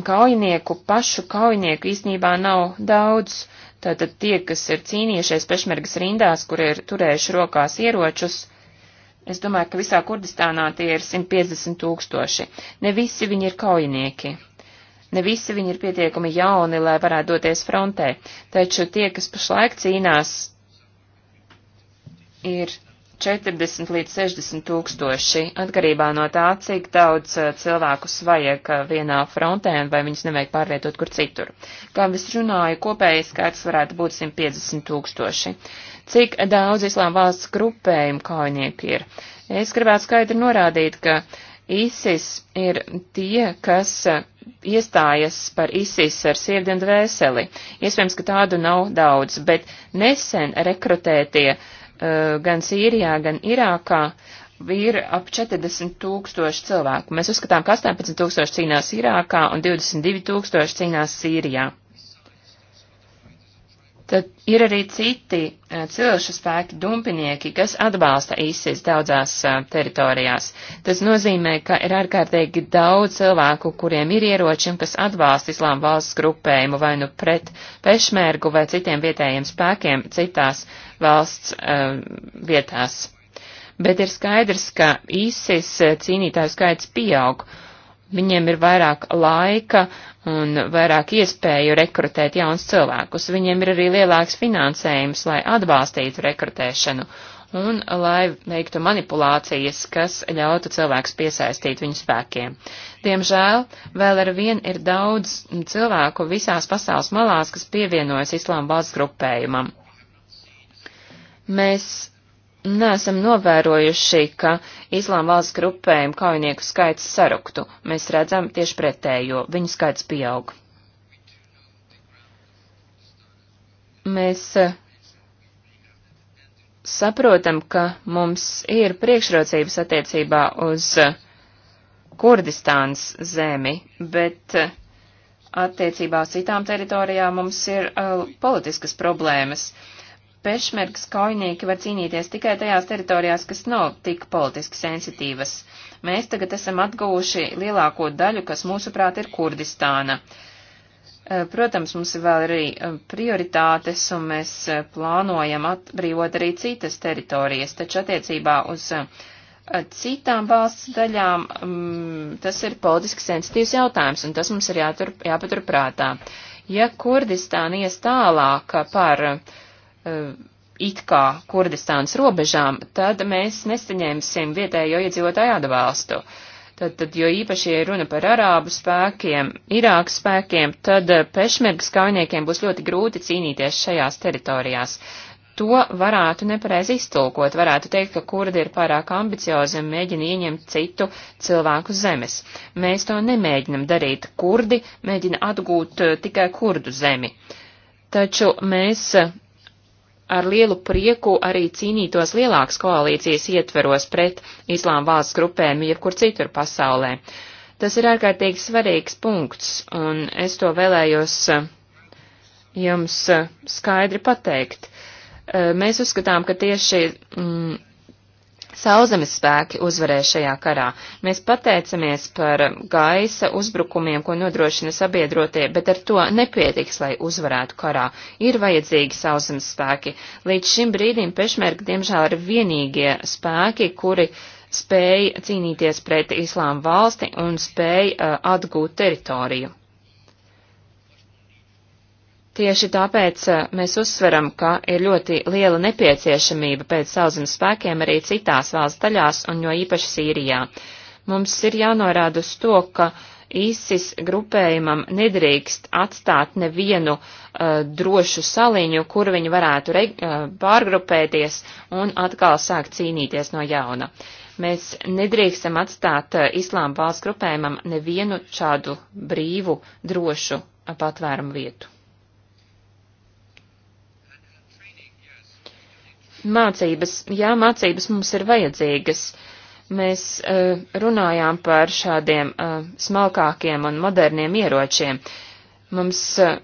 kaujinieku, pašu kaujinieku īstenībā nav daudz. Tātad tie, kas ir cīnījušies pešmergas rindās, kur ir turējuši rokās ieročus, es domāju, ka visā Kurdistānā tie ir 150 tūkstoši. Ne visi viņi ir kaujinieki. Ne visi viņi ir pietiekami jauni, lai varētu doties frontē, taču tie, kas pašlaik cīnās, ir 40 līdz 60 tūkstoši, atkarībā no tā, cik daudz eh, cilvēkus vajag eh, vienā frontē un vai viņus nevajag pārvietot kur citur. Kā es runāju, kopējais skaits varētu būt 150 tūkstoši. Cik daudz islām valsts grupējumu kaujinieki ir? Es gribētu skaidri norādīt, ka ISIS ir tie, kas eh, iestājas par ISIS ar sirdi un dvēseli. Iespējams, ka tādu nav daudz, bet nesen rekrutētie uh, Eh, gan Sīrijā, gan Irākā ir ap 40 tūkstoši cilvēku. Mēs uzskatām, ka 18 tūkstoši cīnās Irākā un 22 tūkstoši cīnās Sīrijā. Tad ir arī citi eh, cilšu spēki dumpinieki, kas atbalsta ISIS daudzās eh, teritorijās. Tas nozīmē, ka ir ārkārtīgi daudz cilvēku, kuriem ir ieroči un kas atbalsta islām valsts grupējumu vai nu pret pešmērgu vai citiem vietējiem spēkiem citās valsts um, vietās. Bet ir skaidrs, ka ISIS cīnītāju skaits pieaug Viņiem ir vairāk laika un vairāk iespēju rekrutēt jaunus cilvēkus. Viņiem ir arī lielāks finansējums, lai atbalstītu rekrutēšanu un lai veiktu manipulācijas, kas ļautu cilvēkus piesaistīt viņu spēkiem. Diemžēl vēl ar vien ir daudz cilvēku visās pasaules malās, kas pievienojas islāma valsts grupējumam. Mēs neesam novērojuši, ka islām valsts grupējumu kaujinieku skaits saruktu. Mēs redzam tieši pretējo, viņu skaits pieaug. Mēs eh, saprotam, ka mums ir priekšrocības attiecībā uz eh, Kurdistānas zemi, bet eh, attiecībā uz citām teritorijām mums ir uh, politiskas problēmas. Uh, pešmergas kaujinieki var cīnīties tikai tajās teritorijās, kas nav tik politiski sensitīvas. Mēs tagad esam atguvuši lielāko daļu, kas mūsuprāt ir Kurdistāna. Eh, protams, mums ir vēl arī eh, prioritātes, un mēs eh, plānojam atbrīvot arī citas teritorijas, taču attiecībā uz citām valsts daļām mm, tas ir politiski sensitīvs jautājums, un tas mums ir jātur, jāpatur prātā. Ja Kurdistāna ies tālāk par uh, Eh, it kā Kurdistānas robežām, tad mēs nesaņemsim vietējo iedzīvotāju atbalstu. Tad, tad, jo īpaši, ja runa par arābu spēkiem, Irākas spēkiem, tad eh, pešmergas kaujiniekiem būs ļoti grūti cīnīties šajās teritorijās. To varētu nepareizi iztulkot, varētu teikt, ka kurdi ir pārāk ambiciozi un mēģina ieņemt citu cilvēku zemes. Mēs to nemēģinam darīt, kurdi mēģina atgūt eh, tikai kurdu zemi. Taču mēs ar lielu prieku arī cīnītos lielākas koalīcijas ietveros pret islāma valsts grupēm jebkur citur pasaulē. Tas ir ārkārtīgi svarīgs punkts, un es to vēlējos eh, jums eh, skaidri pateikt. Eh, mēs uzskatām, ka tieši mm, Sauzemes spēki uzvarēja šajā karā. Mēs pateicamies par gaisa uzbrukumiem, ko nodrošina sabiedrotie, bet ar to nepietiks, lai uzvarētu karā. Ir vajadzīgi sauzemes spēki. Līdz šim brīdim pešmērgi, diemžēl, ir vienīgie spēki, kuri spēja cīnīties pret islāma valsti un spēja uh, atgūt teritoriju. Tieši tāpēc eh, mēs uzsveram, ka ir ļoti liela nepieciešamība pēc sauszemes spēkiem arī citās valsts daļās un jo īpaši Sīrijā. Mums ir jānorāda uz to, ka ISIS grupējumam nedrīkst atstāt nevienu uh, drošu saliņu, kur viņi varētu re, uh, pārgrupēties un atkal sākt cīnīties no jauna. Mēs nedrīkstam atstāt uh, islāma valsts grupējumam nevienu šādu brīvu, drošu uh, patvērumu vietu. Mācības, jā, mācības mums ir vajadzīgas. Mēs uh, runājām par šādiem uh, smalkākiem un moderniem ieročiem. Mums uh,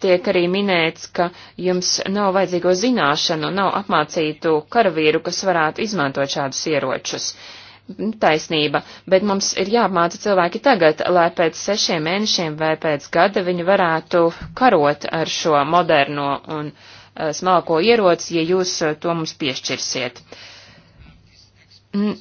tiek arī minēts, ka jums nav vajadzīgo zināšanu, nav apmācītu karavīru, kas varētu izmantot šādus ieročus. Taisnība, bet mums ir jāapmāca cilvēki tagad, lai pēc sešiem mēnešiem vai pēc gada viņi varētu karot ar šo moderno un uh, Eh, smalko ieroci, ja jūs eh, to mums piešķirsiet. Mm,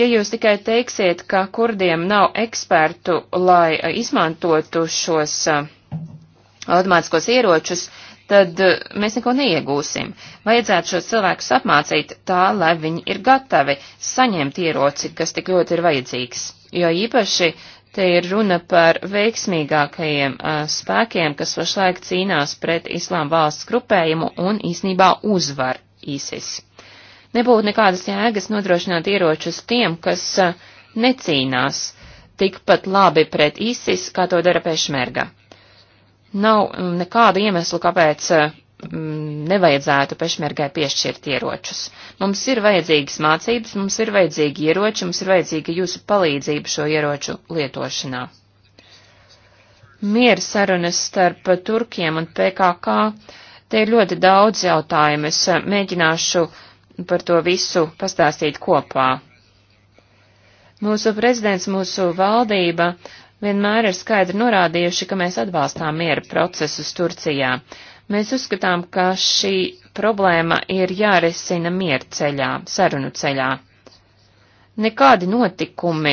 ja jūs tikai teiksiet, ka kurdiem nav ekspertu, lai eh, izmantotu šos automātiskos ieročus, tad mēs neko neiegūsim. Vajadzētu šos cilvēkus apmācīt tā, lai viņi ir gatavi saņemt ieroci, kas tik ļoti ir vajadzīgs. Jo īpaši uh, Te ir runa par veiksmīgākajiem uh, spēkiem, kas pašlaik cīnās pret islām valsts grupējumu un īsnībā uzvar ISIS. Nebūtu nekādas jēgas nodrošināt ieročus tiem, kas uh, necīnās tikpat labi pret ISIS, kā to dara pešmerga. Nav nekāda iemesla, kāpēc uh, Mm, nevajadzētu pešmergai piešķirt ieročus. Mums ir vajadzīgas mācības, mums ir vajadzīgi ieroči, mums ir vajadzīga jūsu palīdzība šo ieroču lietošanā. Mieru sarunas starp Turkiem un PKK, te ir ļoti daudz jautājumu, es eh, mēģināšu par to visu pastāstīt kopā. Mūsu prezidents, mūsu valdība vienmēr ir skaidri norādījuši, ka mēs atbalstām miera procesus Turcijā. Mēs uzskatām, ka šī problēma ir jārisina mierceļā, sarunu ceļā. Nekādi notikumi,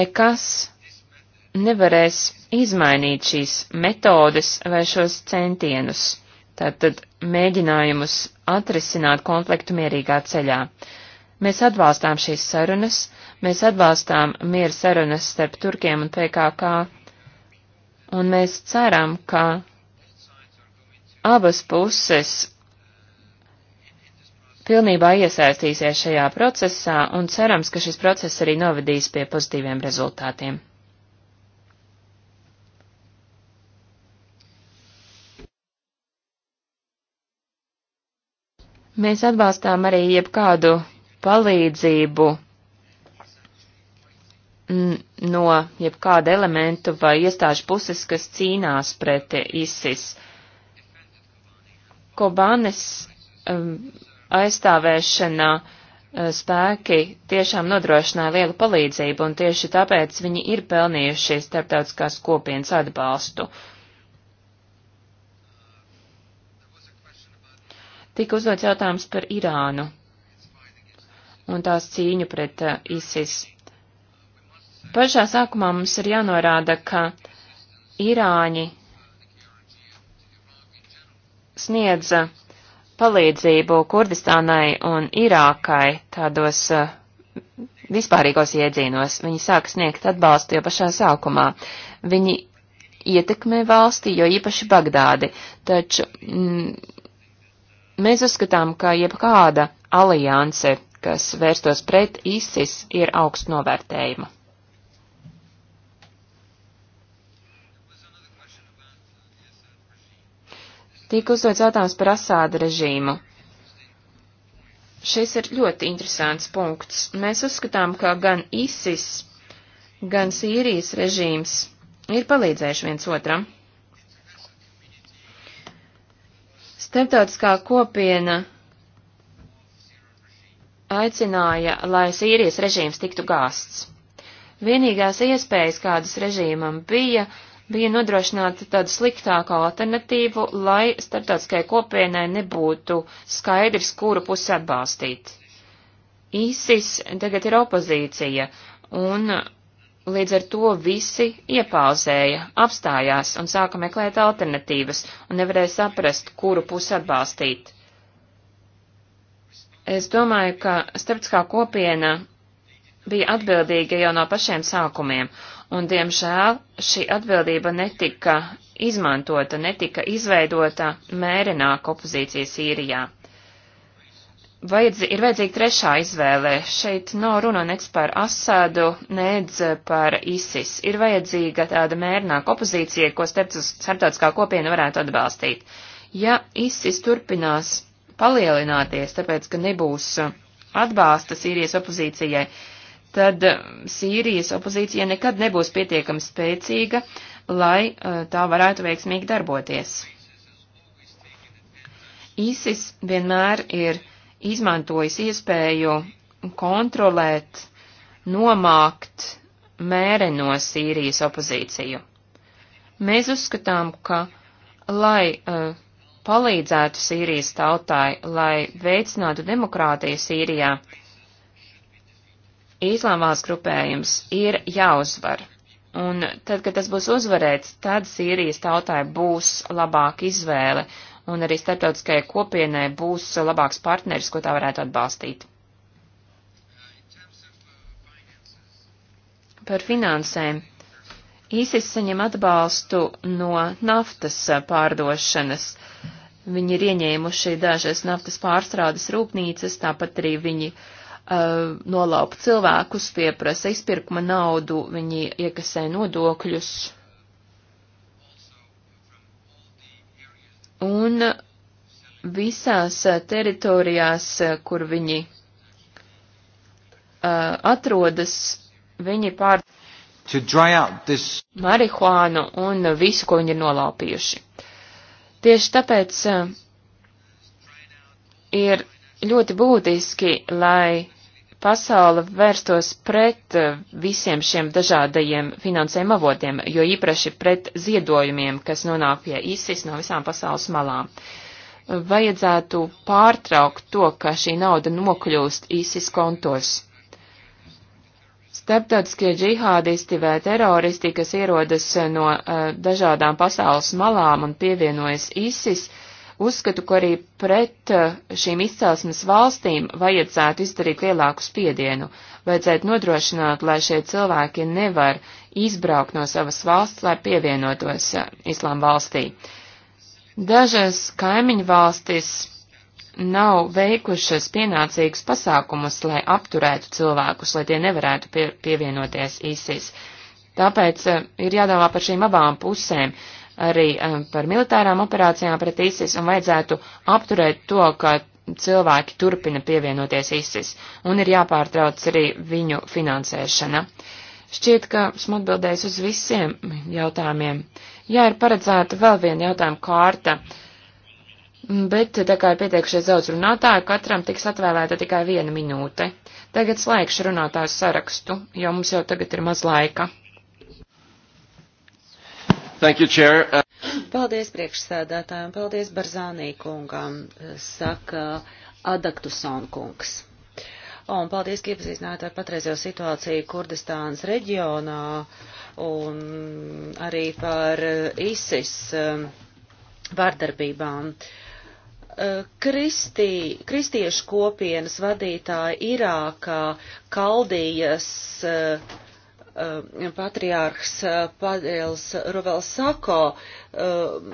nekas nevarēs izmainīt šīs metodes vai šos centienus, tātad mēģinājumus atrisināt konfliktu mierīgā ceļā. Mēs atbalstām šīs sarunas, mēs atbalstām mieru sarunas starp Turkiem un PKK, un mēs ceram, ka abas puses pilnībā iesaistīsies šajā procesā un cerams, ka šis process arī novedīs pie pozitīviem rezultātiem. Mēs atbalstām arī jebkādu palīdzību no jebkāda elementu vai iestāžu puses, kas cīnās pret ISIS. Uh, Kobanes um, aizstāvēšanā uh, spēki tiešām nodrošināja lielu palīdzību, un tieši tāpēc viņi ir pelnījuši starptautiskās kopienas atbalstu. Tika uzdots jautājums par Irānu un tās cīņu pret uh, ISIS. Pašā sākumā mums ir jānorāda, ka Irāņi sniedza uh, palīdzību Kurdistānai un Irākai tādos uh, vispārīgos iedzīnos. Viņi sāka sniegt atbalstu jau pašā sākumā. Viņi ietekmē valsti, jo īpaši Bagdādi, taču mm, mēs uzskatām, ka jebkāda alianse, kas vērstos pret ISIS, ir augst novērtējuma. Tika uzdots jautājums par Asāda režīmu. Šis ir ļoti interesants punkts. Mēs uzskatām, ka gan ISIS, gan Sīrijas režīms ir palīdzējuši viens otram. Starptautiskā kopiena aicināja, lai Sīrijas režīms tiktu gāsts. Vienīgās iespējas, kādas režīmam bija, bija nodrošināta tāda sliktāka alternatīva, lai starptautiskajai kopienai nebūtu skaidrs, kuru pusi atbalstīt. ISIS tagad ir opozīcija, un līdz ar to visi iepauzēja, apstājās un sāka meklēt alternatīvas, un nevarēja saprast, kuru pusi atbalstīt. Es domāju, ka starptautiskā kopiena bija atbildīga jau no pašiem sākumiem, un, diemžēl, šī atbildība netika izmantota, netika izveidota mērenāka opozīcija Sīrijā. Vajadz, ir vajadzīga trešā izvēle. Šeit nav runa nec par Asādu, nec par ISIS. Ir vajadzīga tāda mērnāka opozīcija, ko starptautiskā kopiena varētu atbalstīt. Ja ISIS turpinās palielināties, tāpēc, ka nebūs atbalsta Sīrijas opozīcijai, tad um, Sīrijas opozīcija nekad nebūs pietiekami spēcīga, lai uh, tā varētu veiksmīgi darboties. ISIS vienmēr ir izmantojis iespēju kontrolēt, nomākt mēreno Sīrijas opozīciju. Mēs uzskatām, ka, lai uh, palīdzētu Sīrijas tautai, lai veicinātu demokrātiju Sīrijā, uh, Īslāmās grupējums ir jāuzvar. Un tad, kad tas būs uzvarēts, tad Sīrijas tautai būs labāka izvēle, un arī starptautiskajai kopienai būs labāks partneris, ko tā varētu atbalstīt. Par finansēm. ISIS saņem atbalstu no naftas pārdošanas. Viņi ir ieņēmuši dažas naftas pārstrādes rūpnīcas, tāpat arī viņi uh, uh, nolaupa cilvēkus, tie prasa izpirkuma naudu, viņi iekasē nodokļus. Un visās teritorijās, kur viņi uh, atrodas, viņi pār
this...
marihuānu un visu, ko viņi ir nolaupījuši. Tieši tāpēc uh, ir ļoti būtiski, lai pasaule vērstos pret eh, visiem šiem dažādajiem finansējuma avotiem, jo īpaši pret ziedojumiem, kas nonāk pie ISIS no visām pasaules malām. Vajadzētu pārtraukt to, ka šī nauda nokļūst ISIS kontos. Starptautiskie džihādisti vai teroristi, kas ierodas no uh, dažādām pasaules malām un pievienojas ISIS, uh, Uzskatu, ka arī pret eh, šīm izcelsmes valstīm vajadzētu izdarīt lielāku spiedienu, vajadzētu nodrošināt, lai šie cilvēki nevar izbraukt no savas valsts, lai pievienotos eh, islām valstī. Dažas kaimiņu valstis nav veikušas pienācīgus pasākumus, lai apturētu cilvēkus, lai tie nevarētu pie, pievienoties ISIS. Tāpēc eh, ir jādomā par šīm abām pusēm arī eh, par militārām operācijām pret ISIS un vajadzētu apturēt to, ka cilvēki turpina pievienoties ISIS un ir jāpārtrauc arī viņu finansēšana. Šķiet, ka esmu atbildējis uz visiem jautājumiem. Jā, ir paredzēta vēl viena jautājuma kārta, bet tā kā ir pieteikušies daudz runātāju, katram tiks atvēlēta tikai viena minūte. Tagad slēgšu runātāju sarakstu, jo mums jau tagad ir maz laika.
Thank you, Chair. Uh... Paldies priekšsēdētājiem, paldies Barzānī kungam, eh, saka Adaktuson kungs. Un paldies, ka iepazīstināt ar patreizējo situāciju Kurdistānas reģionā un arī par eh, ISIS eh, vārdarbībām. Kristī, kristiešu kopienas vadītāja Irākā kaldījas uh, Um, patriārhs uh, Padēls Rovelsako um,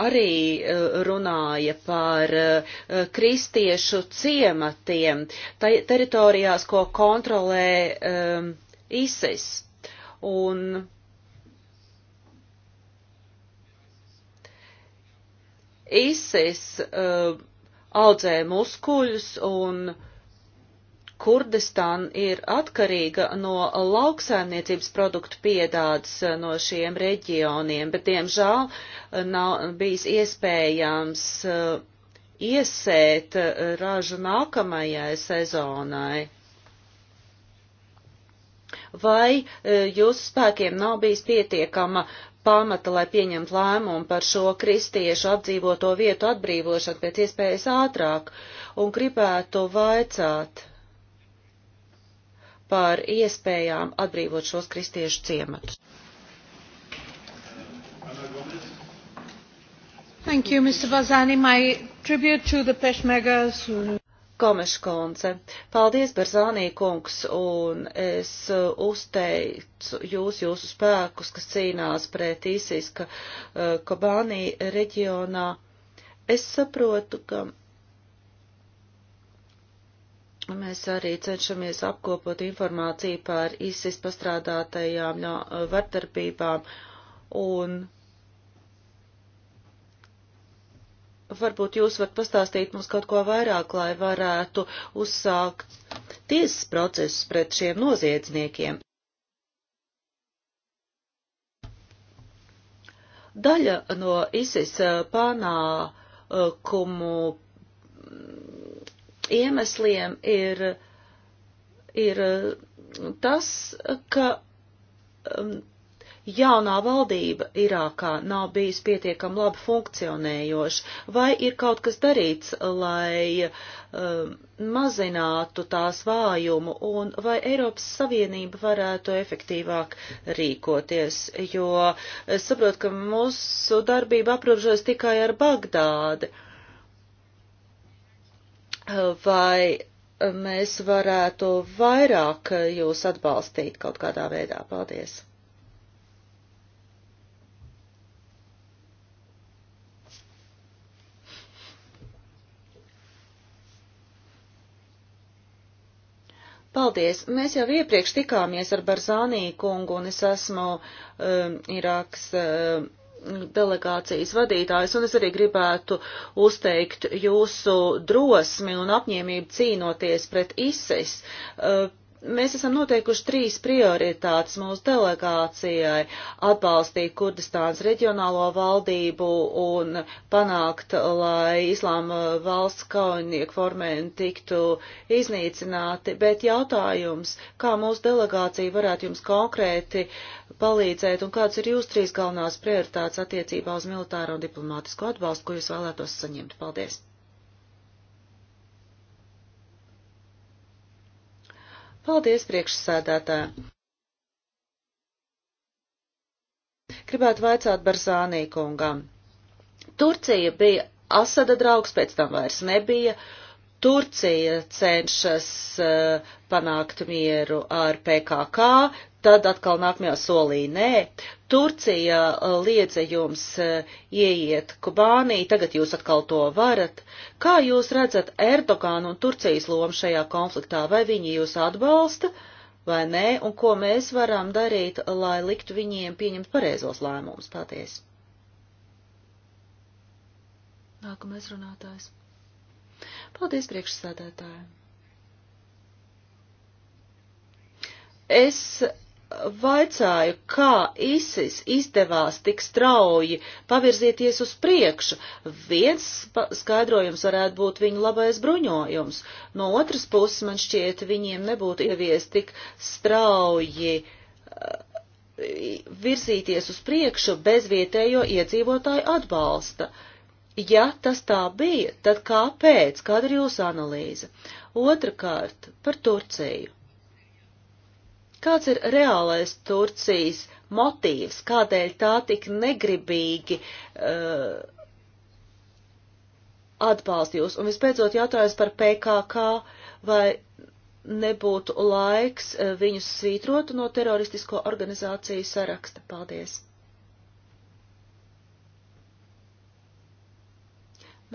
arī uh, runāja par uh, kristiešu ciematiem teritorijās, ko kontrolē um, ISIS. Un ISIS audzē muskuļus un uh, Kurdistāna ir atkarīga no lauksaimniecības produktu piedādes eh, no šiem reģioniem, bet, diemžēl, eh, nav bijis iespējams eh, iesēt ražu nākamajai sezonai. Vai jūsu spēkiem nav bijis pietiekama pamata, lai pieņemtu lēmumu par šo kristiešu apdzīvoto vietu atbrīvošanu pēc iespējas ātrāk, un gribētu vaicāt, par iespējām atbrīvot šos kristiešu ciematus. Thank you, Mr. Bazani. My tribute to the Peshmergas. Komeškonce. Paldies, Berzānī kungs, un es uh, uzteicu jūs, jūsu spēkus, kas cīnās pret īsiska uh, Kobānī reģionā. Es saprotu, ka Mēs arī cenšamies apkopot informāciju par ISIS pastrādātajām vardarbībām un varbūt jūs varat pastāstīt mums kaut ko vairāk, lai varētu uzsākt tiesas procesus pret šiem noziedzniekiem. Daļa no ISIS eh, panākumu iemesliem ir, ir eh, tas, ka mm, jaunā valdība Irākā nav bijis pietiekam labi funkcionējoša, vai ir kaut kas darīts, lai um, mazinātu tās vājumu, un vai Eiropas Savienība varētu efektīvāk rīkoties, jo es saprotu, ka mūsu darbība aprobežojas tikai ar Bagdādi. Uh, vai mēs varētu vairāk jūs atbalstīt kaut kādā veidā. Paldies! Paldies! Mēs jau iepriekš tikāmies ar Barzānī kungu, un es esmu um, Irāks um, delegācijas vadītājs, un es arī gribētu uzteikt jūsu drosmi un apņēmību cīnoties pret ISIS. Uh, Mēs esam noteikuši trīs prioritātes mūsu delegācijai - atbalstīt Kurdistānas reģionālo valdību un panākt, lai Islāma valsts kaujinieku formēni tiktu iznīcināti, bet jautājums, kā mūsu delegācija varētu jums konkrēti palīdzēt un kādas ir jūs trīs galvenās prioritātes attiecībā uz militāro un diplomātisko atbalstu, ko jūs vēlētos saņemt? Paldies! Paldies, priekšsēdētāji! Gribētu vaicāt Barzānī kungam. Turcija bija Asada draugs, pēc tam vairs nebija. Turcija cenšas eh, panākt mieru ar PKK, tad atkal nākamajā solī nē. Turcija uh, liedza jums uh, ieiet Kubānī, tagad jūs atkal to varat. Kā jūs redzat Erdogānu un Turcijas lomu šajā konfliktā? Vai viņi jūs atbalsta vai nē? Un ko mēs varam darīt, lai liktu viņiem pieņemt pareizos lēmumus? Paldies! Nākamais runātājs. Paldies, priekšsēdētāji! Es vaicāju, kā ISIS izdevās tik strauji pavirzieties uz priekšu. Viens skaidrojums varētu būt viņu labais bruņojums. No otras puses, man šķiet, viņiem nebūtu ievies tik strauji uh, virzīties uz priekšu bez vietējo iedzīvotāju atbalsta. Ja tas tā bija, tad kāpēc? Kāda ir jūsu analīze? Otrakārt, par Turciju. Kāds ir reālais Turcijas motīvs, kādēļ tā tik negribīgi uh, atbalsta jūs? Un visbeidzot jautājums par PKK, vai nebūtu laiks uh, viņus svītrot no teroristisko organizāciju saraksta? Paldies!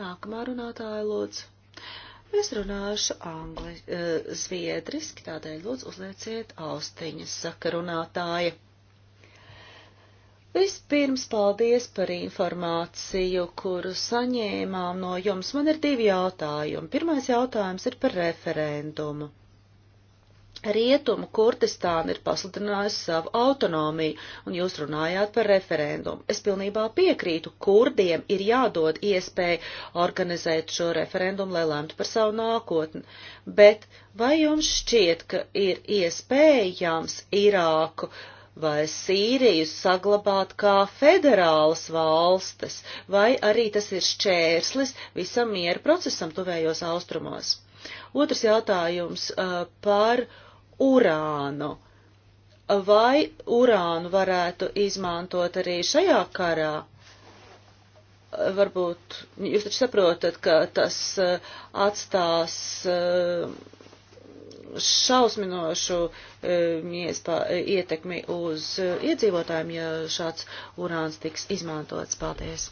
Nākamā runātāja lūdzu. Es runāšu angli, eh, zviedriski, tādēļ lūdzu uzlieciet austiņas, saka runātāja. Vispirms paldies par informāciju, kuru saņēmām no jums. Man ir divi jautājumi. Pirmais jautājums ir par referendumu. Rietumu Kurdistāna ir pasludinājusi savu autonomiju, un jūs runājāt par referendumu. Es pilnībā piekrītu, kurdiem ir jādod iespēja organizēt šo referendumu, lai lemtu par savu nākotni. Bet vai jums šķiet, ka ir iespējams Irāku vai Sīriju saglabāt kā federālas valstis, vai arī tas ir šķērslis visam mieru procesam tuvējos austrumos? Otrs jautājums uh, par urānu. Vai urānu varētu izmantot arī šajā karā? Varbūt jūs taču saprotat, ka tas eh, atstās eh, šausminošu eh, iespā, ietekmi uz iedzīvotājiem, ja šāds urāns tiks izmantots. Paldies!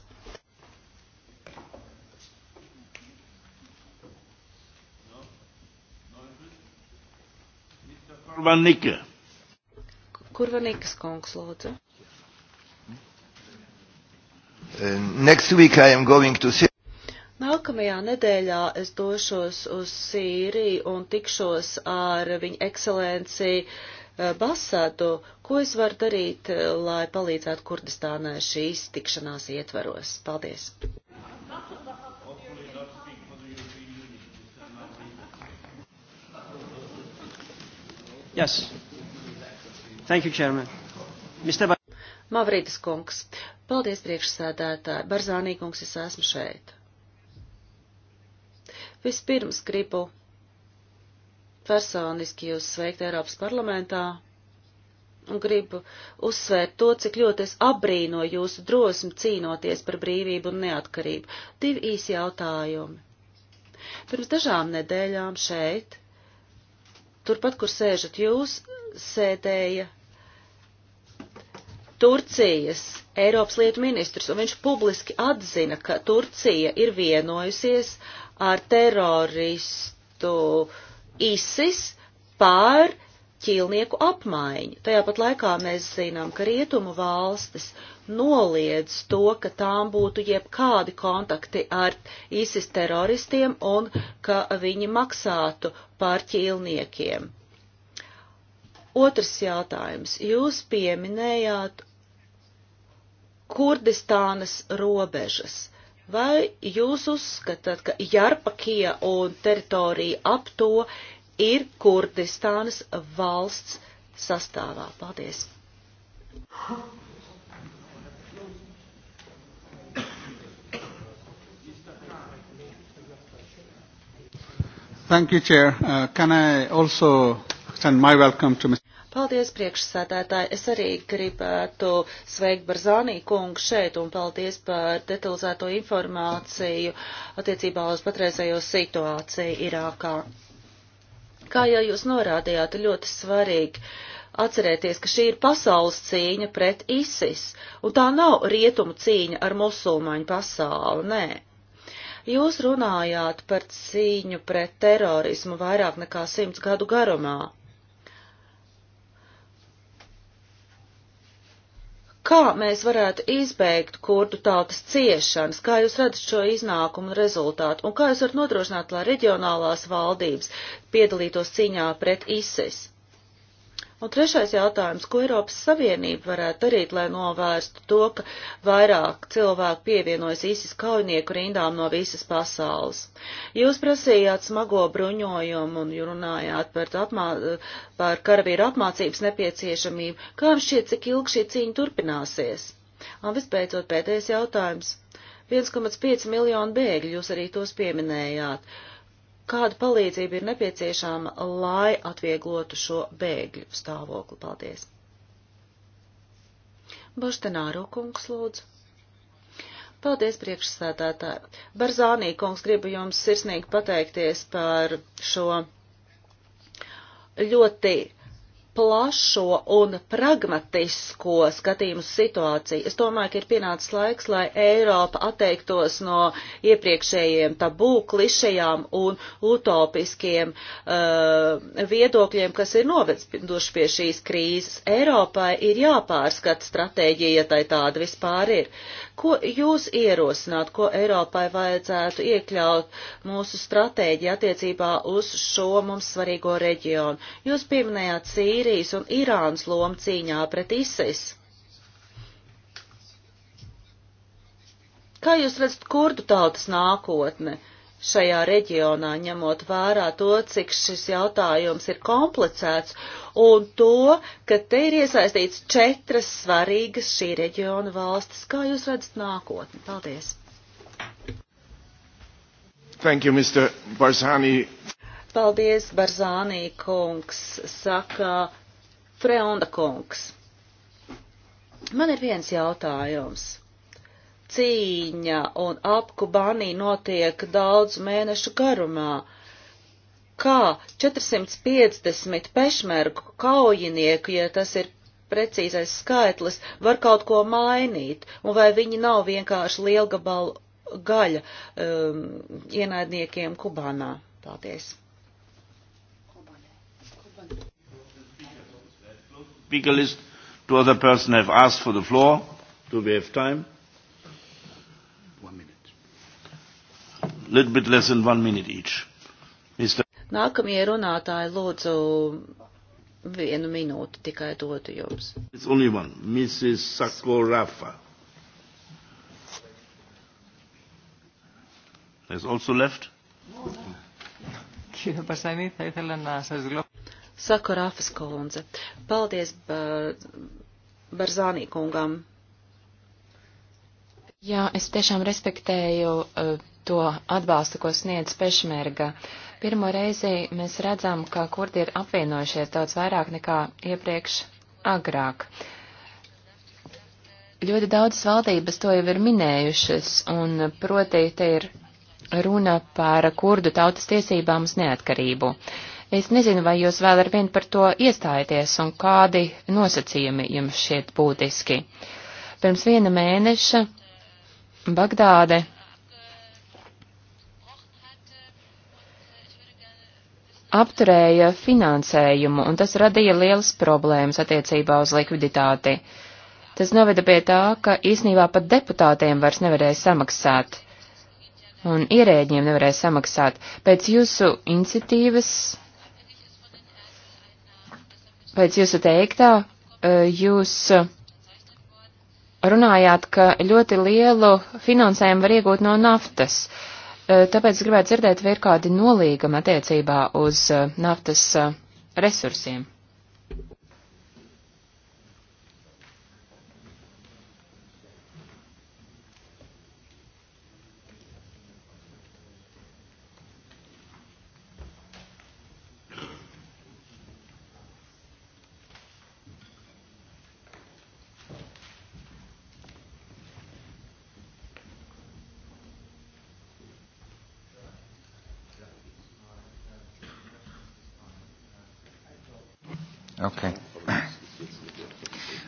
Kurvanika. Kurvanikas kungs, lūdzu.
Uh, next week I am going to see.
Nākamajā nedēļā es došos uz Sīriju un tikšos ar viņa ekscelenciju uh, Basādu. Ko es varu darīt, uh, lai palīdzētu Kurdistānai šīs tikšanās ietvaros? Paldies!
Yes. Thank you, Chairman. Mr.
Ba Mavrītis kungs, paldies priekšsēdētāji, Barzānī kungs, es esmu šeit. Vispirms gribu personiski jūs sveikt Eiropas parlamentā un gribu uzsvērt to, cik ļoti es abrīno jūsu drosmi cīnoties par brīvību un neatkarību. Divi īsi jautājumi. Pirms dažām nedēļām šeit turpat, kur sēžat jūs, sēdēja Turcijas Eiropas lietu ministrs, un viņš publiski atzina, ka Turcija ir vienojusies ar teroristu ISIS pār ķīlnieku apmaiņu. Tajāpat laikā mēs zinām, ka rietumu valstis noliedz to, ka tām būtu jebkādi kontakti ar ISIS teroristiem un ka viņi maksātu par ķīlniekiem. Otrs jautājums. Jūs pieminējāt Kurdistānas robežas. Vai jūs uzskatāt, ka Jarpakija un teritorija ap to ir Kurdistānas valsts sastāvā? Paldies! Huh. Thank you, Chair. Uh, can I also extend my welcome to Mr. Paldies, priekšsēdētāji. Es arī gribētu sveikt Barzānī kungu šeit un paldies par detalizēto informāciju attiecībā uz patreizējo situāciju Irākā. Kā jau jūs norādījāt, ļoti svarīgi atcerēties, ka šī ir pasaules cīņa pret ISIS, un tā nav rietumu cīņa ar musulmaņu pasauli, nē. Jūs runājāt par cīņu pret terorismu vairāk nekā simts gadu garumā. Kā mēs varētu izbeigt kurdu tautas ciešanas, kā jūs redzat šo iznākumu un rezultātu, un kā jūs varat nodrošināt, lai reģionālās valdības piedalītos cīņā pret ISIS? Un trešais jautājums, ko Eiropas Savienība varētu darīt, lai novērstu to, ka vairāk cilvēku pievienojas īsis kaujinieku rindām no visas pasaules. Jūs prasījāt smago bruņojumu un runājāt par, apmā, par karavīru apmācības nepieciešamību. Kā jums šķiet, cik ilgi šī cīņa turpināsies? Un visbeidzot pēdējais jautājums. 1,5 miljonu bēgļu jūs arī tos pieminējāt kāda palīdzība ir nepieciešama, lai atvieglotu šo bēgļu stāvokli. Paldies! Boštenāro kungs lūdzu. Paldies, priekšsēdētāji. Barzānī kungs, gribu jums sirsnīgi pateikties par šo ļoti plašo un pragmatisko skatījumu situāciju. Es domāju, ka ir pienācis laiks, lai Eiropa atteiktos no iepriekšējiem tabū, klišejām un utopiskiem uh, viedokļiem, kas ir noveduši pie šīs krīzes. Eiropai ir jāpārskata stratēģija, ja tai tāda vispār ir. Ko jūs ierosināt, ko Eiropai vajadzētu iekļaut mūsu stratēģija attiecībā uz šo mums svarīgo reģionu? Jūs pieminējāt Sīrijas un Irānas lomu cīņā pret ISIS. Kā jūs redzat kurdu tautas nākotne? Uh, šajā reģionā, ņemot vērā to, cik šis jautājums ir komplicēts, un to, ka te ir iesaistīts četras svarīgas šī reģiona valstis. Kā jūs redzat nākotni? Paldies! Thank you, Mr. Barzani. Paldies, Barzānī kungs, saka Freonda kungs. Man ir viens jautājums cīņa un apkubanī notiek daudz mēnešu garumā. Kā 450 pešmergu kaujinieku, ja tas ir precīzais skaitlis, var kaut ko mainīt, un vai viņi nav vienkārši lielgabalu gaļa um, ienaidniekiem Kubānā? Paldies!
Speaker list. Two other persons have asked for the floor. Do we have time? little bit less than one minute each. Mr.
Nākamie runātāji lūdzu vienu minūti tikai dotu jums.
It's only one. Mrs. Sakorafa. There's also left.
Κύριε Πασανή, θα ήθελα να σας δηλώσω. Sakorafa skundze. Paldies Bar Barzānī kungam.
Jā, es tiešām respektēju uh, to atbalstu, ko sniedz Pešmerga. Pirmo reizi mēs redzam, ka kurdi ir apvienojušies daudz vairāk nekā iepriekš agrāk. Ļoti daudzas valdības to jau ir minējušas, un proti te ir runa par kurdu tautas tiesībām uz neatkarību. Es nezinu, vai jūs vēl ar vienu par to iestājaties un kādi nosacījumi jums šķiet būtiski. Pirms viena mēneša Bagdāde apturēja finansējumu, un tas radīja lielas problēmas attiecībā uz likviditāti. Tas noveda pie tā, ka īsnībā pat deputātiem vairs nevarēja samaksāt, un ierēģiem nevarēja samaksāt. Pēc jūsu iniciatīvas, pēc jūsu teiktā, e, jūs runājāt, ka ļoti lielu finansējumu var iegūt no naftas. Uh, Eh, tāpēc gribētu dzirdēt, vai ir kādi nolīgumi attiecībā uz eh, naftas eh, resursiem.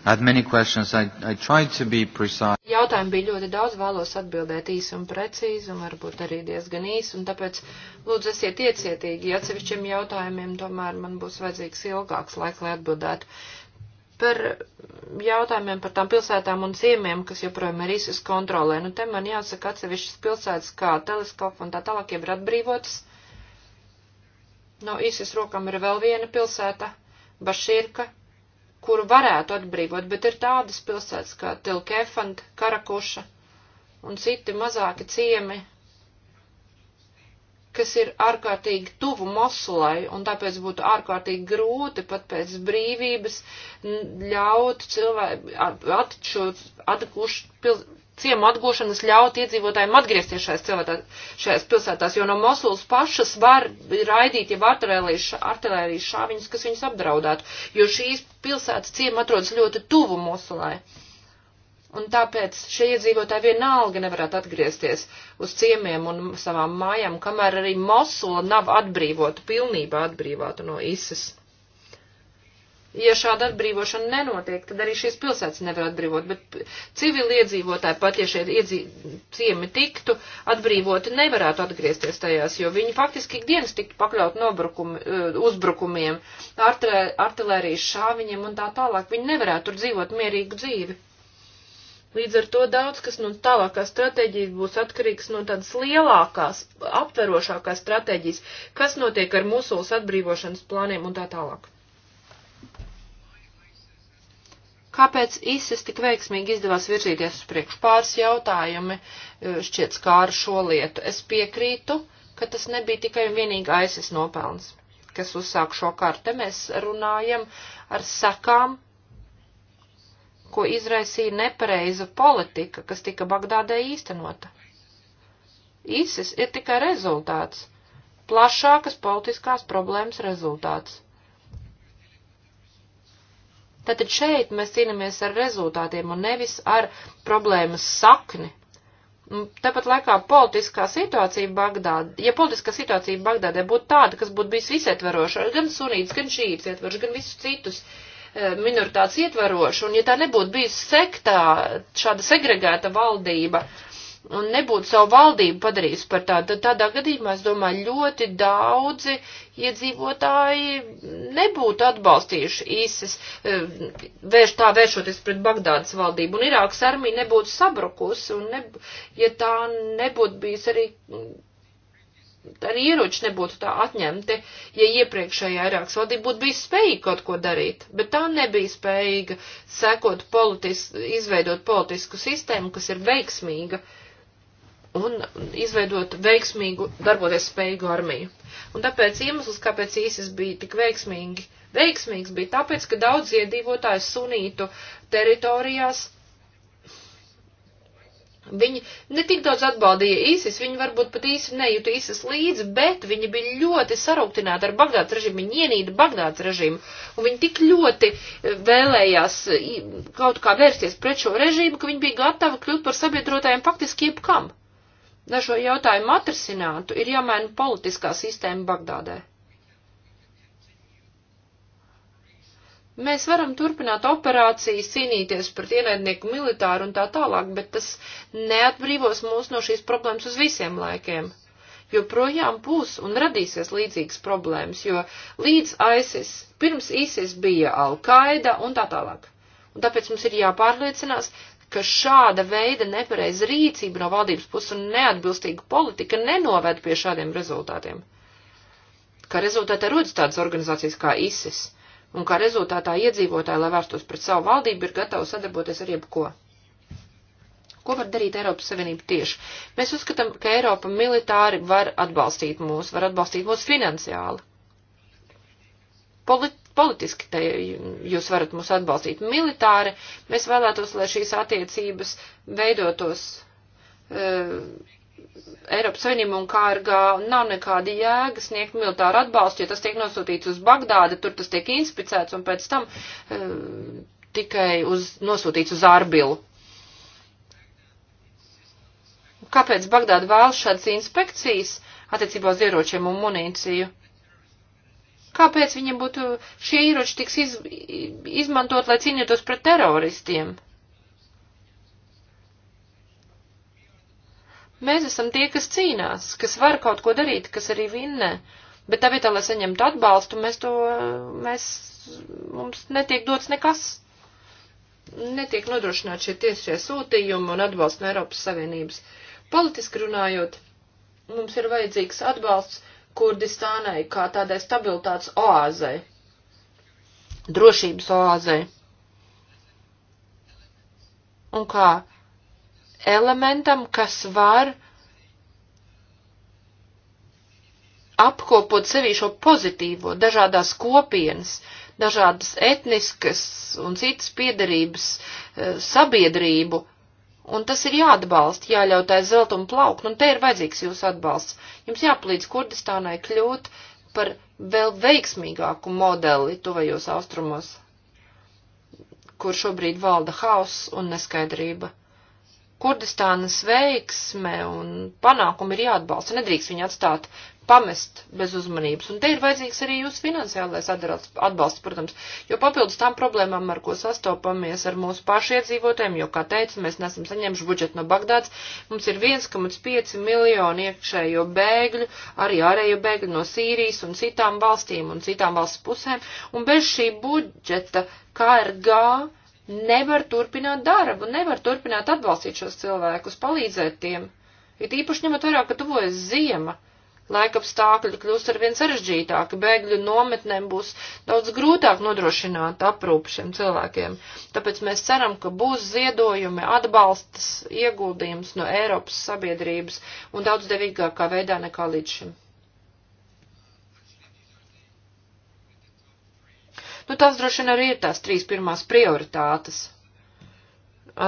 Jautājumi bija
ļoti daudz, vēlos atbildēt īsi un precīzi, un varbūt arī diezgan īsi, un tāpēc lūdzu esiet iecietīgi, ja atsevišķiem jautājumiem tomēr man būs vajadzīgs ilgāks laiks, lai atbildētu. Par jautājumiem par tām pilsētām un ciemiem, kas joprojām ir īsas kontrolē, nu te man jāsaka atsevišķas pilsētas kā teleskopu un tā tālāk jau ir atbrīvotas. No īsas rokām ir vēl viena pilsēta, Bašīrka, kuru varētu atbrīvot, bet ir tādas pilsētas kā Tilkefang, Karakuša un citi mazāki ciemi, kas ir ārkārtīgi tuvu Mosulai, un tāpēc būtu ārkārtīgi grūti pat pēc brīvības ļaut cilvēku atšķūt, atgušt pil, ciemu atgūšanas ļaut iedzīvotājiem atgriezties šajās, cilvētā, šajās pilsētās, jo no Mosulas pašas var raidīt jau artilērijas šāviņus, kas viņus apdraudētu, jo šīs pilsētas ciemu atrodas ļoti tuvu Mosulai. Un tāpēc šie iedzīvotāji vienalga nevarētu atgriezties uz ciemiem un savām mājām, kamēr arī Mosula nav atbrīvota, pilnībā atbrīvota no ISIS ja šāda atbrīvošana nenotiek, tad arī šīs pilsētas nevar atbrīvot, bet civiliedzīvotāji pat, ja šie iedzī... ciemi tiktu atbrīvoti, nevarētu atgriezties tajās, jo viņi faktiski ikdienas tiktu pakļaut eh, uzbrukumiem, artilērijas šāviņiem un tā tālāk. Viņi nevarētu tur dzīvot mierīgu dzīvi. Līdz ar to daudz, kas no nu, tālākā stratēģija būs atkarīgs no tādas lielākās, aptverošākās stratēģijas, kas notiek ar musulas atbrīvošanas plāniem un tā tālāk. Kāpēc ISIS tik veiksmīgi izdevās virzīties uz priekšu? Pāris jautājumi eh, šķiet skāra šo lietu. Es piekrītu, ka tas nebija tikai un vienīgi ISIS nopelns, kas uzsāk šo kārtu. Te mēs runājam ar sakām, ko izraisīja nepareiza politika, kas tika Bagdādē īstenota. ISIS ir tikai rezultāts, plašākas politiskās problēmas rezultāts. Tātad šeit mēs cīnāmies ar rezultātiem un nevis ar problēmas sakni. Tāpat laikā politiskā situācija Bagdādē, ja politiskā situācija Bagdādē būtu tāda, kas būtu bijis visietveroša, gan sunītas, gan šītas ietveroša, gan visus citus e, minoritātes ietveroša, un ja tā nebūtu bijusi sektā, šāda segregēta valdība, uh, un nebūtu savu valdību padarījusi par tādu, tad tādā gadījumā, es domāju, ļoti daudzi iedzīvotāji nebūtu atbalstījuši ISIS, e, vērš, tā vēršoties pret Bagdādas valdību, un Irākas armija nebūtu sabrukusi, un ne, ja tā nebūtu bijis arī. Arī ieroči nebūtu tā atņemti, ja iepriekšējā Irākas valdība būtu bijusi spējīga kaut ko darīt, bet tā nebija spējīga sekot politis, izveidot politisku sistēmu, kas ir veiksmīga uh, un izveidot veiksmīgu, darboties spējīgu armiju. Un tāpēc iemesls, kāpēc īsis bija tik veiksmīgi, veiksmīgs bija tāpēc, ka daudz iedzīvotāju sunītu teritorijās Viņi netik daudz atbaldīja īsis, viņi varbūt pat īsi nejūta īsis līdzi, bet viņi bija ļoti sarūktināti ar Bagdāts režīmu, viņi ienīda Bagdāts režīmu, un viņi tik ļoti eh, vēlējās kaut kā vērsties pret šo režīmu, ka viņi bija gatavi kļūt par sabiedrotājiem faktiski jebkam. Lai šo jautājumu atrisinātu, ir jāmaina politiskā sistēma Bagdādē. Mēs varam turpināt operācijas, cīnīties pret ienaidnieku militāru un tā tālāk, bet tas neatbrīvos mūs no šīs problēmas uz visiem laikiem. Jo projām būs un radīsies līdzīgas problēmas, jo līdz ISIS, pirms ISIS bija Al-Qaida un tā tālāk. Un tāpēc mums ir jāpārliecinās, ka šāda veida nepareiza rīcība no valdības puses un neatbilstīga politika nenoved pie šādiem rezultātiem. Kā rezultātā rodas tādas organizācijas kā ISIS, un kā rezultātā iedzīvotāji, lai vērstos pret savu valdību, ir gatavi sadarboties ar jebko. Ko var darīt Eiropas Savienība tieši? Mēs uzskatām, ka Eiropa militāri var atbalstīt mūs, var atbalstīt mūs finansiāli. Polit politiski te jūs varat mūs atbalstīt militāri. Mēs vēlētos, lai šīs attiecības veidotos uh, Eiropas Savienību un Kārgā nav nekāda jēga sniegt militāru atbalstu, ja tas tiek nosūtīts uz Bagdādi, tur tas tiek inspicēts un pēc tam uh, tikai uz, nosūtīts uz Arbilu kāpēc Bagdāda vēlas šādas inspekcijas attiecībā uz ieročiem un munīciju? Kāpēc viņiem būtu šie ieroči tiks iz, izmantot, lai cīnītos pret teroristiem? Mēs esam tie, kas cīnās, kas var kaut ko darīt, kas arī vinnē, bet tā vietā, lai saņemtu atbalstu, mēs to, mēs, mums netiek dots nekas netiek nodrošināti šie tiešie sūtījumi un atbalsts no Eiropas Savienības. Politiski runājot, mums ir vajadzīgs atbalsts Kurdistānai kā tādai stabilitātes oāzei, drošības oāzei. Un kā elementam, kas var apkopot sevī šo pozitīvo, dažādās kopienas, dažādas etniskas un citas piedarības eh, sabiedrību Un tas ir jāatbalsta, jāļauj tai zelt un plaukt, un nu, te ir vajadzīgs jūsu atbalsts. Jums jāpalīdz Kurdistānai kļūt par vēl veiksmīgāku modeli tuvajos austrumos, kur šobrīd valda hauss un neskaidrība. Kurdistānas veiksme un panākumi ir jāatbalsta, nedrīkst viņu atstāt pamest bez uzmanības. Un te ir vajadzīgs arī jūsu finansiālais atbalsts, protams, jo papildus tām problēmām, ar ko sastopamies ar mūsu pašu iedzīvotēm, jo, kā teicu, mēs nesam saņēmuši budžetu no Bagdāds, mums ir 1,5 miljoni iekšējo bēgļu, arī ārējo bēgļu no Sīrijas un citām valstīm un citām valsts pusēm, un bez šī budžeta KRG nevar turpināt darbu, nevar turpināt atbalstīt šos cilvēkus, palīdzēt tiem. Ir īpaši ņemot vērā, ka tuvojas ziema Laikapstākļi kļūst arvien sarežģītāki, bēgļu nometnēm būs daudz grūtāk nodrošināt aprūpu šiem cilvēkiem. Tāpēc mēs ceram, ka būs ziedojumi, atbalsts, ieguldījums no Eiropas sabiedrības un daudz devīgākā veidā nekā līdz šim. Nu, tās droši vien arī ir tās trīs pirmās prioritātes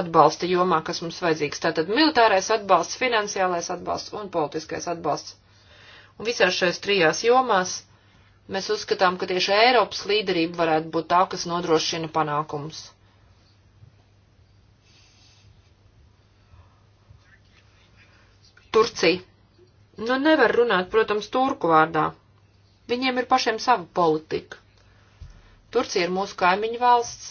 atbalsta jomā, kas mums vajadzīgs. Tātad militārais atbalsts, finansiālais atbalsts un politiskais atbalsts. Un visās šajās trijās jomās mēs uzskatām, ka tieši Eiropas līderība varētu būt tā, kas nodrošina panākumus. Turcija. Nu, nevar runāt, protams, turku vārdā. Viņiem ir pašiem sava politika. Turcija ir mūsu kaimiņu valsts.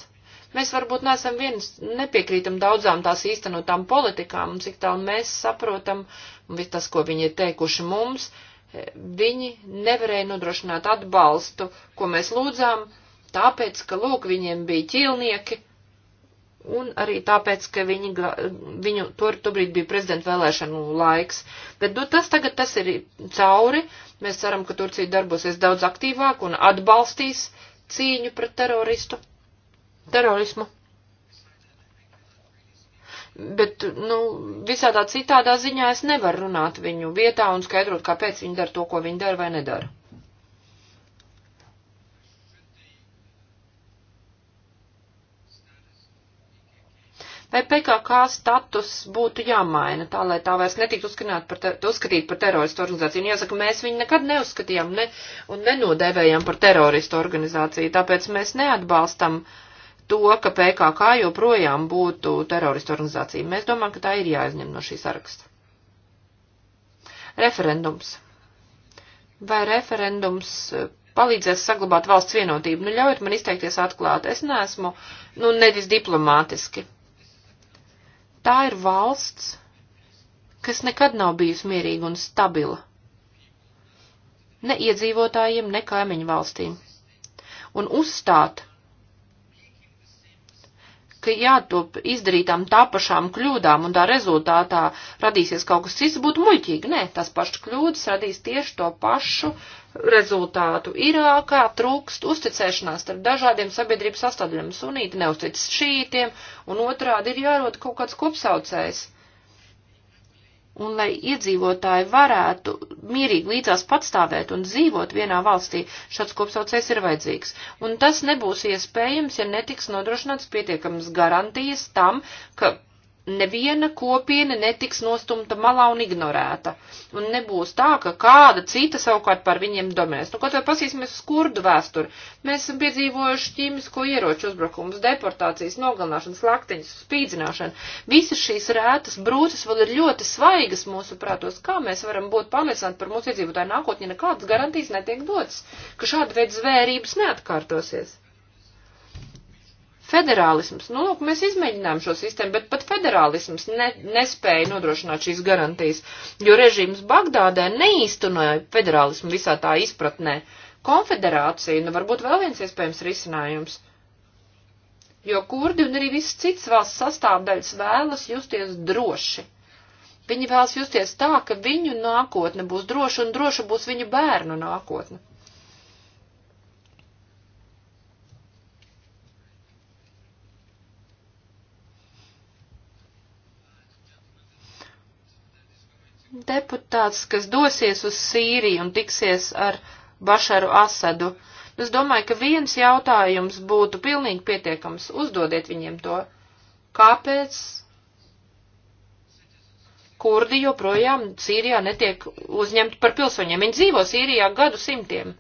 Mēs varbūt neesam viens, nepiekrītam daudzām tās īstenotām politikām, un cik tālu mēs saprotam, un viss tas, ko viņi ir teikuši mums, uh, viņi nevarēja nodrošināt atbalstu, ko mēs lūdzām, tāpēc, ka, lūk, viņiem bija ķīlnieki, un arī tāpēc, ka viņi, viņu tur tobrīd bija prezidenta vēlēšanu laiks. Bet nu, tas tagad tas ir cauri. Mēs ceram, ka Turcija darbosies daudz aktīvāk un atbalstīs cīņu pret teroristu, terorismu bet, nu, visādā citādā ziņā es nevaru runāt viņu vietā un skaidrot, kāpēc viņi dara to, ko viņi dara vai nedara. Vai PKK status būtu jāmaina tā, lai tā vairs netiktu uzskatīt par, ter uzskatīt par teroristu organizāciju? Un nu, jāsaka, mēs viņu nekad neuzskatījām ne, un nenodēvējām par teroristu organizāciju, tāpēc mēs neatbalstam uh, to, ka PKK joprojām būtu teroristu organizācija. Mēs domājam, ka tā ir jāizņem no šī saraksta. Referendums. Vai referendums eh, palīdzēs saglabāt valsts vienotību? Nu, ļaujiet man izteikties atklāti. Es neesmu, nu, nevis diplomātiski. Tā ir valsts, kas nekad nav bijusi mierīga un stabila. Ne iedzīvotājiem, ne kaimiņu valstīm. Un uzstāt ka jātop izdarītām tā pašām kļūdām un tā rezultātā radīsies kaut kas cits, būtu muļķīgi. Nē, tas pašas kļūdas radīs tieši to pašu rezultātu. Irākā trūkst uzticēšanās starp dažādiem sabiedrības sastāvdaļiem. Sunīti neuzticas šītiem, un otrādi ir jārod kaut kāds kopsaucējs un lai iedzīvotāji varētu mierīgi līdzās patstāvēt un dzīvot vienā valstī, šāds kopsaucējs ir vajadzīgs. Un tas nebūs iespējams, ja netiks nodrošināts pietiekamas garantijas tam, ka neviena kopiena netiks nostumta malā un ignorēta. Un nebūs tā, ka kāda cita savukārt par viņiem domēs. Nu, kaut vai pasīsimies uz kurdu vēsturi. Mēs esam piedzīvojuši ķīmisko ieroču uzbrukumus, deportācijas, nogalināšanas, laktiņas, spīdzināšanu. Visas šīs rētas brūces vēl ir ļoti svaigas mūsu prātos. Kā mēs varam būt pārliecināti par mūsu iedzīvotāju nākotni, ja nekādas garantijas netiek dotas, ka šāda veida zvērības neatkārtosies? Federālisms, nu, lūk, mēs izmēģinām šo sistēmu, bet pat federālisms ne, nespēja nodrošināt šīs garantijas, jo režīms Bagdādē neīstenoja federālismu visā tā izpratnē. Konfederācija, nu, varbūt vēl viens iespējams risinājums jo kurdi un arī visas citas valsts sastāvdaļas vēlas justies droši. Viņi vēlas justies tā, ka viņu nākotne būs droša un droša būs viņu bērnu nākotne. deputāts, kas dosies uz Sīriju un tiksies ar Bašaru Asadu. Es domāju, ka viens jautājums būtu pilnīgi pietiekams. Uzdodiet viņiem to. Kāpēc kurdi joprojām Sīrijā netiek uzņemti par pilsoņiem? Viņi dzīvo Sīrijā gadu simtiem.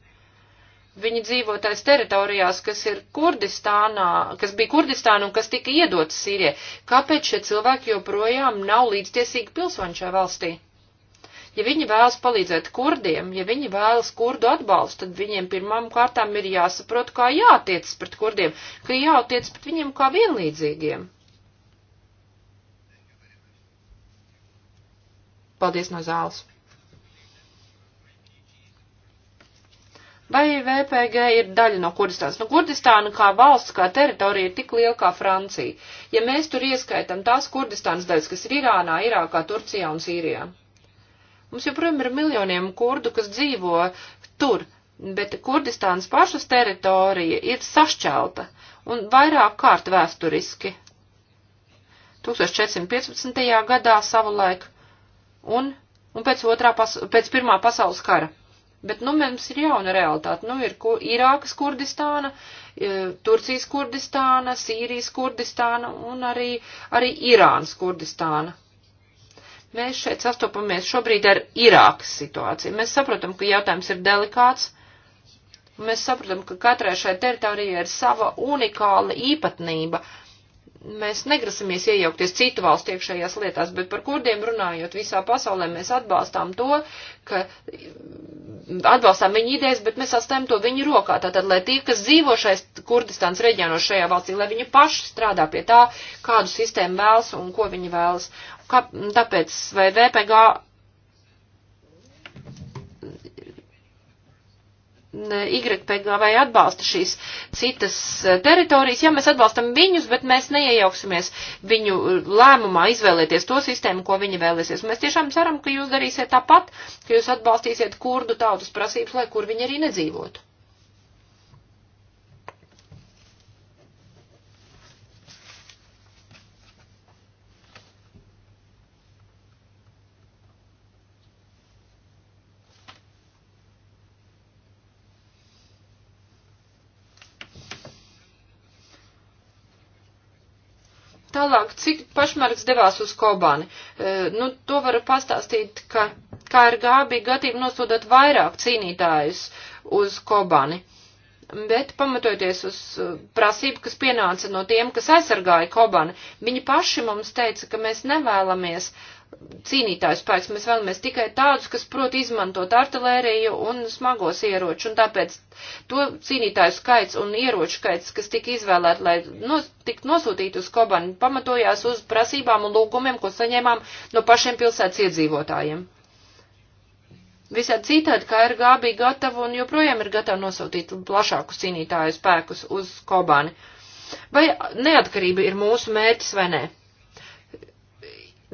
Viņi dzīvo tais teritorijās, kas ir Kurdistānā, kas bija Kurdistāna un kas tika iedotas Sīrijai. Kāpēc šie cilvēki joprojām nav līdztiesīgi pilsoņi šajā valstī? Ja viņi vēlas palīdzēt kurdiem, ja viņi vēlas kurdu atbalstu, tad viņiem pirmām kārtām ir jāsaprot, kā jātiecas pret kurdiem, ka jātiec pret viņiem kā vienlīdzīgiem. Paldies no zāles. Vai VPG ir daļa no Kurdistānas? Nu, Kurdistāna kā valsts, kā teritorija ir tik liela kā Francija. Ja mēs tur ieskaitam tās Kurdistānas daļas, kas ir Irānā, Irākā, Turcijā un Sīrijā. Mums joprojām ir miljoniem kurdu, kas dzīvo tur, bet Kurdistānas pašas teritorija ir sašķelta un vairāk kārt vēsturiski. 1415. gadā savulaik un, un pēc, otrā pas, pēc pirmā pasaules kara. Bet nu mums ir jauna realitāte. Nu ir kur, Irākas Kurdistāna, e, Turcijas Kurdistāna, Sīrijas Kurdistāna un arī, arī Irānas Kurdistāna. Mēs šeit sastopamies šobrīd ar Irākas situāciju. Mēs saprotam, ka jautājums ir delikāts. Mēs saprotam, ka katrai šai teritorijai ir sava unikāla īpatnība. Mēs negrasamies iejaukties citu valstu iekšējās lietās, bet par kurdiem runājot visā pasaulē, mēs atbalstām to, ka atbalstām viņu idejas, bet mēs atstājam to viņu rokā. Tātad, lai tie, kas dzīvo šais Kurdistāns reģionos šajā valstī, lai viņi paši strādā pie tā, kādu sistēmu vēlas un ko viņi vēlas. Kā, tāpēc vai VPG YPG vai atbalsta šīs citas eh, teritorijas. Jā, mēs atbalstam viņus, bet mēs neiejauksimies viņu eh, lēmumā izvēlēties to sistēmu, ko viņi vēlēsies. Mēs tiešām ceram, ka jūs darīsiet tāpat, ka jūs atbalstīsiet kurdu tautas prasības, lai kur viņi arī nedzīvotu. Tālāk, cik pašmarks devās uz Kobani? E, nu, to var pastāstīt, ka KRG bija gatīgi nosūdot vairāk cīnītājus uz Kobani. Bet, pamatojoties uz e, prasību, kas pienāca no tiem, kas aizsargāja Kobani, viņi paši mums teica, ka mēs nevēlamies, cīnītāju spēks. Mēs vēlamies tikai tādus, kas prot izmantot artilēriju un smagos ieroču, un tāpēc to cīnītāju skaits un ieroču skaits, kas tika izvēlēti, lai nos, tiktu nosūtīti uz Kobani, pamatojās uz prasībām un lūgumiem, ko saņēmām no pašiem pilsētas iedzīvotājiem. Visādi citādi, kā ir gābi gatava un joprojām ir gatava nosūtīt plašākus cīnītāju spēkus uz Kobani. Vai neatkarība ir mūsu mērķis vai nē? Ne?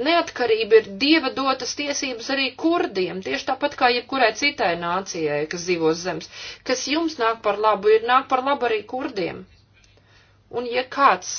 Neatkarība ir dieva dotas tiesības arī kurdiem, tieši tāpat kā jebkurai citai nācijai, kas dzīvo zemes, kas jums nāk par labu, ir nāk par labu arī kurdiem. Un ja kāds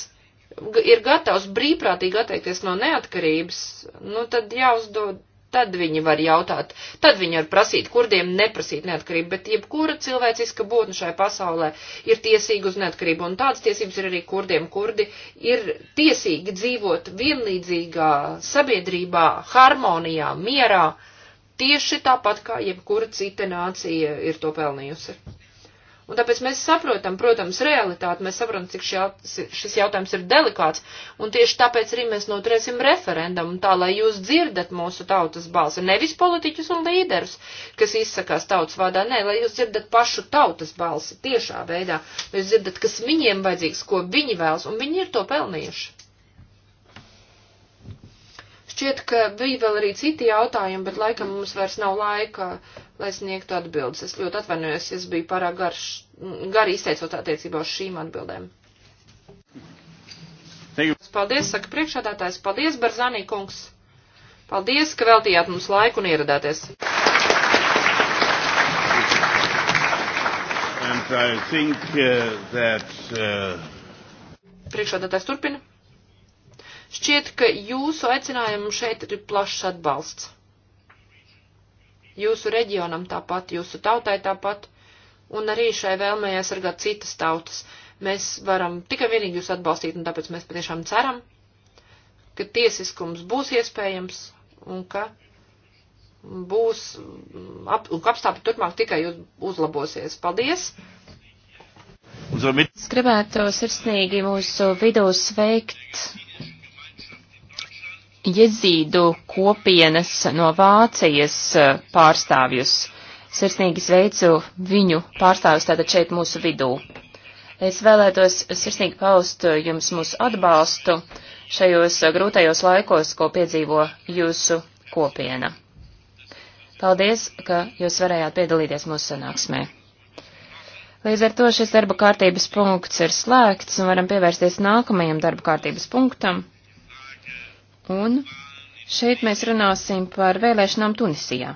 ir gatavs brīvprātīgi atteikties no neatkarības, nu tad jāuzdod, Tad viņi var jautāt, tad viņi var prasīt kurdiem, neprasīt neatkarību, bet jebkura cilvēciska būtne šai pasaulē ir tiesīga uz neatkarību, un tādas tiesības ir arī kurdiem. Kurdi ir tiesīgi dzīvot vienlīdzīgā sabiedrībā, harmonijā, mierā, tieši tāpat kā jebkura cita nācija ir to pelnījusi. Un tāpēc mēs saprotam, protams, realitāti, mēs saprotam, cik šis jautājums ir delikāts, un tieši tāpēc arī mēs noturēsim referendumu, tā lai jūs dzirdat mūsu tautas balsi, nevis politiķus un līderus, kas izsakās tautas vārdā, nē, lai jūs dzirdat pašu tautas balsi tiešā veidā, lai jūs dzirdat, kas viņiem vajadzīgs, ko viņi vēlas, un viņi ir to pelnījuši. Šķiet, ka bija vēl arī citi jautājumi, bet laikam mums vairs nav laika, lai sniegtu atbildes. Es ļoti atvainojos, es biju pārāk garš, gari izteicot attiecībā uz šīm atbildēm. Paldies, saka priekšādātājs. Paldies, Barzanī kungs. Paldies, ka veltījāt mums laiku un ieradāties.
And I think uh, that. Uh...
Priekšādātājs turpina. Šķiet, ka jūsu aicinājumu šeit ir plašs atbalsts. Jūsu reģionam tāpat, jūsu tautai tāpat, un arī šai vēlmē aizsargāt citas tautas. Mēs varam tikai vienīgi jūs atbalstīt, un tāpēc mēs patiešām ceram, ka tiesiskums būs iespējams un ka būs, ap, un ka apstākļi turpmāk tikai uz, uzlabosies. Paldies!
Es gribētu sirsnīgi mūsu vidū sveikt jezīdu kopienas no Vācijas eh, pārstāvjus. Sirsnīgi sveicu viņu pārstāvjus tātad šeit mūsu vidū. Es vēlētos sirsnīgi paust jums mūsu atbalstu šajos grūtajos laikos, ko piedzīvo jūsu kopiena. Paldies, ka jūs varējāt piedalīties mūsu sanāksmē. Līdz ar to šis darba kārtības punkts ir slēgts un varam pievērsties nākamajam darba kārtības punktam. Un šeit mēs runāsim par vēlēšanām Tunisijā.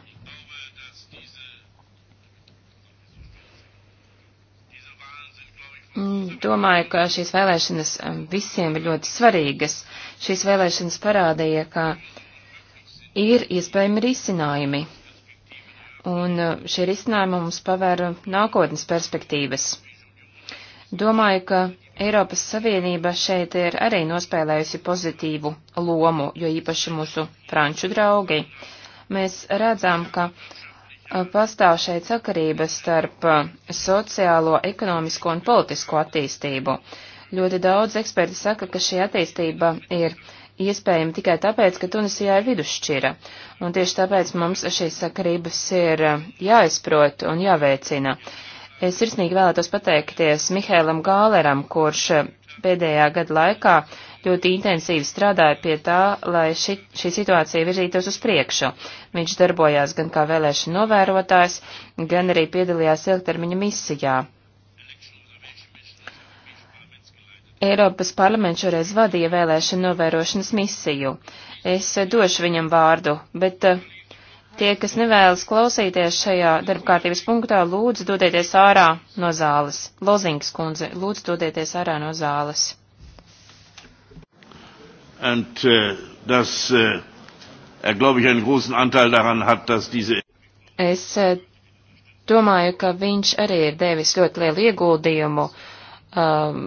Mm, domāju, ka šīs vēlēšanas mm, visiem ir ļoti svarīgas. Šīs vēlēšanas parādīja, ka ir iespējami risinājumi. Un mm, šie risinājumi mums pavēra nākotnes perspektīvas. Domāju, ka Eiropas Savienība šeit ir arī nospēlējusi pozitīvu lomu, jo īpaši mūsu franču draugi. Mēs redzam, ka pastāv šeit sakarības starp sociālo, ekonomisko un politisko attīstību. Ļoti daudz eksperti saka, ka šī attīstība ir iespējama tikai tāpēc, ka Tunisijā ir vidusšķira, un tieši tāpēc mums šīs sakarības ir jāizprot un jāveicina. Es sirsnīgi vēlētos pateikties Mihēlam Gāleram, kurš pēdējā gada laikā ļoti intensīvi strādāja pie tā, lai ši, šī situācija virzītos uz priekšu. Viņš darbojās gan kā vēlēšana novērotājs, gan arī piedalījās ilgtermiņa misijā. Eiropas parlaments šoreiz vadīja vēlēšana novērošanas misiju. Es došu viņam vārdu, bet Tie, kas nevēlas klausīties šajā darbkārtības punktā, lūdzu dodieties ārā no zāles. Lozings kundze, lūdzu dodieties ārā no zāles.
And, uh, das, uh, er, glaube ich, einen großen Anteil daran hat, dass diese.
Es uh, domāju, ka viņš arī ir devis ļoti lielu ieguldījumu um,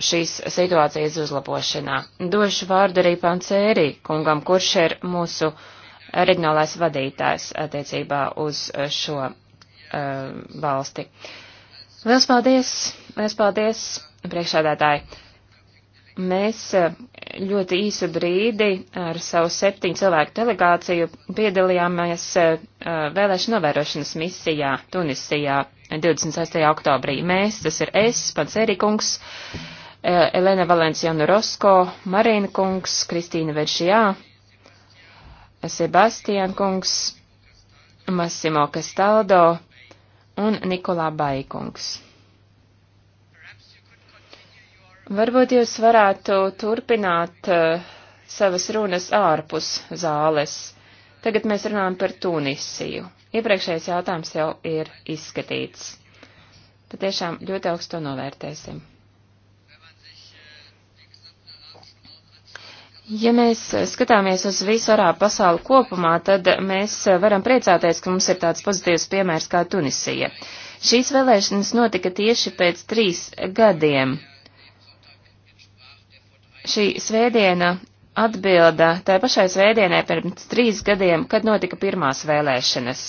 šīs situācijas uzlabošanā. Došu vārdu arī Pancēri kungam, kurš ir mūsu uh, reģionālais vadītājs attiecībā uz uh, šo uh, valsti. Liels paldies! Liels paldies, priekšādātāji! Mēs uh, ļoti īsu brīdi ar savu septiņu cilvēku delegāciju piedalījāmies uh, vēlēšana novērošanas misijā Tunisijā 26. oktobrī. Mēs, tas ir es, pats Erikungs, Elena Valenciano Rosko, Marīna Kungs, Kristīna Veršijā, Sebastian kungs, Massimo Castaldo un Nikolā Baikungs. Varbūt jūs varētu turpināt uh, savas runas ārpus zāles. Tagad mēs runājam par Tunisiju. Iepriekšējais jautājums jau ir izskatīts. Patiešām ļoti augstu novērtēsim. Ja mēs skatāmies uz visu arābu pasauli kopumā, tad mēs varam priecāties, ka mums ir tāds pozitīvs piemērs kā Tunisija. Šīs vēlēšanas notika tieši pēc trīs gadiem. Šī svētdiena atbilda tai pašai svētdienai pirms trīs gadiem, kad notika pirmās vēlēšanas.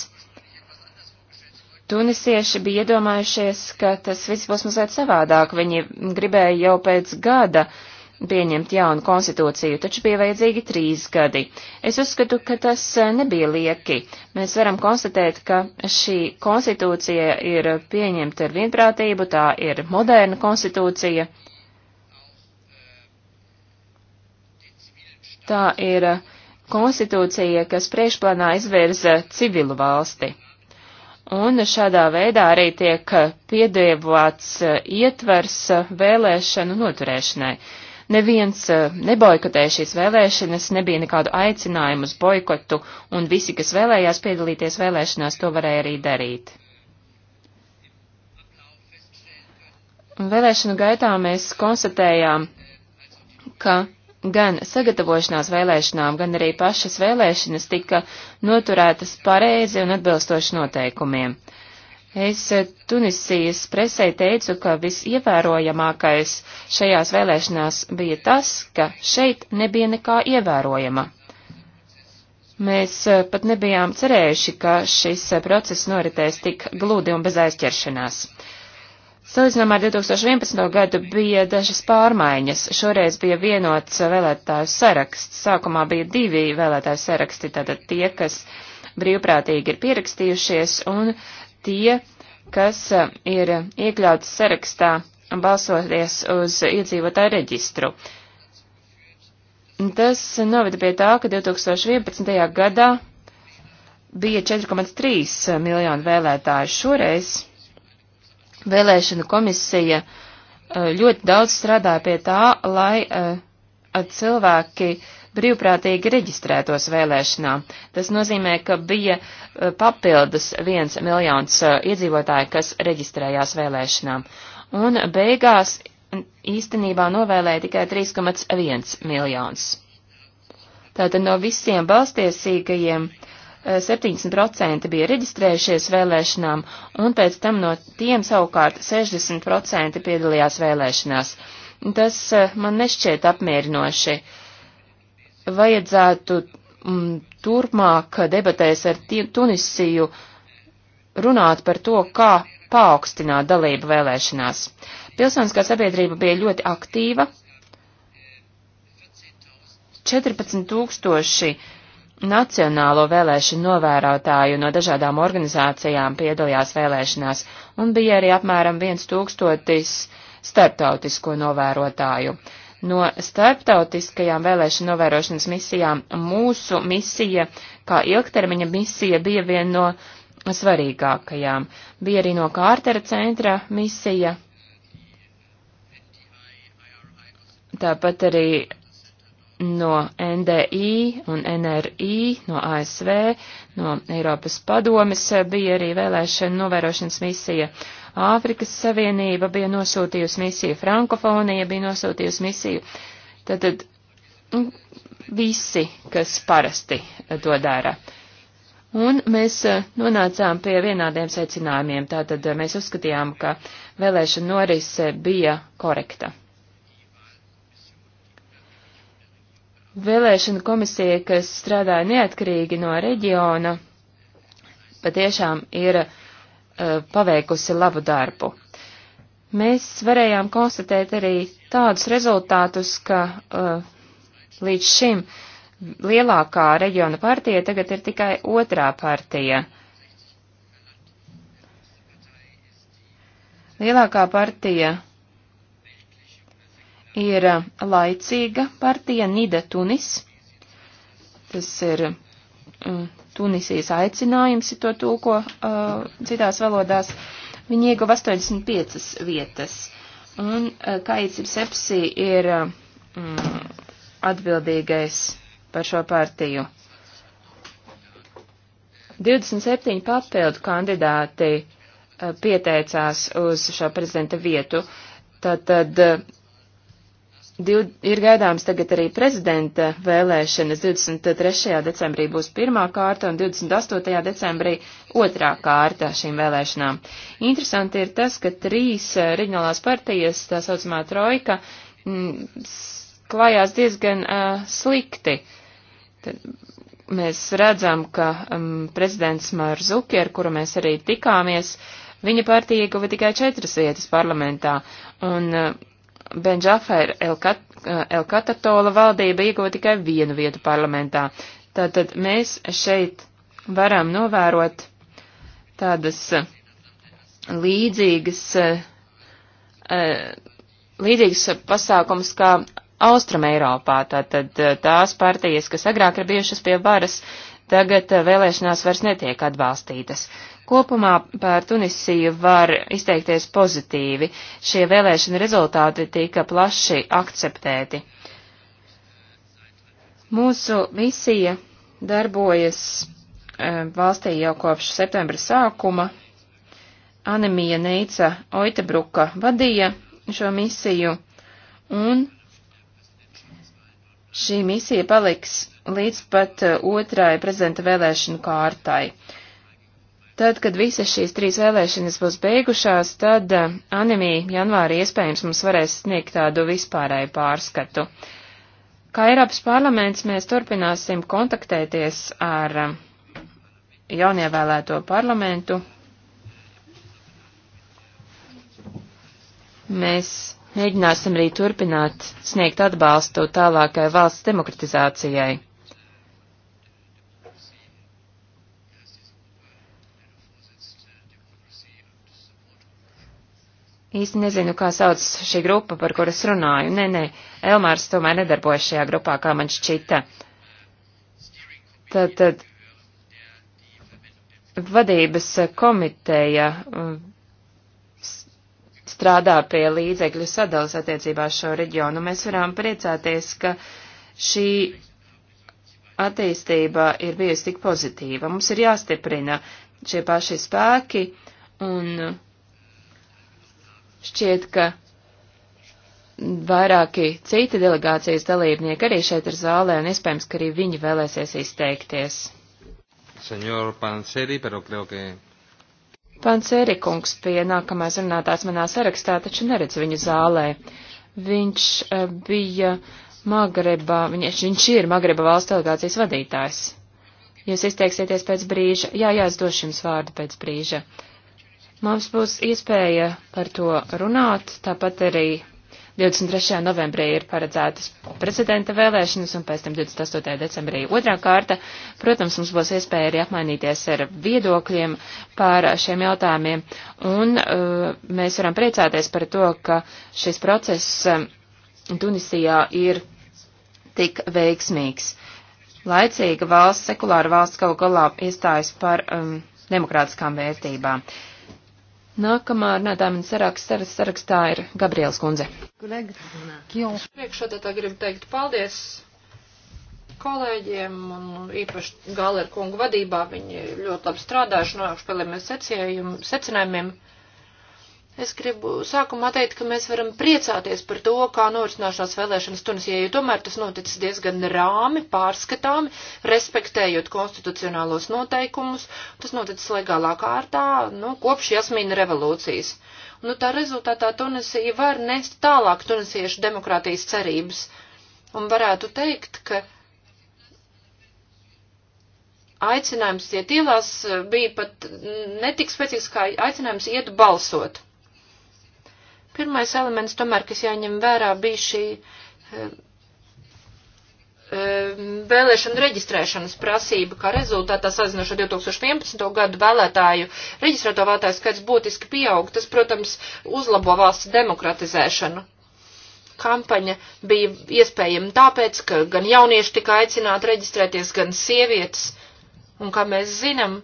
Tunisieši bija iedomājušies, ka tas viss būs mazliet savādāk. Viņi gribēja jau pēc gada uh, pieņemt jaunu konstitūciju, taču bija vajadzīgi trīs gadi. Es uzskatu, ka tas e, nebija lieki. Mēs varam konstatēt, ka šī konstitūcija ir pieņemta ar vienprātību, tā ir moderna konstitūcija. Tā ir konstitūcija, kas priekšplānā izvirza civilu valsti. Un šādā veidā arī tiek piedēvāts e, ietvers e, vēlēšanu noturēšanai. Neviens eh, neboikotēja šīs vēlēšanas, nebija nekādu aicinājumu uz boikotu, un visi, kas vēlējās piedalīties vēlēšanās, to varēja arī darīt. Vēlēšanu gaitā mēs konstatējām, ka gan sagatavošanās vēlēšanām, gan arī pašas vēlēšanas tika noturētas pareizi un atbilstoši noteikumiem. Uh, Es eh, Tunisijas presē teicu, ka visievērojamākais šajās vēlēšanās bija tas, ka šeit nebija nekā ievērojama. Mēs eh, pat nebijām cerējuši, ka šis eh, process noritēs tik glūdi un bez aizķeršanās. Salīdzinām ar 2011. gadu bija dažas pārmaiņas. Šoreiz bija vienots vēlētāju saraksts. Sākumā bija divi vēlētāju saraksti, tātad tie, kas brīvprātīgi ir pierakstījušies, un tie, kas e, ir iekļauts sarakstā balsoties uz iedzīvotāju reģistru. Tas noveda pie tā, ka 2011. gadā bija 4,3 miljonu vēlētāju. Šoreiz vēlēšana komisija e, ļoti daudz strādāja pie tā, lai e, cilvēki uh, brīvprātīgi reģistrētos vēlēšanā. Tas nozīmē, ka bija eh, papildus viens miljons eh, iedzīvotāju, kas reģistrējās vēlēšanām. Un beigās īstenībā novēlēja tikai 3,1 miljons. Tātad no visiem balstiesīgajiem 70% eh, bija reģistrējušies vēlēšanām, un pēc tam no tiem savukārt 60% piedalījās vēlēšanās. Tas man nešķiet apmierinoši. Uh, vajadzētu m, mm, turpmāk debatēs ar Tunisiju runāt par to, kā paaugstināt dalību vēlēšanās. Pilsoniskā sabiedrība bija ļoti aktīva. 14 tūkstoši nacionālo vēlēšanu novērotāju no dažādām organizācijām piedalījās vēlēšanās, un bija arī apmēram 1 tūkstotis starptautisko novērotāju. Uh, no starptautiskajām vēlēšana novērošanas misijām mūsu misija, kā ilgtermiņa misija, bija viena no svarīgākajām. Bija arī no Kārtera centra misija. Tāpat arī no NDI un NRI, no ASV, no Eiropas padomes bija arī vēlēšana novērošanas misija. Uh, Āfrikas Savienība bija nosūtījusi misiju, Frankofonija bija nosūtījusi misiju. Tad, tad nu, visi, kas parasti to dara. Un mēs e, nonācām pie vienādiem secinājumiem. Tātad e, mēs uzskatījām, ka vēlēšana norise bija korekta. Vēlēšana komisija, kas strādāja neatkarīgi no reģiona, patiešām ir uh, Eh, paveikusi labu darbu. Mēs varējām konstatēt arī tādus rezultātus, ka uh, līdz šim lielākā reģiona partija tagad ir tikai otrā partija. Lielākā partija ir eh, laicīga partija Nida Tunis. Tas ir mm, Tunisijas aicinājums, ja to tulko uh, citās valodās, viņi ieguva 85 vietas. Un uh, Kaits ir sepsi ir uh, mm, atbildīgais par šo partiju. 27 papildu kandidāti uh, pieteicās uz šo prezidenta vietu. Tātad uh, Div, ir gaidāms tagad arī prezidenta vēlēšanas. 23. decembrī būs pirmā kārta un 28. decembrī otrā kārta šīm vēlēšanām. Interesanti ir tas, ka trīs eh, reģionālās partijas, tā saucamā trojka, m, mm, klājās diezgan uh, slikti. Tad mēs redzam, ka um, prezidents Marzuki, ar kuru mēs arī tikāmies, viņa partija ieguva tikai četras vietas parlamentā. Un, uh, Benžafair Elkatatola valdība ieguva tikai vienu vietu parlamentā. Tātad mēs šeit varam novērot tādas eh, līdzīgas, eh, eh, līdzīgas pasākums kā Austrum Eiropā. Tātad tās partijas, kas agrāk ir bijušas pie varas, tagad vēlēšanās vairs netiek atbalstītas. Kopumā par Tunisiju var izteikties pozitīvi. Šie vēlēšana rezultāti tika plaši akceptēti. Mūsu misija darbojas e, valstī jau kopš septembra sākuma. Anemija Neica Oitebruka vadīja šo misiju, un šī misija paliks līdz pat eh, otrai prezidenta vēlēšanu kārtai. Kā Tad, kad visas šīs trīs vēlēšanas būs beigušās, tad eh, Animī janvāri iespējams mums varēs sniegt tādu vispārēju pārskatu. Kā Eiropas parlaments mēs turpināsim kontaktēties ar eh, jaunievēlēto parlamentu. Mēs mēģināsim arī turpināt sniegt atbalstu tālākai valsts demokratizācijai. Īsti nezinu, kā sauc šī grupa, par kuras runāju. Nē, nē, Elmārs tomēr nedarbojas šajā grupā, kā man šķita. Tad, tad vadības komiteja mm, strādā pie līdzekļu sadalas attiecībā šo reģionu. Mēs varam priecāties, ka šī attīstība ir bijusi tik pozitīva. Mums ir jāstiprina šie paši spēki un Šķiet, ka vairāki citi delegācijas dalībnieki arī šeit ir zālē, un iespējams, ka arī viņi vēlēsies izteikties.
Senjor Panseri, pero creo que...
Panseri kungs pie nākamās runātās manā sarakstā, taču neredz viņu zālē. Viņš eh, bija Magreba, viņš, viņš ir Magreba valsts delegācijas vadītājs. Jūs izteiksieties pēc brīža. Jā, jā, es došu jums vārdu pēc brīža. Uh, Mums būs iespēja par to runāt, tāpat arī 23. novembrī ir paredzētas prezidenta vēlēšanas un pēc tam 28. decembrī otrā kārta. Protams, mums būs iespēja arī apmainīties ar viedokļiem par šiem jautājumiem un uh, mēs varam priecāties par to, ka šis process uh, Tunisijā ir tik veiksmīgs. Laicīga valsts, sekulāra valsts galu galā iestājas par um, demokrātiskām vērtībām. Uh, Nākamā runātājuma sarakstā, sarakstā ir Gabriels Kunze. Priekšādā
gribu teikt paldies kolēģiem un īpaši Galeru kungu vadībā. Viņi ļoti labi strādājuši, nonākuši pie secinājumiem. Es gribu sākumā teikt, ka mēs varam priecāties par to, kā norisināšanās vēlēšanas Tunisijā, jo tomēr tas noticis diezgan rāmi, pārskatāmi, respektējot konstitucionālos noteikumus. Tas noticis legālā kārtā, nu, kopš jasmīna revolūcijas. Nu, tā rezultātā Tunisija var nest tālāk tunisiešu demokrātijas cerības. Un varētu teikt, ka aicinājums iet ielās eh, bija pat netik spēcīgs kā aicinājums iet balsot. Pirmais elements, tomēr, kas jāņem vērā, bija šī eh, eh, vēlēšanu reģistrēšanas prasība, kā rezultātā sazinot ar 2011. gadu vēlētāju reģistrēto vēlētāju skaits būtiski pieaug. Tas, protams, uzlabo valsts demokratizēšanu. Kampaņa bija iespējama tāpēc, ka gan jaunieši tika aicināti reģistrēties, gan sievietes. Un kā mēs zinām,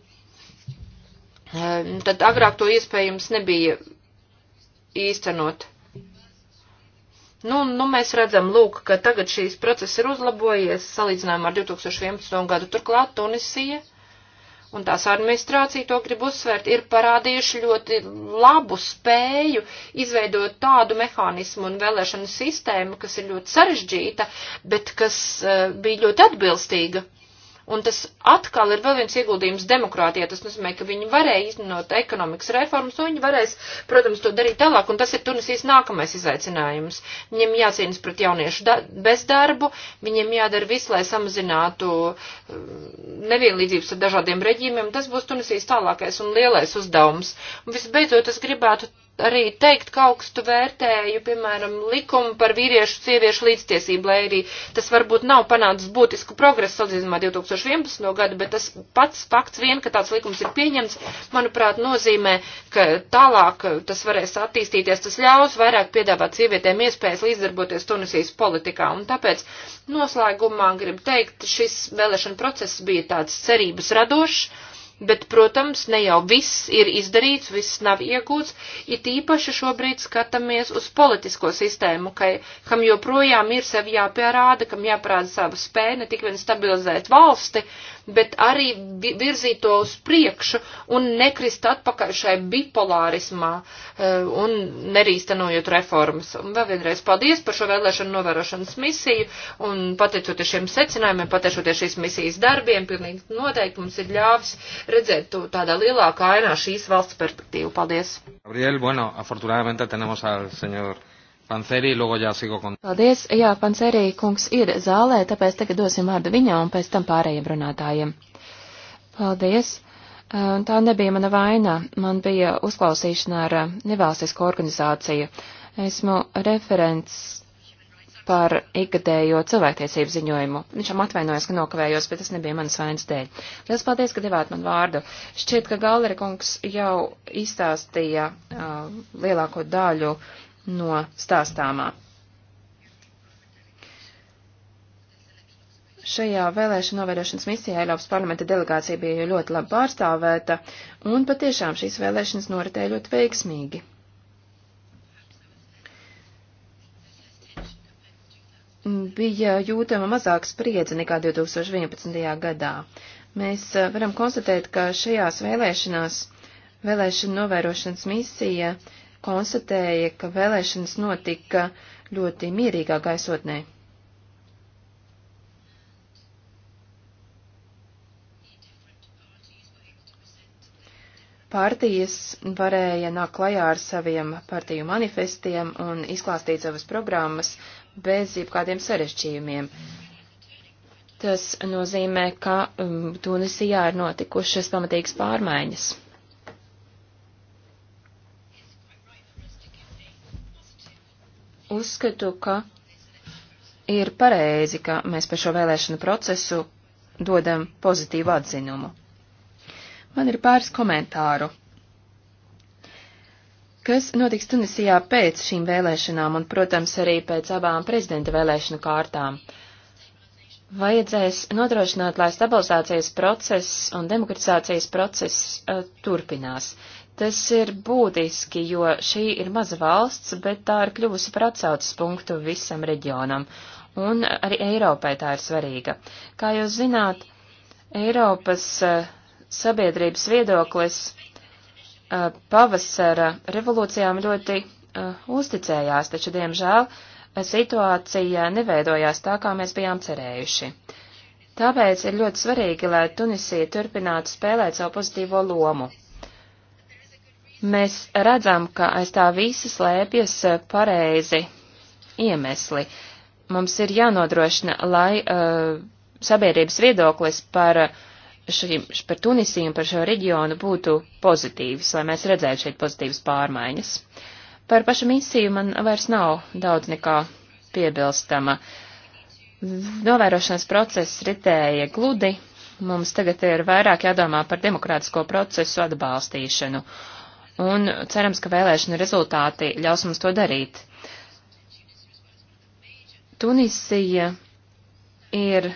eh, tad agrāk to iespējams nebija īstenot. Nu, nu, mēs redzam, lūk, ka tagad šīs procesi ir uzlabojies salīdzinājumā ar 2011. gadu. Turklāt Tunisija un tās administrācija, to grib uzsvērt, ir parādījuši ļoti labu spēju izveidot tādu mehānismu un vēlēšanu sistēmu, kas ir ļoti sarežģīta, bet kas uh, bija ļoti atbilstīga Un tas atkal ir vēl viens ieguldījums demokrātijā. Tas nozīmē, ka viņi varēja iznot ekonomikas reformas, un viņi varēs, protams, to darīt tālāk, un tas ir Tunisijas nākamais izaicinājums. Viņiem jācīnas pret jauniešu bezdarbu, viņiem jādara viss, lai samazinātu um, nevienlīdzības ar dažādiem reģīmiem. Tas būs Tunisijas tālākais un lielais uzdevums. Un visbeidzot, es gribētu arī teikt, ka augstu vērtēju, piemēram, likumu par vīriešu sieviešu līdztiesību, lai arī tas varbūt nav panācis būtisku progresu salīdzinājumā 2011. gadu, bet tas pats fakts vien, ka tāds likums ir pieņemts, manuprāt, nozīmē, ka tālāk tas varēs attīstīties, tas ļaus vairāk piedāvāt sievietēm iespējas līdzdarboties Tunisijas politikā. Un tāpēc noslēgumā gribu teikt, šis vēlēšana process bija tāds cerības radošs bet, protams, ne jau viss ir izdarīts, viss nav iegūts, it īpaši šobrīd skatāmies uz politisko sistēmu, ka, kam joprojām ir sev jāpierāda, kam jāprāda sava spēja ne tik vien stabilizēt valsti, bet arī virzīt to uz priekšu un nekrist atpakaļ šai bipolārismā eh, un nerīstenojot reformas. Un vēl vienreiz paldies par šo vēlēšanu novērošanas misiju un pateicoties šiem secinājumiem, pateicoties šīs misijas darbiem, pilnīgi noteikti mums ir ļāvis redzēt to tādā lielākā ainā
šīs valsts perspektīvu. Paldies! Gabriel, bueno, afortunadamente tenemos al señor
Panceri, luego ya sigo con. Paldies, jā, Panceri kungs ir zālē, tāpēc tagad dosim vārdu viņam un pēc tam pārējiem runātājiem. Paldies. Tā nebija mana vaina. Man bija uzklausīšana ar nevalstisko organizāciju. Esmu referents par ikgadējo cilvēktiesību ziņojumu. Viņš man atvainojas, ka nokavējos, bet tas nebija manas vainas dēļ. Lielas paldies, ka devāt man vārdu. Šķiet, ka Galerikungs jau izstāstīja uh, lielāko daļu no stāstāmā. Šajā vēlēšana novērošanas misijā Eiropas parlamenta delegācija bija ļoti labi pārstāvēta, un patiešām šīs vēlēšanas noritēja ļoti veiksmīgi. Bija jūtama mazāk spriedze nekā 2011. gadā. Mēs eh, varam konstatēt, ka šajās vēlēšanās vēlēšana novērošanas misija uh, konstatēja, ka vēlēšanas notika ļoti mierīgā gaisotnē. Partijas varēja nākt klajā ar saviem partiju manifestiem un izklāstīt savas programmas bez jebkādiem sarešķījumiem. Tas nozīmē, ka um, Tunisijā ir notikušas pamatīgas pārmaiņas. uzskatu, ka ir pareizi, ka mēs par šo vēlēšanu procesu dodam pozitīvu atzinumu. Man ir pāris komentāru. Kas notiks Tunisijā pēc šīm vēlēšanām un, protams, arī pēc abām prezidenta vēlēšanu kārtām? Vajadzēs nodrošināt, lai stabilizācijas process un demokratizācijas process uh, turpinās. Tas ir būtiski, jo šī ir maza valsts, bet tā ir kļuvusi par atsaucas punktu visam reģionam, un arī Eiropai tā ir svarīga. Kā jūs zināt, Eiropas eh, sabiedrības viedoklis eh, pavasara revolūcijām ļoti eh, uzticējās, taču, diemžēl, situācija neveidojās tā, kā mēs bijām cerējuši. Tāpēc ir ļoti svarīgi, lai Tunisija turpinātu spēlēt savu pozitīvo lomu. Mēs redzam, ka aiz tā visa slēpjas eh, pareizi iemesli. Mums ir jānodrošina, lai uh, sabiedrības viedoklis par, eh, šim, par Tunisiju un par šo reģionu būtu pozitīvs, lai mēs redzētu šeit pozitīvas pārmaiņas. Par pašu misiju man vairs nav daudz nekā piebilstama. Novērošanas process ritēja gludi, mums tagad ir vairāk jādomā par demokrātisko procesu atbalstīšanu un cerams, ka vēlēšana rezultāti ļaus mums to darīt. Tunisija ir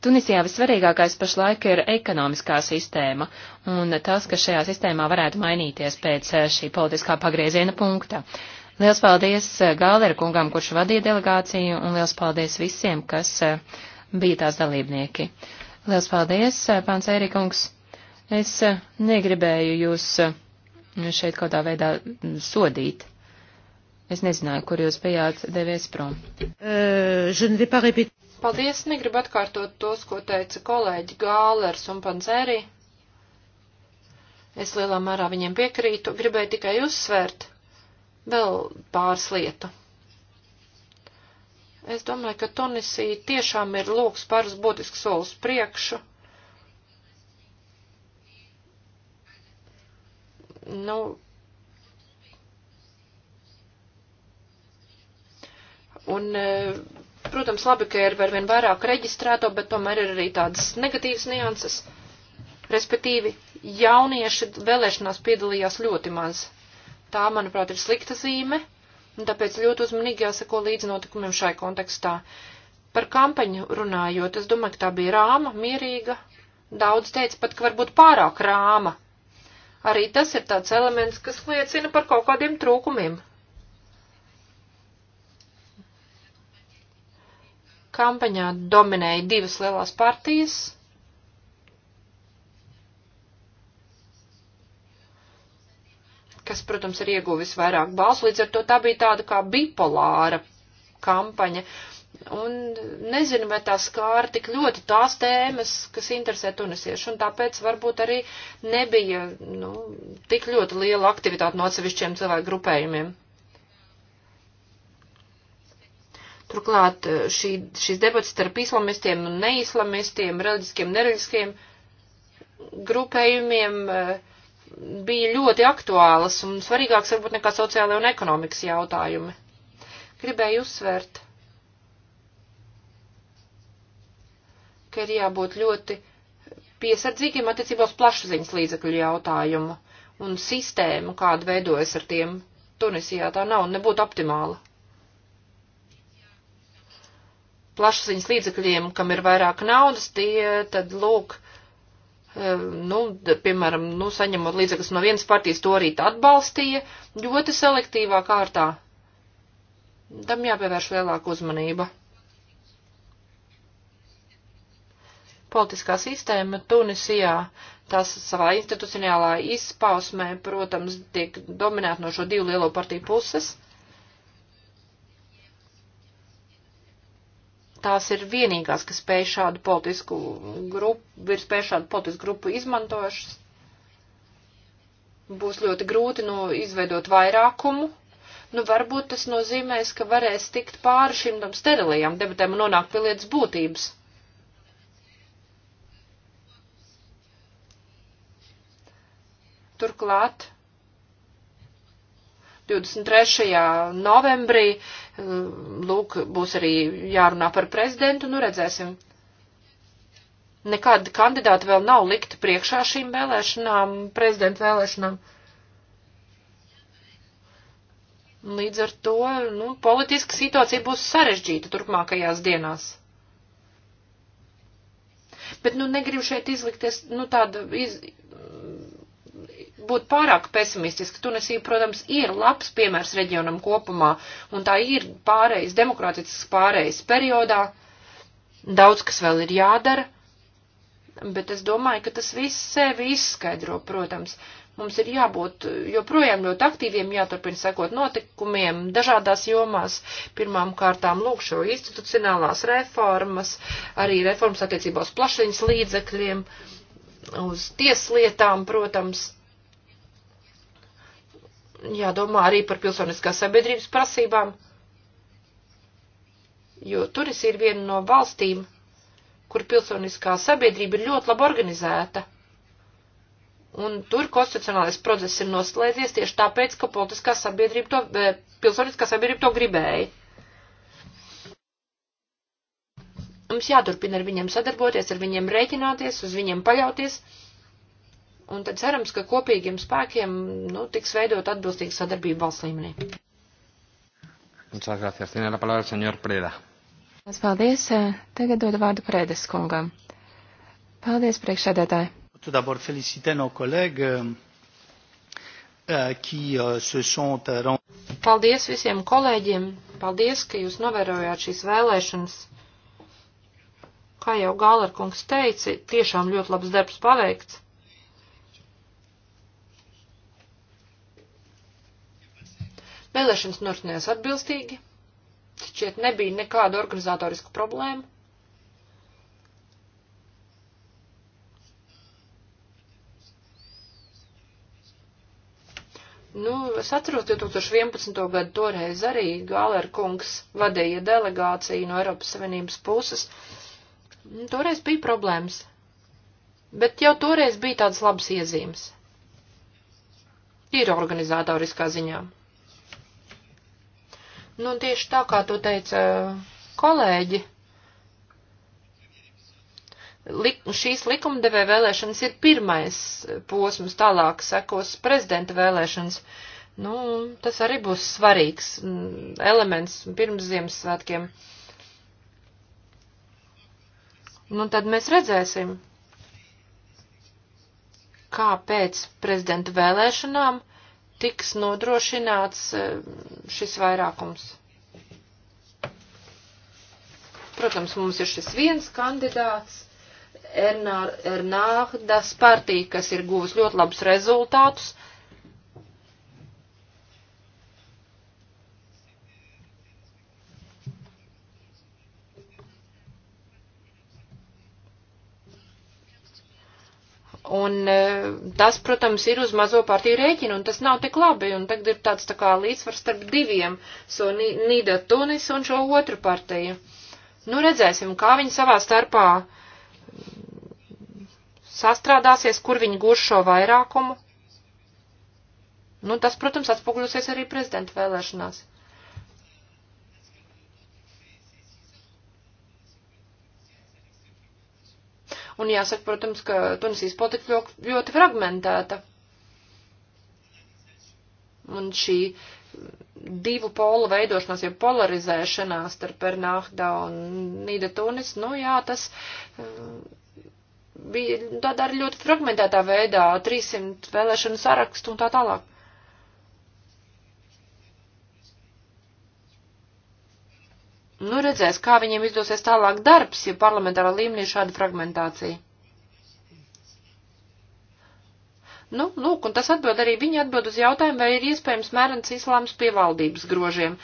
Tunisijā visvarīgākais pašlaik ir ekonomiskā sistēma, un tas, ka šajā sistēmā varētu mainīties pēc eh, šī politiskā pagrieziena punkta. Liels paldies eh, Gālera kungam, kurš vadīja delegāciju, un liels paldies visiem, kas eh, bija tās dalībnieki. Liels paldies, eh, pāns Ērikungs. Es eh, negribēju jūs eh, šeit kaut kādā veidā mm, sodīt. Es nezināju, kur jūs bijāt devies prom. Uh,
Paldies, negribu atkārtot tos, ko teica kolēģi Gālers un Panzeri. Es lielā mērā viņiem piekrītu, gribēju tikai uzsvērt vēl pāris lietu. Es domāju, ka Tunisija tiešām ir lūgs pāris būtisks solis priekšu. Nu, un, e, protams, labi, ka ir vēl vien vairāk reģistrēto, bet tomēr ir arī tādas negatīvas nianses. Respektīvi, jaunieši vēlēšanās piedalījās ļoti maz. Tā, manuprāt, ir slikta zīme un tāpēc ļoti uzmanīgi jāsako līdz notikumiem šai kontekstā. Par kampaņu runājot, es domāju, ka tā bija rāma, mierīga, daudz teica pat, ka varbūt pārāk rāma. Arī tas ir tāds elements, kas liecina par kaut kādiem trūkumiem. Kampaņā dominēja divas lielās partijas kas, protams, ir ieguvis vairāk balsu, līdz ar to tā bija tāda kā bipolāra kampaņa. Un nezinu, vai tā skāra tik ļoti tās tēmas, kas interesē tunisiešu, un tāpēc varbūt arī nebija, nu, tik ļoti liela aktivitāte no atsevišķiem cilvēku grupējumiem. Turklāt eh, šī, šīs debats starp islamistiem un neislamistiem, reliģiskiem, nereļiskiem grupējumiem uh, bija ļoti aktuālas un svarīgākas varbūt nekā sociālajie un ekonomikas jautājumi. Gribēju uzsvērt, ka ir jābūt ļoti piesardzīgiem attiecībā uz plašsaziņas līdzekļu jautājumu un sistēmu, kāda veidojas ar tiem Tunisijā, tā nav un nebūtu optimāla. Plašsaziņas līdzekļiem, kam ir vairāk naudas, tie tad lūk Ehm, nu, piemēram, nu, saņemot līdzekļus no vienas partijas, to arī atbalstīja ļoti selektīvā kārtā. Tam jāpievērš lielāka uzmanība. Politiskā sistēma Tunisijā, tās savā institucionālā izpausmē, protams, tiek dominēta no šo divu lielo partiju puses. tās ir vienīgās, kas spēj šādu politisku grupu, ir spēj šādu politisku grupu izmantojušas. Būs ļoti grūti nu, izveidot vairākumu. Nu, varbūt tas nozīmēs, ka varēs tikt pāri šīm tam sterilajām debatēm un nonākt pie lietas būtības. Turklāt 23. novembrī Mm, lūk, būs arī jārunā par prezidentu, nu redzēsim. Nekādi kandidāti vēl nav likti priekšā šīm vēlēšanām, prezidenta vēlēšanām. Līdz ar to, nu, politiska situācija būs sarežģīta turpmākajās dienās. Bet, nu, negribu šeit izlikties, nu, tāda iz, būt pārāk pesimistiski. Tunisija, protams, ir labs piemērs reģionam kopumā, un tā ir pārējais, demokrātisks pārējais periodā. Daudz kas vēl ir jādara, bet es domāju, ka tas viss sevi izskaidro, protams. Mums ir jābūt joprojām ļoti aktīviem, jāturpina sekot notikumiem dažādās jomās. Pirmām kārtām lūk šo institucionālās reformas, arī reformas attiecībā uz plašiņas līdzekļiem, uz tieslietām, protams jādomā arī par pilsoniskās sabiedrības prasībām, jo Turis ir viena no valstīm, kur pilsoniskā sabiedrība ir ļoti labi organizēta. Un tur konstitucionālais process ir noslēdzies tieši tāpēc, ka politiskā sabiedrība to, eh, pilsoniskā sabiedrība to gribēja. Mums jāturpina ar viņiem sadarboties, ar viņiem rēķināties, uz viņiem paļauties. Un tad cerams, ka kopīgiem spēkiem nu, tiks veidot atbilstīga sadarbība valsts līmenī.
Muchas gracias. Tiene la palabra el señor Preda.
Paldies. Tagad dod vārdu Prēdes kungam. Paldies, priekšsēdētāji.
Tout d'abord, féliciter nos collègues euh, euh, qui euh, se sont rendus.
Paldies visiem kolēģiem. Paldies, ka jūs novērojāt šīs vēlēšanas. Kā jau Gālerkungs teica, tiešām ļoti labs darbs paveikts. Vēlēšanas norisinājās atbilstīgi, šķiet nebija nekāda organizatorisku problēma. Nu, es atceros 2011. gadu toreiz arī Gāler kungs vadīja delegāciju no Eiropas Savienības puses. Nu, toreiz bija problēmas, bet jau toreiz bija tādas labas iezīmes. Ir organizatoriskā ziņā. Nu, tieši tā, kā tu teici, kolēģi, lik, šīs likumdevē vēlēšanas ir pirmais posms, tālāk sekos prezidenta vēlēšanas. Nu, tas arī būs svarīgs mm, elements pirms Ziemassvētkiem. Nu, tad mēs redzēsim, kāpēc prezidenta vēlēšanām tiks nodrošināts e, šis vairākums. Protams, mums ir šis viens kandidāts, Ernārdas partija, kas ir guvis ļoti labus rezultātus, Un e, tas, protams, ir uz mazo partiju rēķinu, un tas nav tik labi, un tagad ir tāds tā kā līdzsvars starp diviem, so Nīda Tunis un šo otru partiju. Nu, redzēsim, kā viņi savā starpā sastrādāsies, kur viņi gūs šo vairākumu. Nu, tas, protams, atspoguļosies arī prezidenta vēlēšanās. Un jāsaka, protams, ka Tunisijas politika ļoti, ļoti fragmentēta. Un šī divu polu veidošanās, ja polarizēšanās starp Pernahda un Nīda Tunis, nu jā, tas eh, bija tādā arī ļoti fragmentētā veidā, 300 vēlēšanu sarakstu un tā tālāk. Nu, redzēs, kā viņiem izdosies tālāk darbs, ja parlamentārā līmenī ir šāda fragmentācija. Nu, lūk, un tas atbild arī viņa atbild uz jautājumu, vai ir iespējams mērens islāms pie valdības grožiem.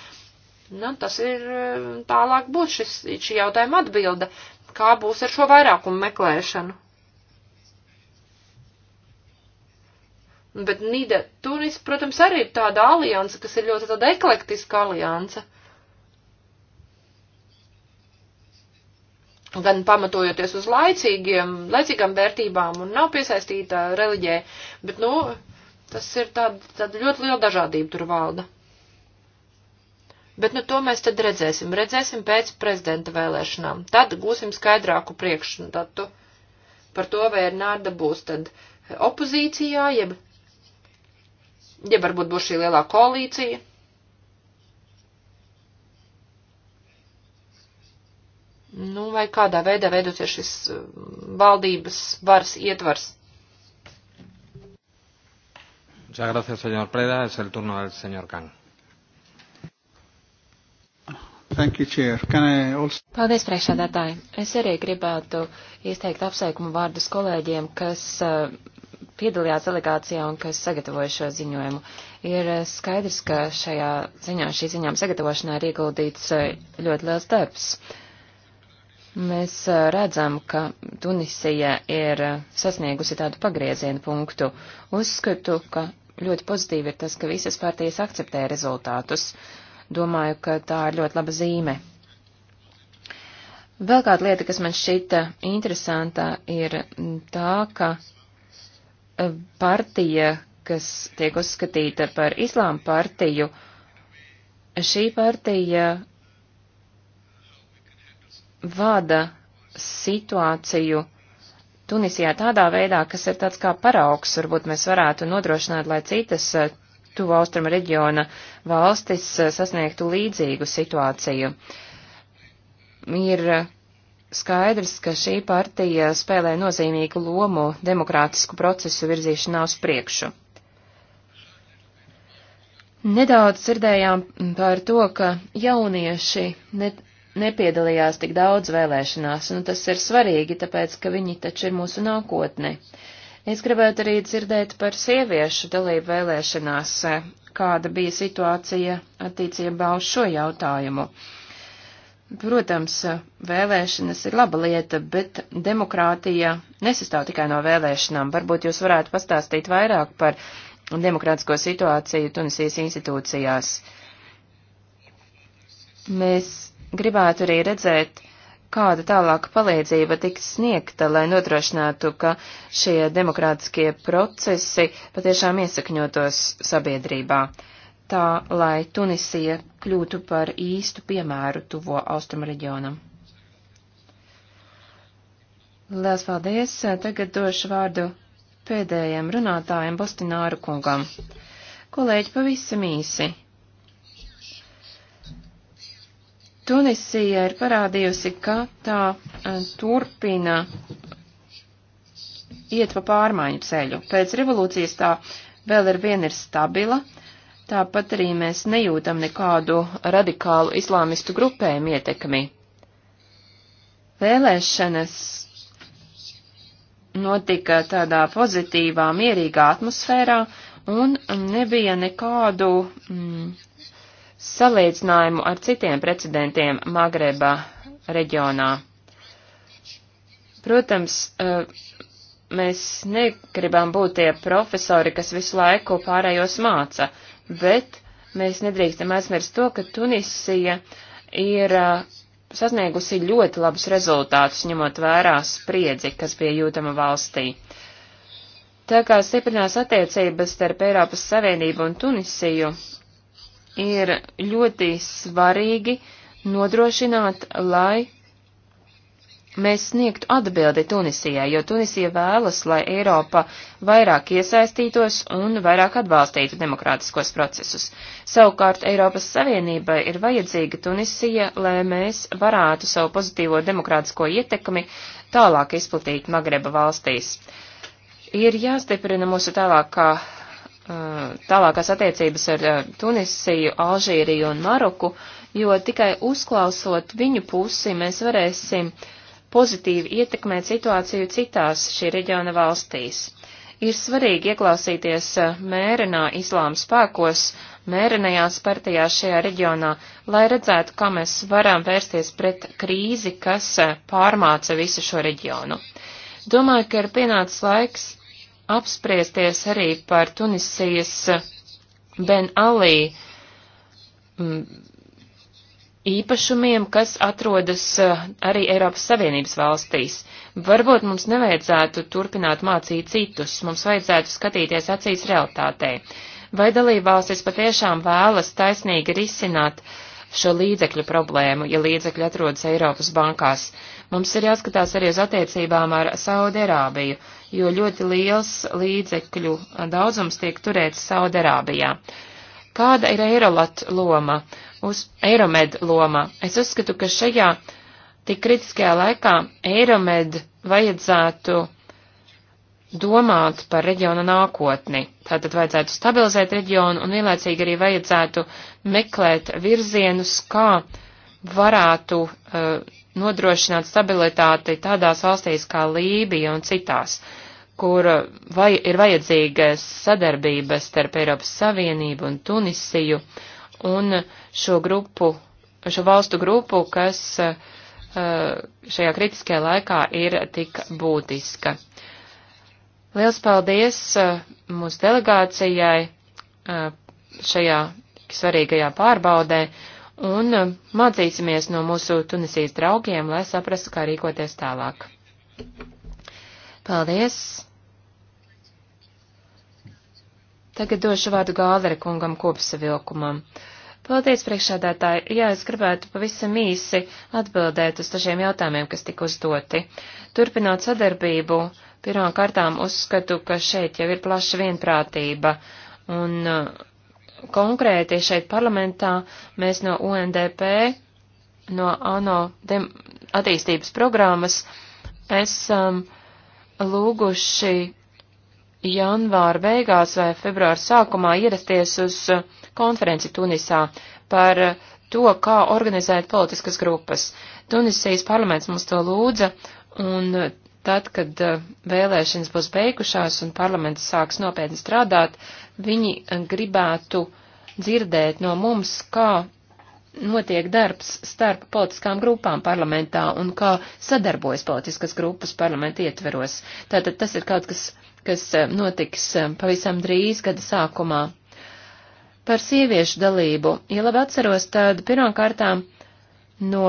Nu, tas ir, eh, tālāk būs šis, šī jautājuma atbilda, kā būs ar šo vairākumu meklēšanu. Nu, bet Nīda Tunis, protams, arī ir tāda alianse, kas ir ļoti tāda eklektiska alianse. gan pamatojoties uz laicīgiem, laicīgām vērtībām un nav piesaistīta reliģē, bet, nu, tas ir tāda, tāda ļoti liela dažādība tur valda. Bet, nu, to mēs tad redzēsim. Redzēsim pēc prezidenta vēlēšanām. Tad gūsim skaidrāku priekšstatu par to, vai Nārda būs tad opozīcijā, jeb, jeb varbūt būs šī lielā koalīcija. Nu, vai kādā veidā veidosies šis eh, valdības varas ietvars?
Muchas gracias, señor Preda. Es el turno del señor Kang.
Thank you, Chair. Can I also... Paldies, priekšsēdētāji. Es arī gribētu izteikt apsveikumu vārdus kolēģiem, kas uh, piedalījās delegācijā un kas sagatavoja šo ziņojumu. Ir eh, skaidrs, ka šajā ziņā, šī ziņām sagatavošanā ir ieguldīts ļoti liels darbs. Uh, Mēs redzam, ka Tunisija ir sasniegusi tādu pagriezienu punktu. Uzskatu, ka ļoti pozitīvi ir tas, ka visas partijas akceptē rezultātus. Domāju, ka tā ir ļoti laba zīme. Vēl kāda lieta, kas man šķita interesantā, ir tā, ka partija, kas tiek uzskatīta par islāma partiju, šī partija vada situāciju Tunisijā tādā veidā, kas ir tāds kā paraugs, varbūt mēs varētu nodrošināt, lai citas eh, tuvu austrumu reģiona valstis eh, sasniegtu līdzīgu situāciju. Ir skaidrs, ka šī partija spēlē nozīmīgu lomu demokrātisku procesu virzīšanā uz priekšu. Nedaudz dzirdējām par to, ka jaunieši ne nepiedalījās tik daudz vēlēšanās, un tas ir svarīgi, tāpēc, ka viņi taču ir mūsu nākotne. Es gribētu arī dzirdēt par sieviešu dalību vēlēšanās, kāda bija situācija attiecībā uz šo jautājumu. Protams, vēlēšanas ir laba lieta, bet demokrātija nesastāv tikai no vēlēšanām. Varbūt jūs varētu pastāstīt vairāk par demokrātisko situāciju Tunisijas institūcijās. Mēs gribētu arī redzēt, kāda tālāka palīdzība tiks sniegta, lai nodrošinātu, ka šie demokrātiskie procesi patiešām iesakņotos sabiedrībā, tā lai Tunisija kļūtu par īstu piemēru tuvo austrumu reģionam. Lielas paldies! Tagad došu vārdu pēdējiem runātājiem Bostināru kungam. Kolēģi, pavisam īsi! Tunisija ir parādījusi, ka tā e, turpina iet pa pārmaiņu ceļu. Pēc revolūcijas tā vēl ar vienu ir stabila, tāpat arī mēs nejūtam nekādu radikālu islāmistu grupējumu ietekmi. Vēlēšanas notika tādā pozitīvā, mierīgā atmosfērā un nebija nekādu mm, salīdzinājumu ar citiem precedentiem Magreba reģionā. Protams, eh, mēs negribam būt tie profesori, kas visu laiku pārējos māca, bet mēs nedrīkstam aizmirst to, ka Tunisija ir eh, sasniegusi ļoti labus rezultātus, ņemot vērā spriedzi, kas bija jūtama valstī. Tā kā stiprinās attiecības starp Eiropas Savienību un Tunisiju, ir ļoti svarīgi nodrošināt, lai mēs sniegtu atbildi Tunisijai, jo Tunisija vēlas, lai Eiropa vairāk iesaistītos un vairāk atbalstītu demokrātiskos procesus. Savukārt Eiropas Savienībai ir vajadzīga Tunisija, lai mēs varētu savu pozitīvo demokrātisko ietekmi tālāk izplatīt Magreba valstīs. Ir jāstiprina mūsu tālākā Uh, tālākās attiecības ar uh, Tunisiju, Alžīriju un Maroku, jo tikai uzklausot viņu pusi mēs varēsim pozitīvi ietekmēt situāciju citās šī reģiona valstīs. Ir svarīgi ieklausīties uh, mērenā islāma spēkos, mērenajās partijās šajā reģionā, lai redzētu, kā mēs varam vērsties pret krīzi, kas pārmāca visu šo reģionu. Domāju, ka ir pienācis laiks apspriesties arī par Tunisijas Ben Alī mm, īpašumiem, kas atrodas eh, arī Eiropas Savienības valstīs. Varbūt mums nevajadzētu turpināt mācīt citus, mums vajadzētu skatīties acīs realitātei. Vai dalībvalstis patiešām vēlas taisnīgi risināt uh, šo līdzekļu problēmu, ja līdzekļi atrodas Eiropas bankās. Mums ir jāskatās arī uz attiecībām ar Saudarābiju, jo ļoti liels līdzekļu daudzums tiek turēts Saudarābijā. Kāda ir Eirolat loma, uz Eiromed loma? Es uzskatu, ka šajā tik kritiskajā laikā Eiromed vajadzētu domāt par reģiona nākotni. Tātad vajadzētu stabilizēt reģionu un vienlaicīgi arī vajadzētu meklēt virzienus, kā varētu uh, nodrošināt stabilitāti tādās valstīs kā Lībija un citās, kur uh, vai, ir vajadzīga sadarbība starp Eiropas Savienību un Tunisiju un šo grupu, šo valstu grupu, kas uh, uh šajā kritiskajā laikā ir tik būtiska. Liels paldies uh, mūsu delegācijai uh, šajā svarīgajā pārbaudē un uh, mācīsimies no mūsu Tunisijas draugiem, lai saprastu, kā rīkoties tālāk. Paldies! Tagad došu vārdu Gālera kungam kopsavilkumam. Paldies, priekšādātāji. Jā, es gribētu pavisam īsi atbildēt uz dažiem jautājumiem, kas tika uzdoti. Turpinot sadarbību, uh, Pirmām kārtām uzskatu, ka šeit jau ir plaša vienprātība, un uh, konkrēti šeit parlamentā mēs no UNDP, no ANO dem, attīstības programmas, esam lūguši janvāra beigās vai februāra sākumā ierasties uz uh, konferenci Tunisā par uh, to, kā organizēt politiskas grupas. Tunisijas parlaments mums to lūdza, un tad, kad uh, vēlēšanas būs beigušās un parlaments sāks nopietni strādāt, viņi uh, gribētu dzirdēt no mums, kā notiek darbs starp politiskām grupām parlamentā un kā sadarbojas politiskas grupas parlamenta ietveros. Tātad tas ir kaut kas, kas uh, notiks pavisam drīz gada sākumā. Par sieviešu dalību, ja labi atceros, tad pirmkārtām no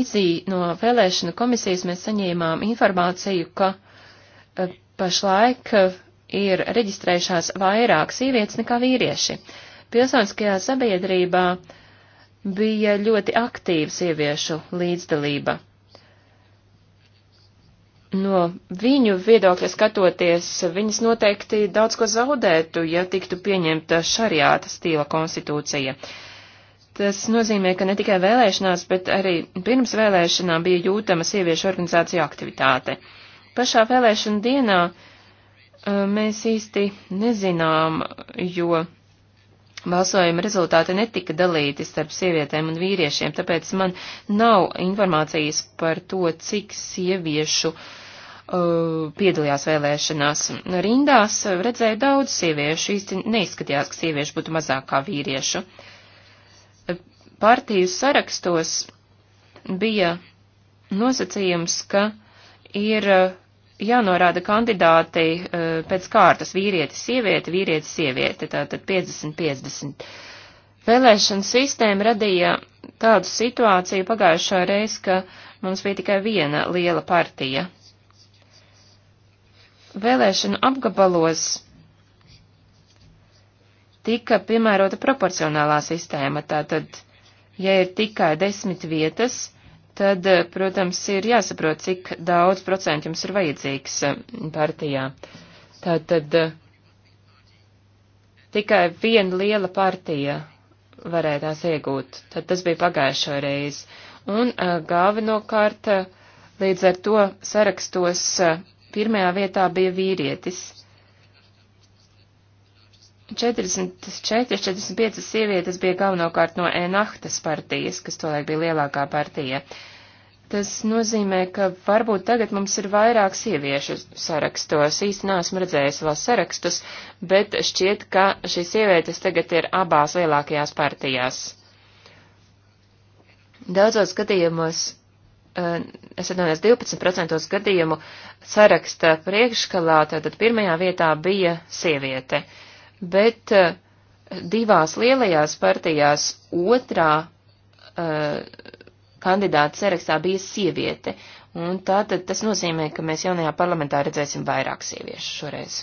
Izī no vēlēšanu komisijas mēs saņēmām informāciju, ka eh, pašlaik eh, ir reģistrējušās vairāk sievietes nekā vīrieši. Pilsoniskajā sabiedrībā bija ļoti aktīva sieviešu līdzdalība. No viņu viedokļa skatoties, viņas noteikti daudz ko zaudētu, ja tiktu pieņemta šariāta stīla konstitūcija. Uh, Tas nozīmē, ka ne tikai vēlēšanās, bet arī pirms vēlēšanām bija jūtama sieviešu organizāciju aktivitāte. Pašā vēlēšana dienā uh, mēs īsti nezinām, jo balsojuma rezultāti netika dalīti starp sievietēm un vīriešiem, tāpēc man nav informācijas par to, cik sieviešu uh, piedalījās vēlēšanās. Rindās redzēja daudz sieviešu, īsti neizskatījās, ka sieviešu būtu mazāk kā vīriešu. Uh, partiju sarakstos bija nosacījums, ka ir uh, jānorāda kandidāti uh, pēc kārtas vīrieti, sievieti, vīrieti, sievieti, tātad 50-50. Vēlēšana sistēma radīja tādu situāciju pagājušā reiz, ka mums bija tikai viena liela partija. Vēlēšanu apgabalos tika piemērota proporcionālā sistēma, tātad Ja ir tikai desmit vietas, tad, eh, protams, ir jāsaprot, cik daudz procentu jums ir vajadzīgs eh, partijā. Tātad eh, tikai viena liela partija varēja tās iegūt. Tad tas bija pagājušo reizi. Un galvenokārt līdz ar to sarakstos pirmajā vietā bija vīrietis. 44-45 sievietes bija galvenokārt no Enahtas partijas, kas tolaik bija lielākā partija. Tas nozīmē, ka varbūt tagad mums ir vairāk sieviešu sarakstos. Īsti neesmu redzējis vēl sarakstus, bet šķiet, ka šīs sievietes tagad ir abās lielākajās partijās. Daudzos gadījumos, eh, es atvainojos, 12% gadījumu saraksta priekškalā, tātad pirmajā vietā bija sieviete. Uh, bet eh, divās lielajās partijās otrā uh, kandidāta sarakstā bija sieviete, un tātad tas nozīmē, ka mēs jaunajā parlamentā redzēsim vairāk sieviešu šoreiz.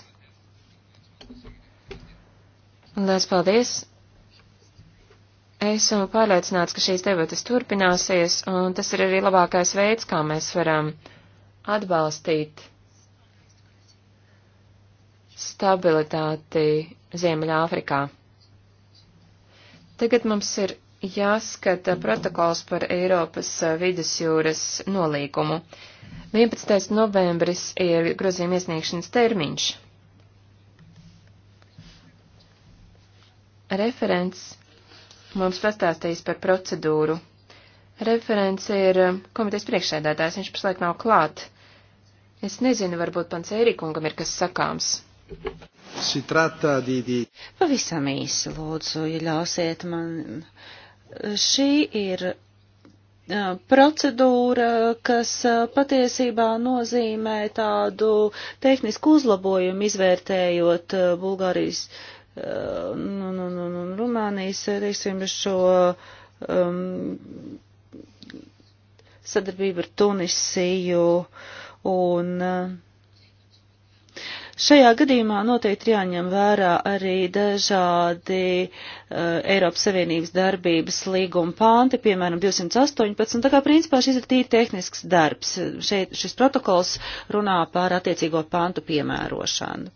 Lielas paldies! Esmu pārliecināts, ka šīs debatas turpināsies, un tas ir arī labākais veids, kā mēs varam atbalstīt stabilitāti Ziemeļāfrikā. Tagad mums ir jāskata protokols par Eiropas vidusjūras nolīgumu. 11. novembris ir grozījuma iesniegšanas termiņš. Referents mums pastāstīs par procedūru. Referents ir komitejas priekšsēdētājs, viņš pašlaik nav klāt. Es nezinu,
varbūt pants Ērikungam ir kas sakāms. Pavisam īsi, lūdzu, ja ļausiet man. Šī ir procedūra, kas patiesībā nozīmē tādu tehnisku uzlabojumu izvērtējot Bulgārijas un, nu, nu, un, nu, un, un Rumānijas, teiksim, šo um, sadarbību ar Tunisiju un uh, Šajā gadījumā noteikti jāņem vērā arī dažādi uh, Eiropas Savienības darbības līguma pānti, piemēram, 218. Tā kā principā šis ir tīri tehnisks darbs. Šeit šis protokols runā par attiecīgo pāntu piemērošanu.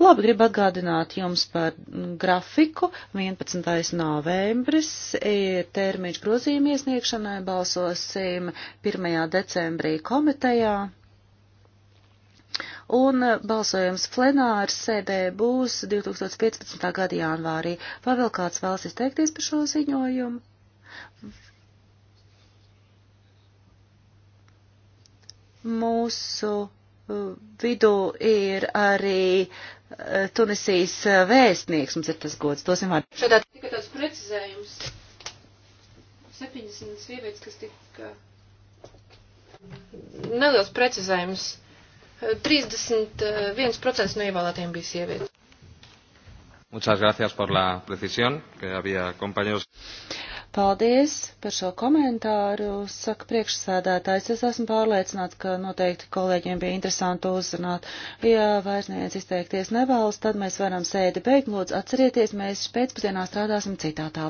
Labi, gribu atgādināt jums par grafiku. 11. novembris ir termiņš grozījuma iesniegšanai, balsosim 1. decembrī komitejā un eh, balsojums plenārs sēdē būs 2015. gada janvārī. Vai vēl kāds vēlas izteikties par šo ziņojumu? Mūsu eh, vidū ir arī eh, Tunisijas vēstnieks, mums ir tas gods, dosim vārdu. Šādā
tikai tāds precizējums. 70 sievietes, kas tika. Neliels precizējums. 31% no ievēlētiem bija sievietes.
Muchas gracias por la precisión, que había compañeros. Paldies par šo komentāru, saka priekšsēdētājs. Es esmu pārliecināts, ka noteikti kolēģiem bija interesanti uzzināt. Ja vairs neviens izteikties nevēlas, tad mēs varam sēdi beigt. Lūdzu, atcerieties, mēs pēcpazienā strādāsim citā tālāk.